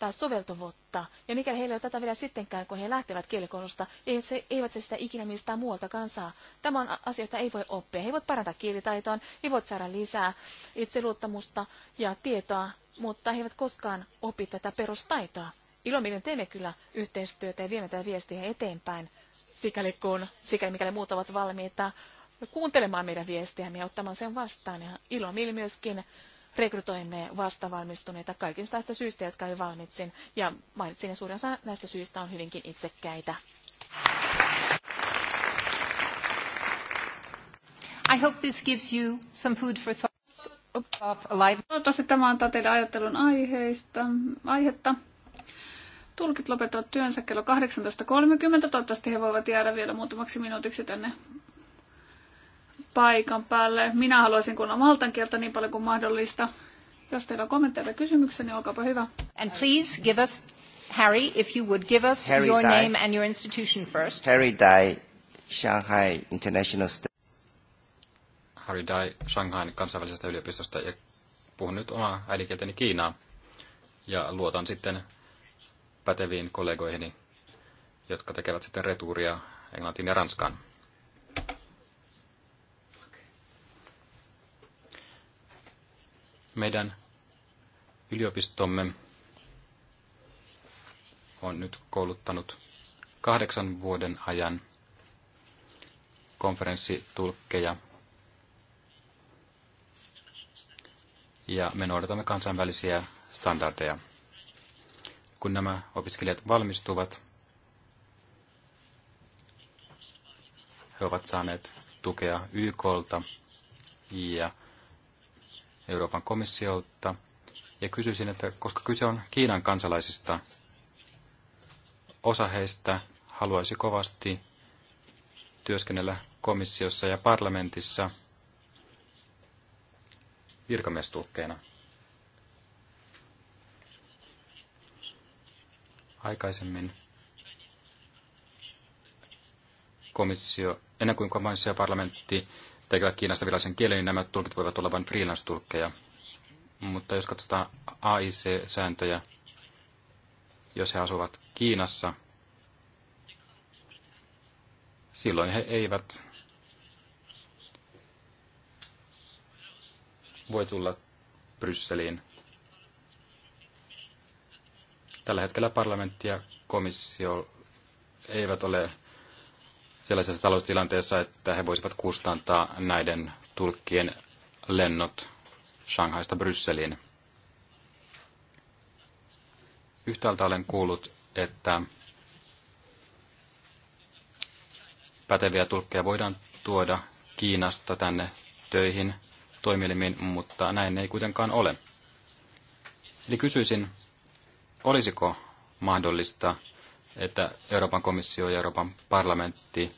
tai soveltuvuutta. Ja mikäli heillä ei ole tätä vielä sittenkään, kun he lähtevät kielikoulusta, eivät se, eivät se sitä ikinä mistään muualta kansaa. Tämä on asia, jota ei voi oppia. He voivat parantaa kielitaitoaan, he voivat saada lisää itseluottamusta ja tietoa, mutta he eivät koskaan opi tätä perustaitoa. Ilomielen teemme kyllä yhteistyötä ja viemme tätä viestiä eteenpäin, sikäli, kun, sikäli mikäli muut ovat valmiita kuuntelemaan meidän viestiämme ja ottamaan sen vastaan. Ja ilomieli myöskin rekrytoimme vastavalmistuneita kaikista näistä syistä, jotka jo valmitsin. Ja mainitsin, suurin osa näistä syistä on hyvinkin itsekkäitä.
I hope this gives you some food for thought. Toivottavasti tämä antaa teille ajattelun aiheista, aihetta. Tulkit lopettavat työnsä kello 18.30. Toivottavasti he voivat jäädä vielä muutamaksi minuutiksi tänne paikan päälle. Minä haluaisin kuulla maltan kieltä niin paljon kuin mahdollista. Jos teillä on kommentteja tai kysymyksiä, niin olkaapa hyvä. And please give us, Harry, if you would give us Harry your Dai. name and your institution first. Harry Dai, Shanghai International State.
Harry Dai, Shanghai kansainvälisestä yliopistosta ja puhun nyt omaa äidinkieltäni Kiinaa. Ja luotan sitten päteviin kollegoihini, jotka tekevät sitten retuuria Englantiin ja Ranskaan. Meidän yliopistomme on nyt kouluttanut kahdeksan vuoden ajan konferenssitulkkeja. Ja me noudatamme kansainvälisiä standardeja. Kun nämä opiskelijat valmistuvat, he ovat saaneet tukea YKlta ja Euroopan komissiolta ja kysyisin, että koska kyse on Kiinan kansalaisista, osa heistä haluaisi kovasti työskennellä komissiossa ja parlamentissa virkamiestuhkeena. Aikaisemmin komissio, ennen kuin komissio ja parlamentti tekevät Kiinasta virallisen kielen, niin nämä tulkit voivat olla vain freelance-tulkkeja. Mutta jos katsotaan AIC-sääntöjä, jos he asuvat Kiinassa, silloin he eivät voi tulla Brysseliin. Tällä hetkellä parlamentti ja komissio eivät ole sellaisessa taloustilanteessa, että he voisivat kustantaa näiden tulkkien lennot Shanghaista Brysseliin. Yhtäältä olen kuullut, että päteviä tulkkeja voidaan tuoda Kiinasta tänne töihin toimielimiin, mutta näin ei kuitenkaan ole. Eli kysyisin, olisiko mahdollista että Euroopan komissio ja Euroopan parlamentti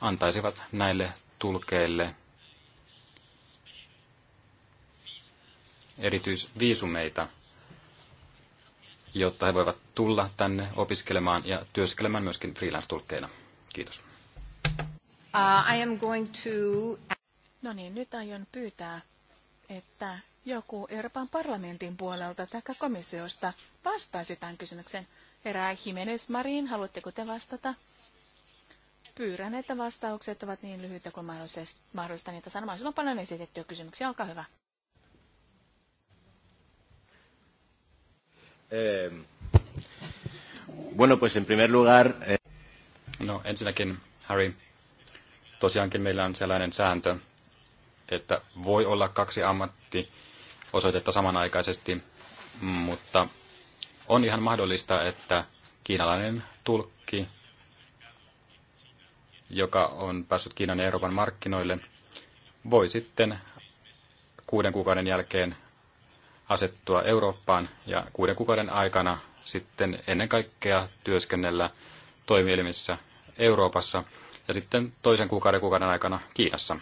antaisivat näille tulkeille erityisviisumeita, jotta he voivat tulla tänne opiskelemaan ja työskelemään myöskin freelance-tulkkeina. Kiitos.
Uh, I am going to... No niin, nyt aion pyytää, että joku Euroopan parlamentin puolelta tai komissiosta vastaisi tämän kysymykseen. Herää Jimenez Marin, haluatteko te vastata? Pyydän, että vastaukset ovat niin lyhyitä kuin mahdollista. Niitä sanomaan on paljon esitettyä kysymyksiä. Olkaa hyvä.
Eh, bueno, pues en primer lugar... Eh... No, ensinnäkin, Harry, tosiaankin meillä on sellainen sääntö, että voi olla kaksi ammattiosoitetta samanaikaisesti, mutta on ihan mahdollista, että kiinalainen tulkki, joka on päässyt Kiinan ja Euroopan markkinoille, voi sitten kuuden kuukauden jälkeen asettua Eurooppaan ja kuuden kuukauden aikana sitten ennen kaikkea työskennellä toimielimissä Euroopassa ja sitten toisen kuukauden kuukauden aikana Kiinassa.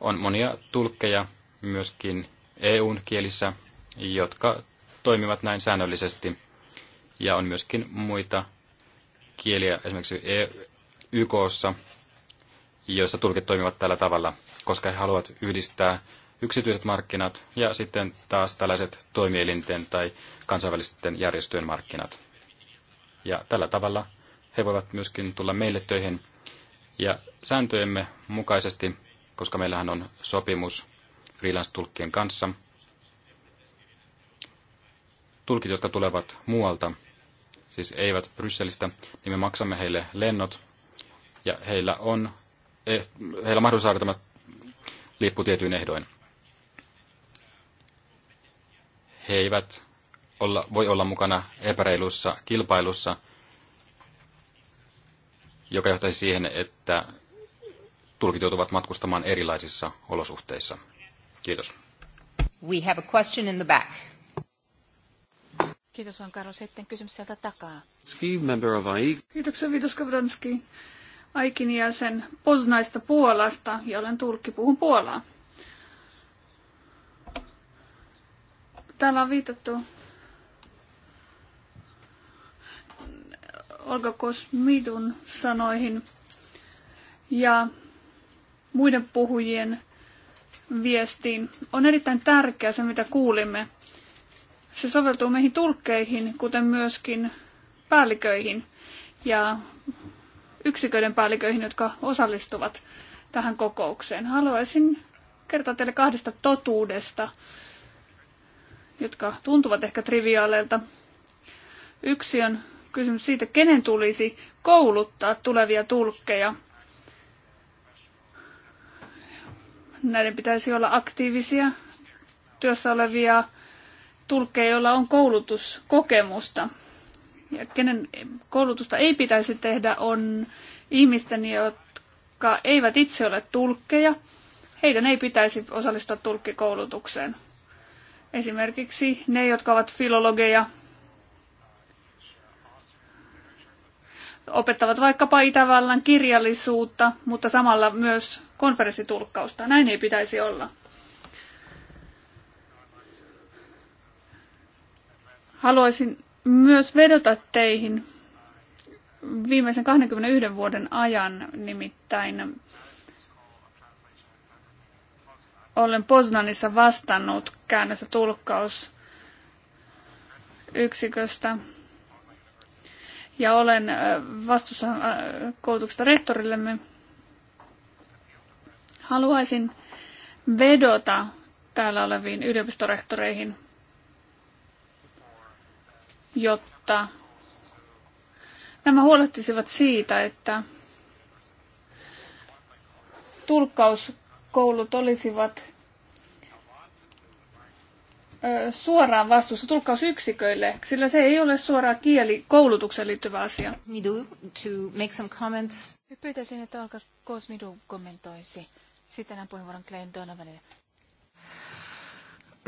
On monia tulkkeja myöskin EUn kielissä jotka toimivat näin säännöllisesti. Ja on myöskin muita kieliä, esimerkiksi e, YKssa, joissa tulkit toimivat tällä tavalla, koska he haluavat yhdistää yksityiset markkinat ja sitten taas tällaiset toimielinten tai kansainvälisten järjestöjen markkinat. Ja tällä tavalla he voivat myöskin tulla meille töihin. Ja sääntöjemme mukaisesti, koska meillähän on sopimus freelance-tulkkien kanssa – tulkit, jotka tulevat muualta, siis eivät Brysselistä, niin me maksamme heille lennot ja heillä on, eh, heillä on mahdollisuus saada tämä lippu tietyin ehdoin. He eivät olla, voi olla mukana epäreilussa kilpailussa, joka johtaisi siihen, että tulkit joutuvat matkustamaan erilaisissa olosuhteissa. Kiitos.
We have a question in the back.
Kiitos Juan Carlos. Sitten kysymys sieltä takaa.
Member of AIK.
Kiitoksia Vidos Kavronski. Aikin jäsen Poznaista Puolasta ja olen tulkki, puhun Puolaa. Täällä on viitattu Olga Kosmidun sanoihin ja muiden puhujien viestiin. On erittäin tärkeää se, mitä kuulimme. Se soveltuu meihin tulkkeihin, kuten myöskin päälliköihin ja yksiköiden päälliköihin, jotka osallistuvat tähän kokoukseen. Haluaisin kertoa teille kahdesta totuudesta, jotka tuntuvat ehkä triviaaleilta. Yksi on kysymys siitä, kenen tulisi kouluttaa tulevia tulkkeja. Näiden pitäisi olla aktiivisia, työssä olevia tulkkeja, joilla on koulutuskokemusta. Ja kenen koulutusta ei pitäisi tehdä on ihmisten, jotka eivät itse ole tulkkeja. Heidän ei pitäisi osallistua tulkkikoulutukseen. Esimerkiksi ne, jotka ovat filologeja, opettavat vaikkapa Itävallan kirjallisuutta, mutta samalla myös konferenssitulkkausta. Näin ei pitäisi olla. Haluaisin myös vedota teihin viimeisen 21 vuoden ajan nimittäin olen Poznanissa vastannut käännös- ja tulkkausyksiköstä. Ja olen vastuussa koulutuksesta rehtorillemme. Haluaisin vedota täällä oleviin yliopistorehtoreihin jotta nämä huolehtisivat siitä, että tulkkauskoulut olisivat suoraan vastuussa tulkkausyksiköille, sillä se ei ole suoraan kielikoulutukseen liittyvä asia. Midu, to make some comments.
Pyytäisin, että Olka Kosmidu kommentoisi. Sitten hän puheenvuoron Glenn Donovanille.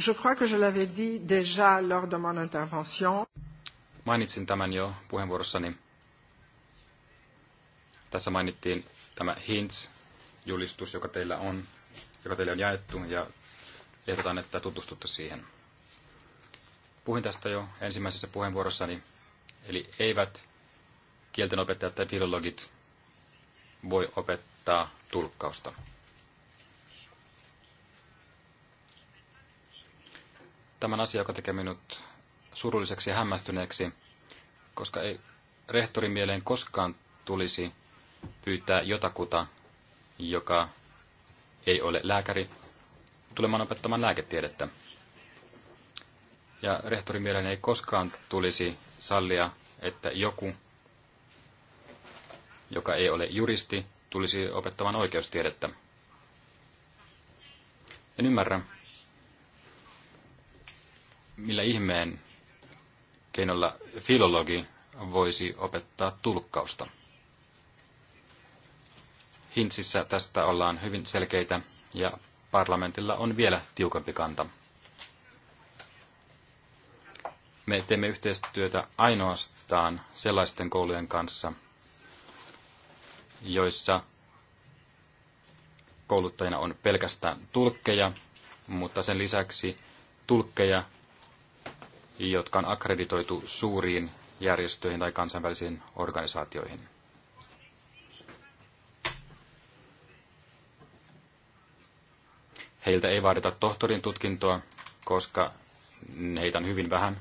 Je crois que je l'avais dit déjà lors de mon intervention. Mainitsin tämän jo puheenvuorossani. Tässä mainittiin tämä HINTS-julistus, joka teillä on, joka teille on jaettu, ja ehdotan, että tutustutte siihen. Puhuin tästä jo ensimmäisessä puheenvuorossani, eli eivät kieltenopettajat tai filologit voi opettaa tulkkausta. Tämän asia, joka tekee minut surulliseksi ja hämmästyneeksi, koska ei rehtorin mieleen koskaan tulisi pyytää jotakuta, joka ei ole lääkäri, tulemaan opettamaan lääketiedettä. Ja rehtorin mieleen ei koskaan tulisi sallia, että joku, joka ei ole juristi, tulisi opettamaan oikeustiedettä. En ymmärrä, millä ihmeen keinolla filologi voisi opettaa tulkkausta. Hintsissä tästä ollaan hyvin selkeitä ja parlamentilla on vielä tiukempi kanta. Me teemme yhteistyötä ainoastaan sellaisten koulujen kanssa, joissa kouluttajina on pelkästään tulkkeja, mutta sen lisäksi tulkkeja, jotka on akkreditoitu suuriin järjestöihin tai kansainvälisiin organisaatioihin. Heiltä ei vaadita tohtorin tutkintoa, koska heitä on hyvin vähän.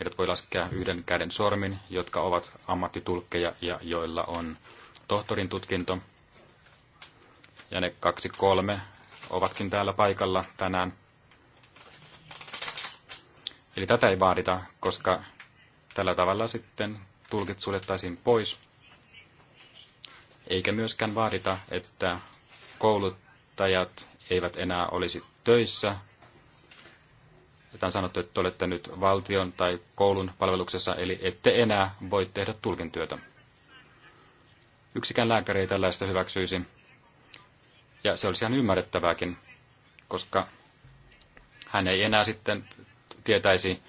Heidät voi laskea yhden käden sormin, jotka ovat ammattitulkkeja ja joilla on tohtorin tutkinto. Ja ne kaksi kolme ovatkin täällä paikalla tänään. Eli tätä ei vaadita, koska tällä tavalla sitten tulkit suljettaisiin pois, eikä myöskään vaadita, että kouluttajat eivät enää olisi töissä. Tämä on sanottu, että olette nyt valtion tai koulun palveluksessa, eli ette enää voi tehdä tulkintyötä. Yksikään lääkäri ei tällaista hyväksyisi. Ja se olisi ihan ymmärrettävääkin, koska hän ei enää sitten tietäisi,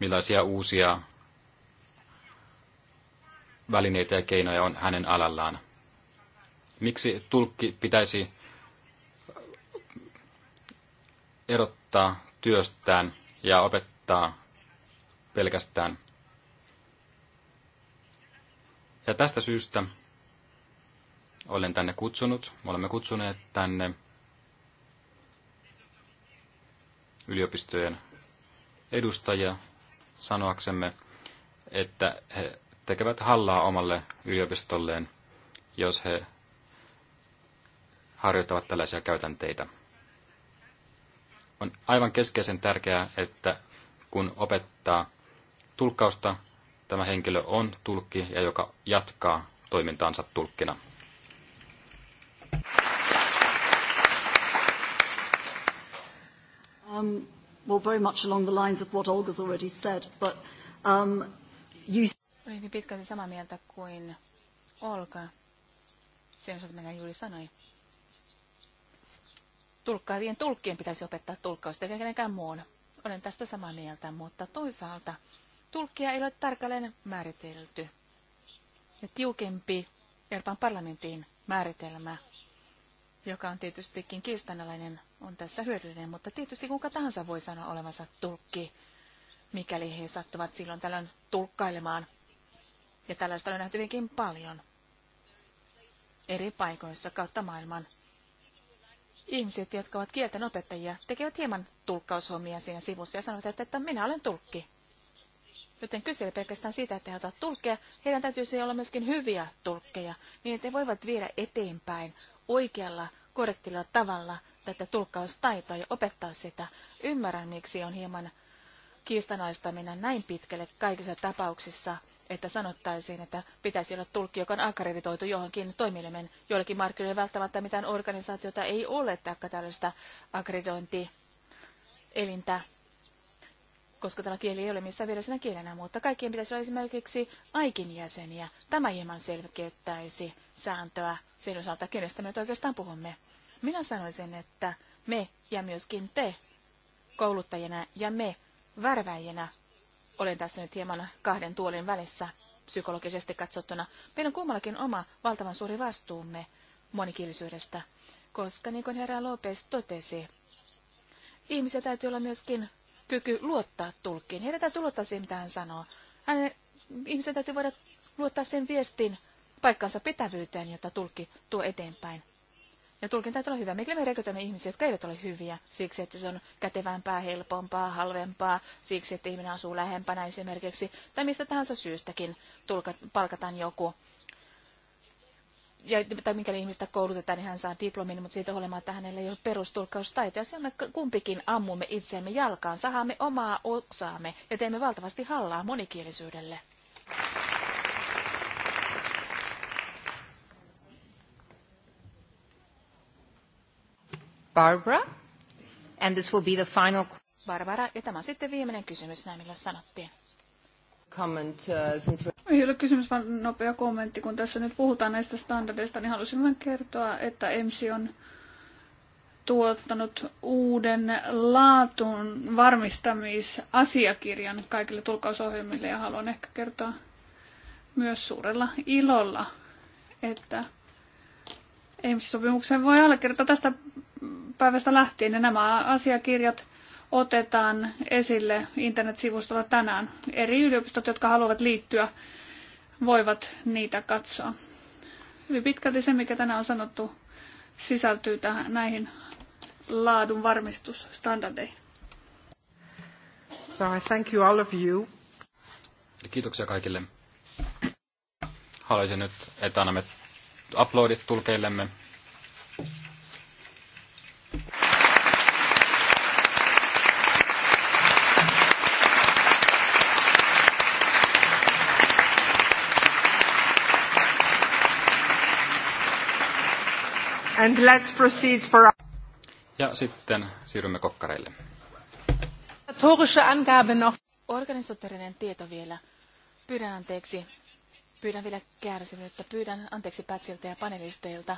millaisia uusia välineitä ja keinoja on hänen alallaan. Miksi tulkki pitäisi erottaa työstään ja opettaa pelkästään? Ja tästä syystä olen tänne kutsunut, me olemme kutsuneet tänne yliopistojen edustajia sanoaksemme, että he tekevät hallaa omalle yliopistolleen, jos he harjoittavat tällaisia käytänteitä. On aivan keskeisen tärkeää, että kun opettaa tulkkausta, tämä henkilö on tulkki ja joka jatkaa toimintaansa tulkkina.
Um well, very much along the lines of what Olga's already said, but
um, you... Olin hyvin pitkälti samaa mieltä kuin Olga. Sen osalta minä juuri sanoin. Tulkkaavien tulkkien pitäisi opettaa tulkkausta eikä kenenkään muun. Olen tästä samaa mieltä, mutta toisaalta tulkkia ei ole tarkalleen määritelty. Ja tiukempi Euroopan parlamentin määritelmä, joka on tietystikin kiistanalainen on tässä hyödyllinen, mutta tietysti kuka tahansa voi sanoa olevansa tulkki, mikäli he sattuvat silloin tällöin tulkkailemaan. Ja tällaista on nähty hyvinkin paljon eri paikoissa kautta maailman. Ihmiset, jotka ovat kielten opettajia, tekevät hieman tulkkaushommia siinä sivussa ja sanovat, että, että minä olen tulkki. Joten kyse ei pelkästään siitä, että he ovat tulkkeja, heidän täytyisi siis olla myöskin hyviä tulkkeja, niin että he voivat viedä eteenpäin oikealla, korrektilla tavalla – tätä tulkkaustaitoa ja opettaa sitä. Ymmärrän, miksi on hieman kiistanaista mennä näin pitkälle kaikissa tapauksissa, että sanottaisiin, että pitäisi olla tulkki, joka on akkreditoitu johonkin toimielimen. joillekin markkinoille välttämättä mitään organisaatiota ei ole, taikka tällaista akkreditointielintä, koska tämä kieli ei ole missään virallisena kielenä, mutta kaikkien pitäisi olla esimerkiksi aikin jäseniä. Tämä hieman selkeyttäisi sääntöä sen osalta, kenestä me nyt oikeastaan puhumme. Minä sanoisin, että me ja myöskin te kouluttajina ja me värväjänä olen tässä nyt hieman kahden tuolin välissä psykologisesti katsottuna. Meillä on kummallakin oma valtavan suuri vastuumme monikielisyydestä, koska niin kuin herra Lopez totesi, ihmisiä täytyy olla myöskin kyky luottaa tulkkiin. Heidän täytyy luottaa siihen, mitä hän sanoo. Hänen, ihmisen täytyy voida luottaa sen viestin paikkansa pitävyyteen, jota tulkki tuo eteenpäin. Ja tulkin täytyy olla hyvä. Mikä me rekrytoimme ihmisiä, jotka eivät ole hyviä siksi, että se on kätevämpää, helpompaa, halvempaa, siksi, että ihminen asuu lähempänä esimerkiksi, tai mistä tahansa syystäkin tulka, palkataan joku. Ja, tai mikäli ihmistä koulutetaan, niin hän saa diplomin, mutta siitä huolimatta hänellä ei ole perustulkkaustaitoja. Siellä me kumpikin ammumme itseämme jalkaan, sahaamme omaa oksaamme ja teemme valtavasti hallaa monikielisyydelle.
Barbara. And this will be the final...
Barbara, ja tämä on sitten viimeinen kysymys, näin millä sanottiin.
Comment, uh, since... Ei ole kysymys, vaan nopea kommentti. Kun tässä nyt puhutaan näistä standardeista, niin halusin vain kertoa, että EMSI on tuottanut uuden laatun varmistamisasiakirjan kaikille tulkausohjelmille ja haluan ehkä kertoa myös suurella ilolla, että emsi sopimuksen voi allekirjoittaa tästä päivästä lähtien. Ja nämä asiakirjat otetaan esille internetsivustolla tänään. Eri yliopistot, jotka haluavat liittyä, voivat niitä katsoa. Hyvin pitkälti se, mikä tänään on sanottu, sisältyy tähän, näihin laadun varmistusstandardeihin.
So I thank you all of you. Kiitoksia kaikille. Haluaisin nyt, että annamme uploadit tulkeillemme
And let's proceed for...
Ja sitten siirrymme kokkareille.
Organisatorinen tieto vielä. Pyydän anteeksi. Pyydän vielä kärsivyyttä. Pyydän anteeksi Pätsiltä ja panelisteilta.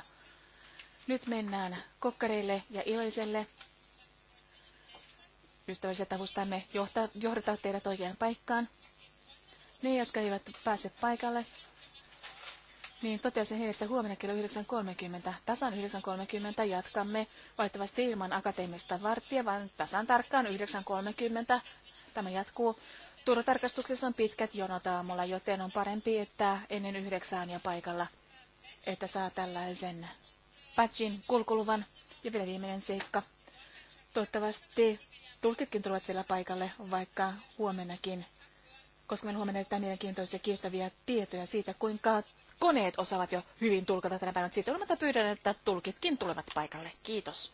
Nyt mennään kokkareille ja iloiselle. Ystävälliset avustamme johtaa, johdataan teidät oikeaan paikkaan. Ne, jotka eivät pääse paikalle, niin totesin heille, että huomenna kello 9.30, tasan 9.30 jatkamme, vaihtavasti ilman akateemista varttia, vaan tasan tarkkaan 9.30. Tämä jatkuu. Turvatarkastuksessa on pitkät jonot aamulla, joten on parempi, että ennen yhdeksään ja paikalla, että saa tällaisen patchin kulkuluvan. Ja vielä viimeinen seikka. Toivottavasti tulkitkin tulevat vielä paikalle, vaikka huomennakin, koska meillä huomenna erittäin mielenkiintoisia kiehtovia tietoja siitä, kuinka koneet osaavat jo hyvin tulkata tänä päivänä. Siitä olematta pyydän, että tulkitkin tulevat paikalle. Kiitos.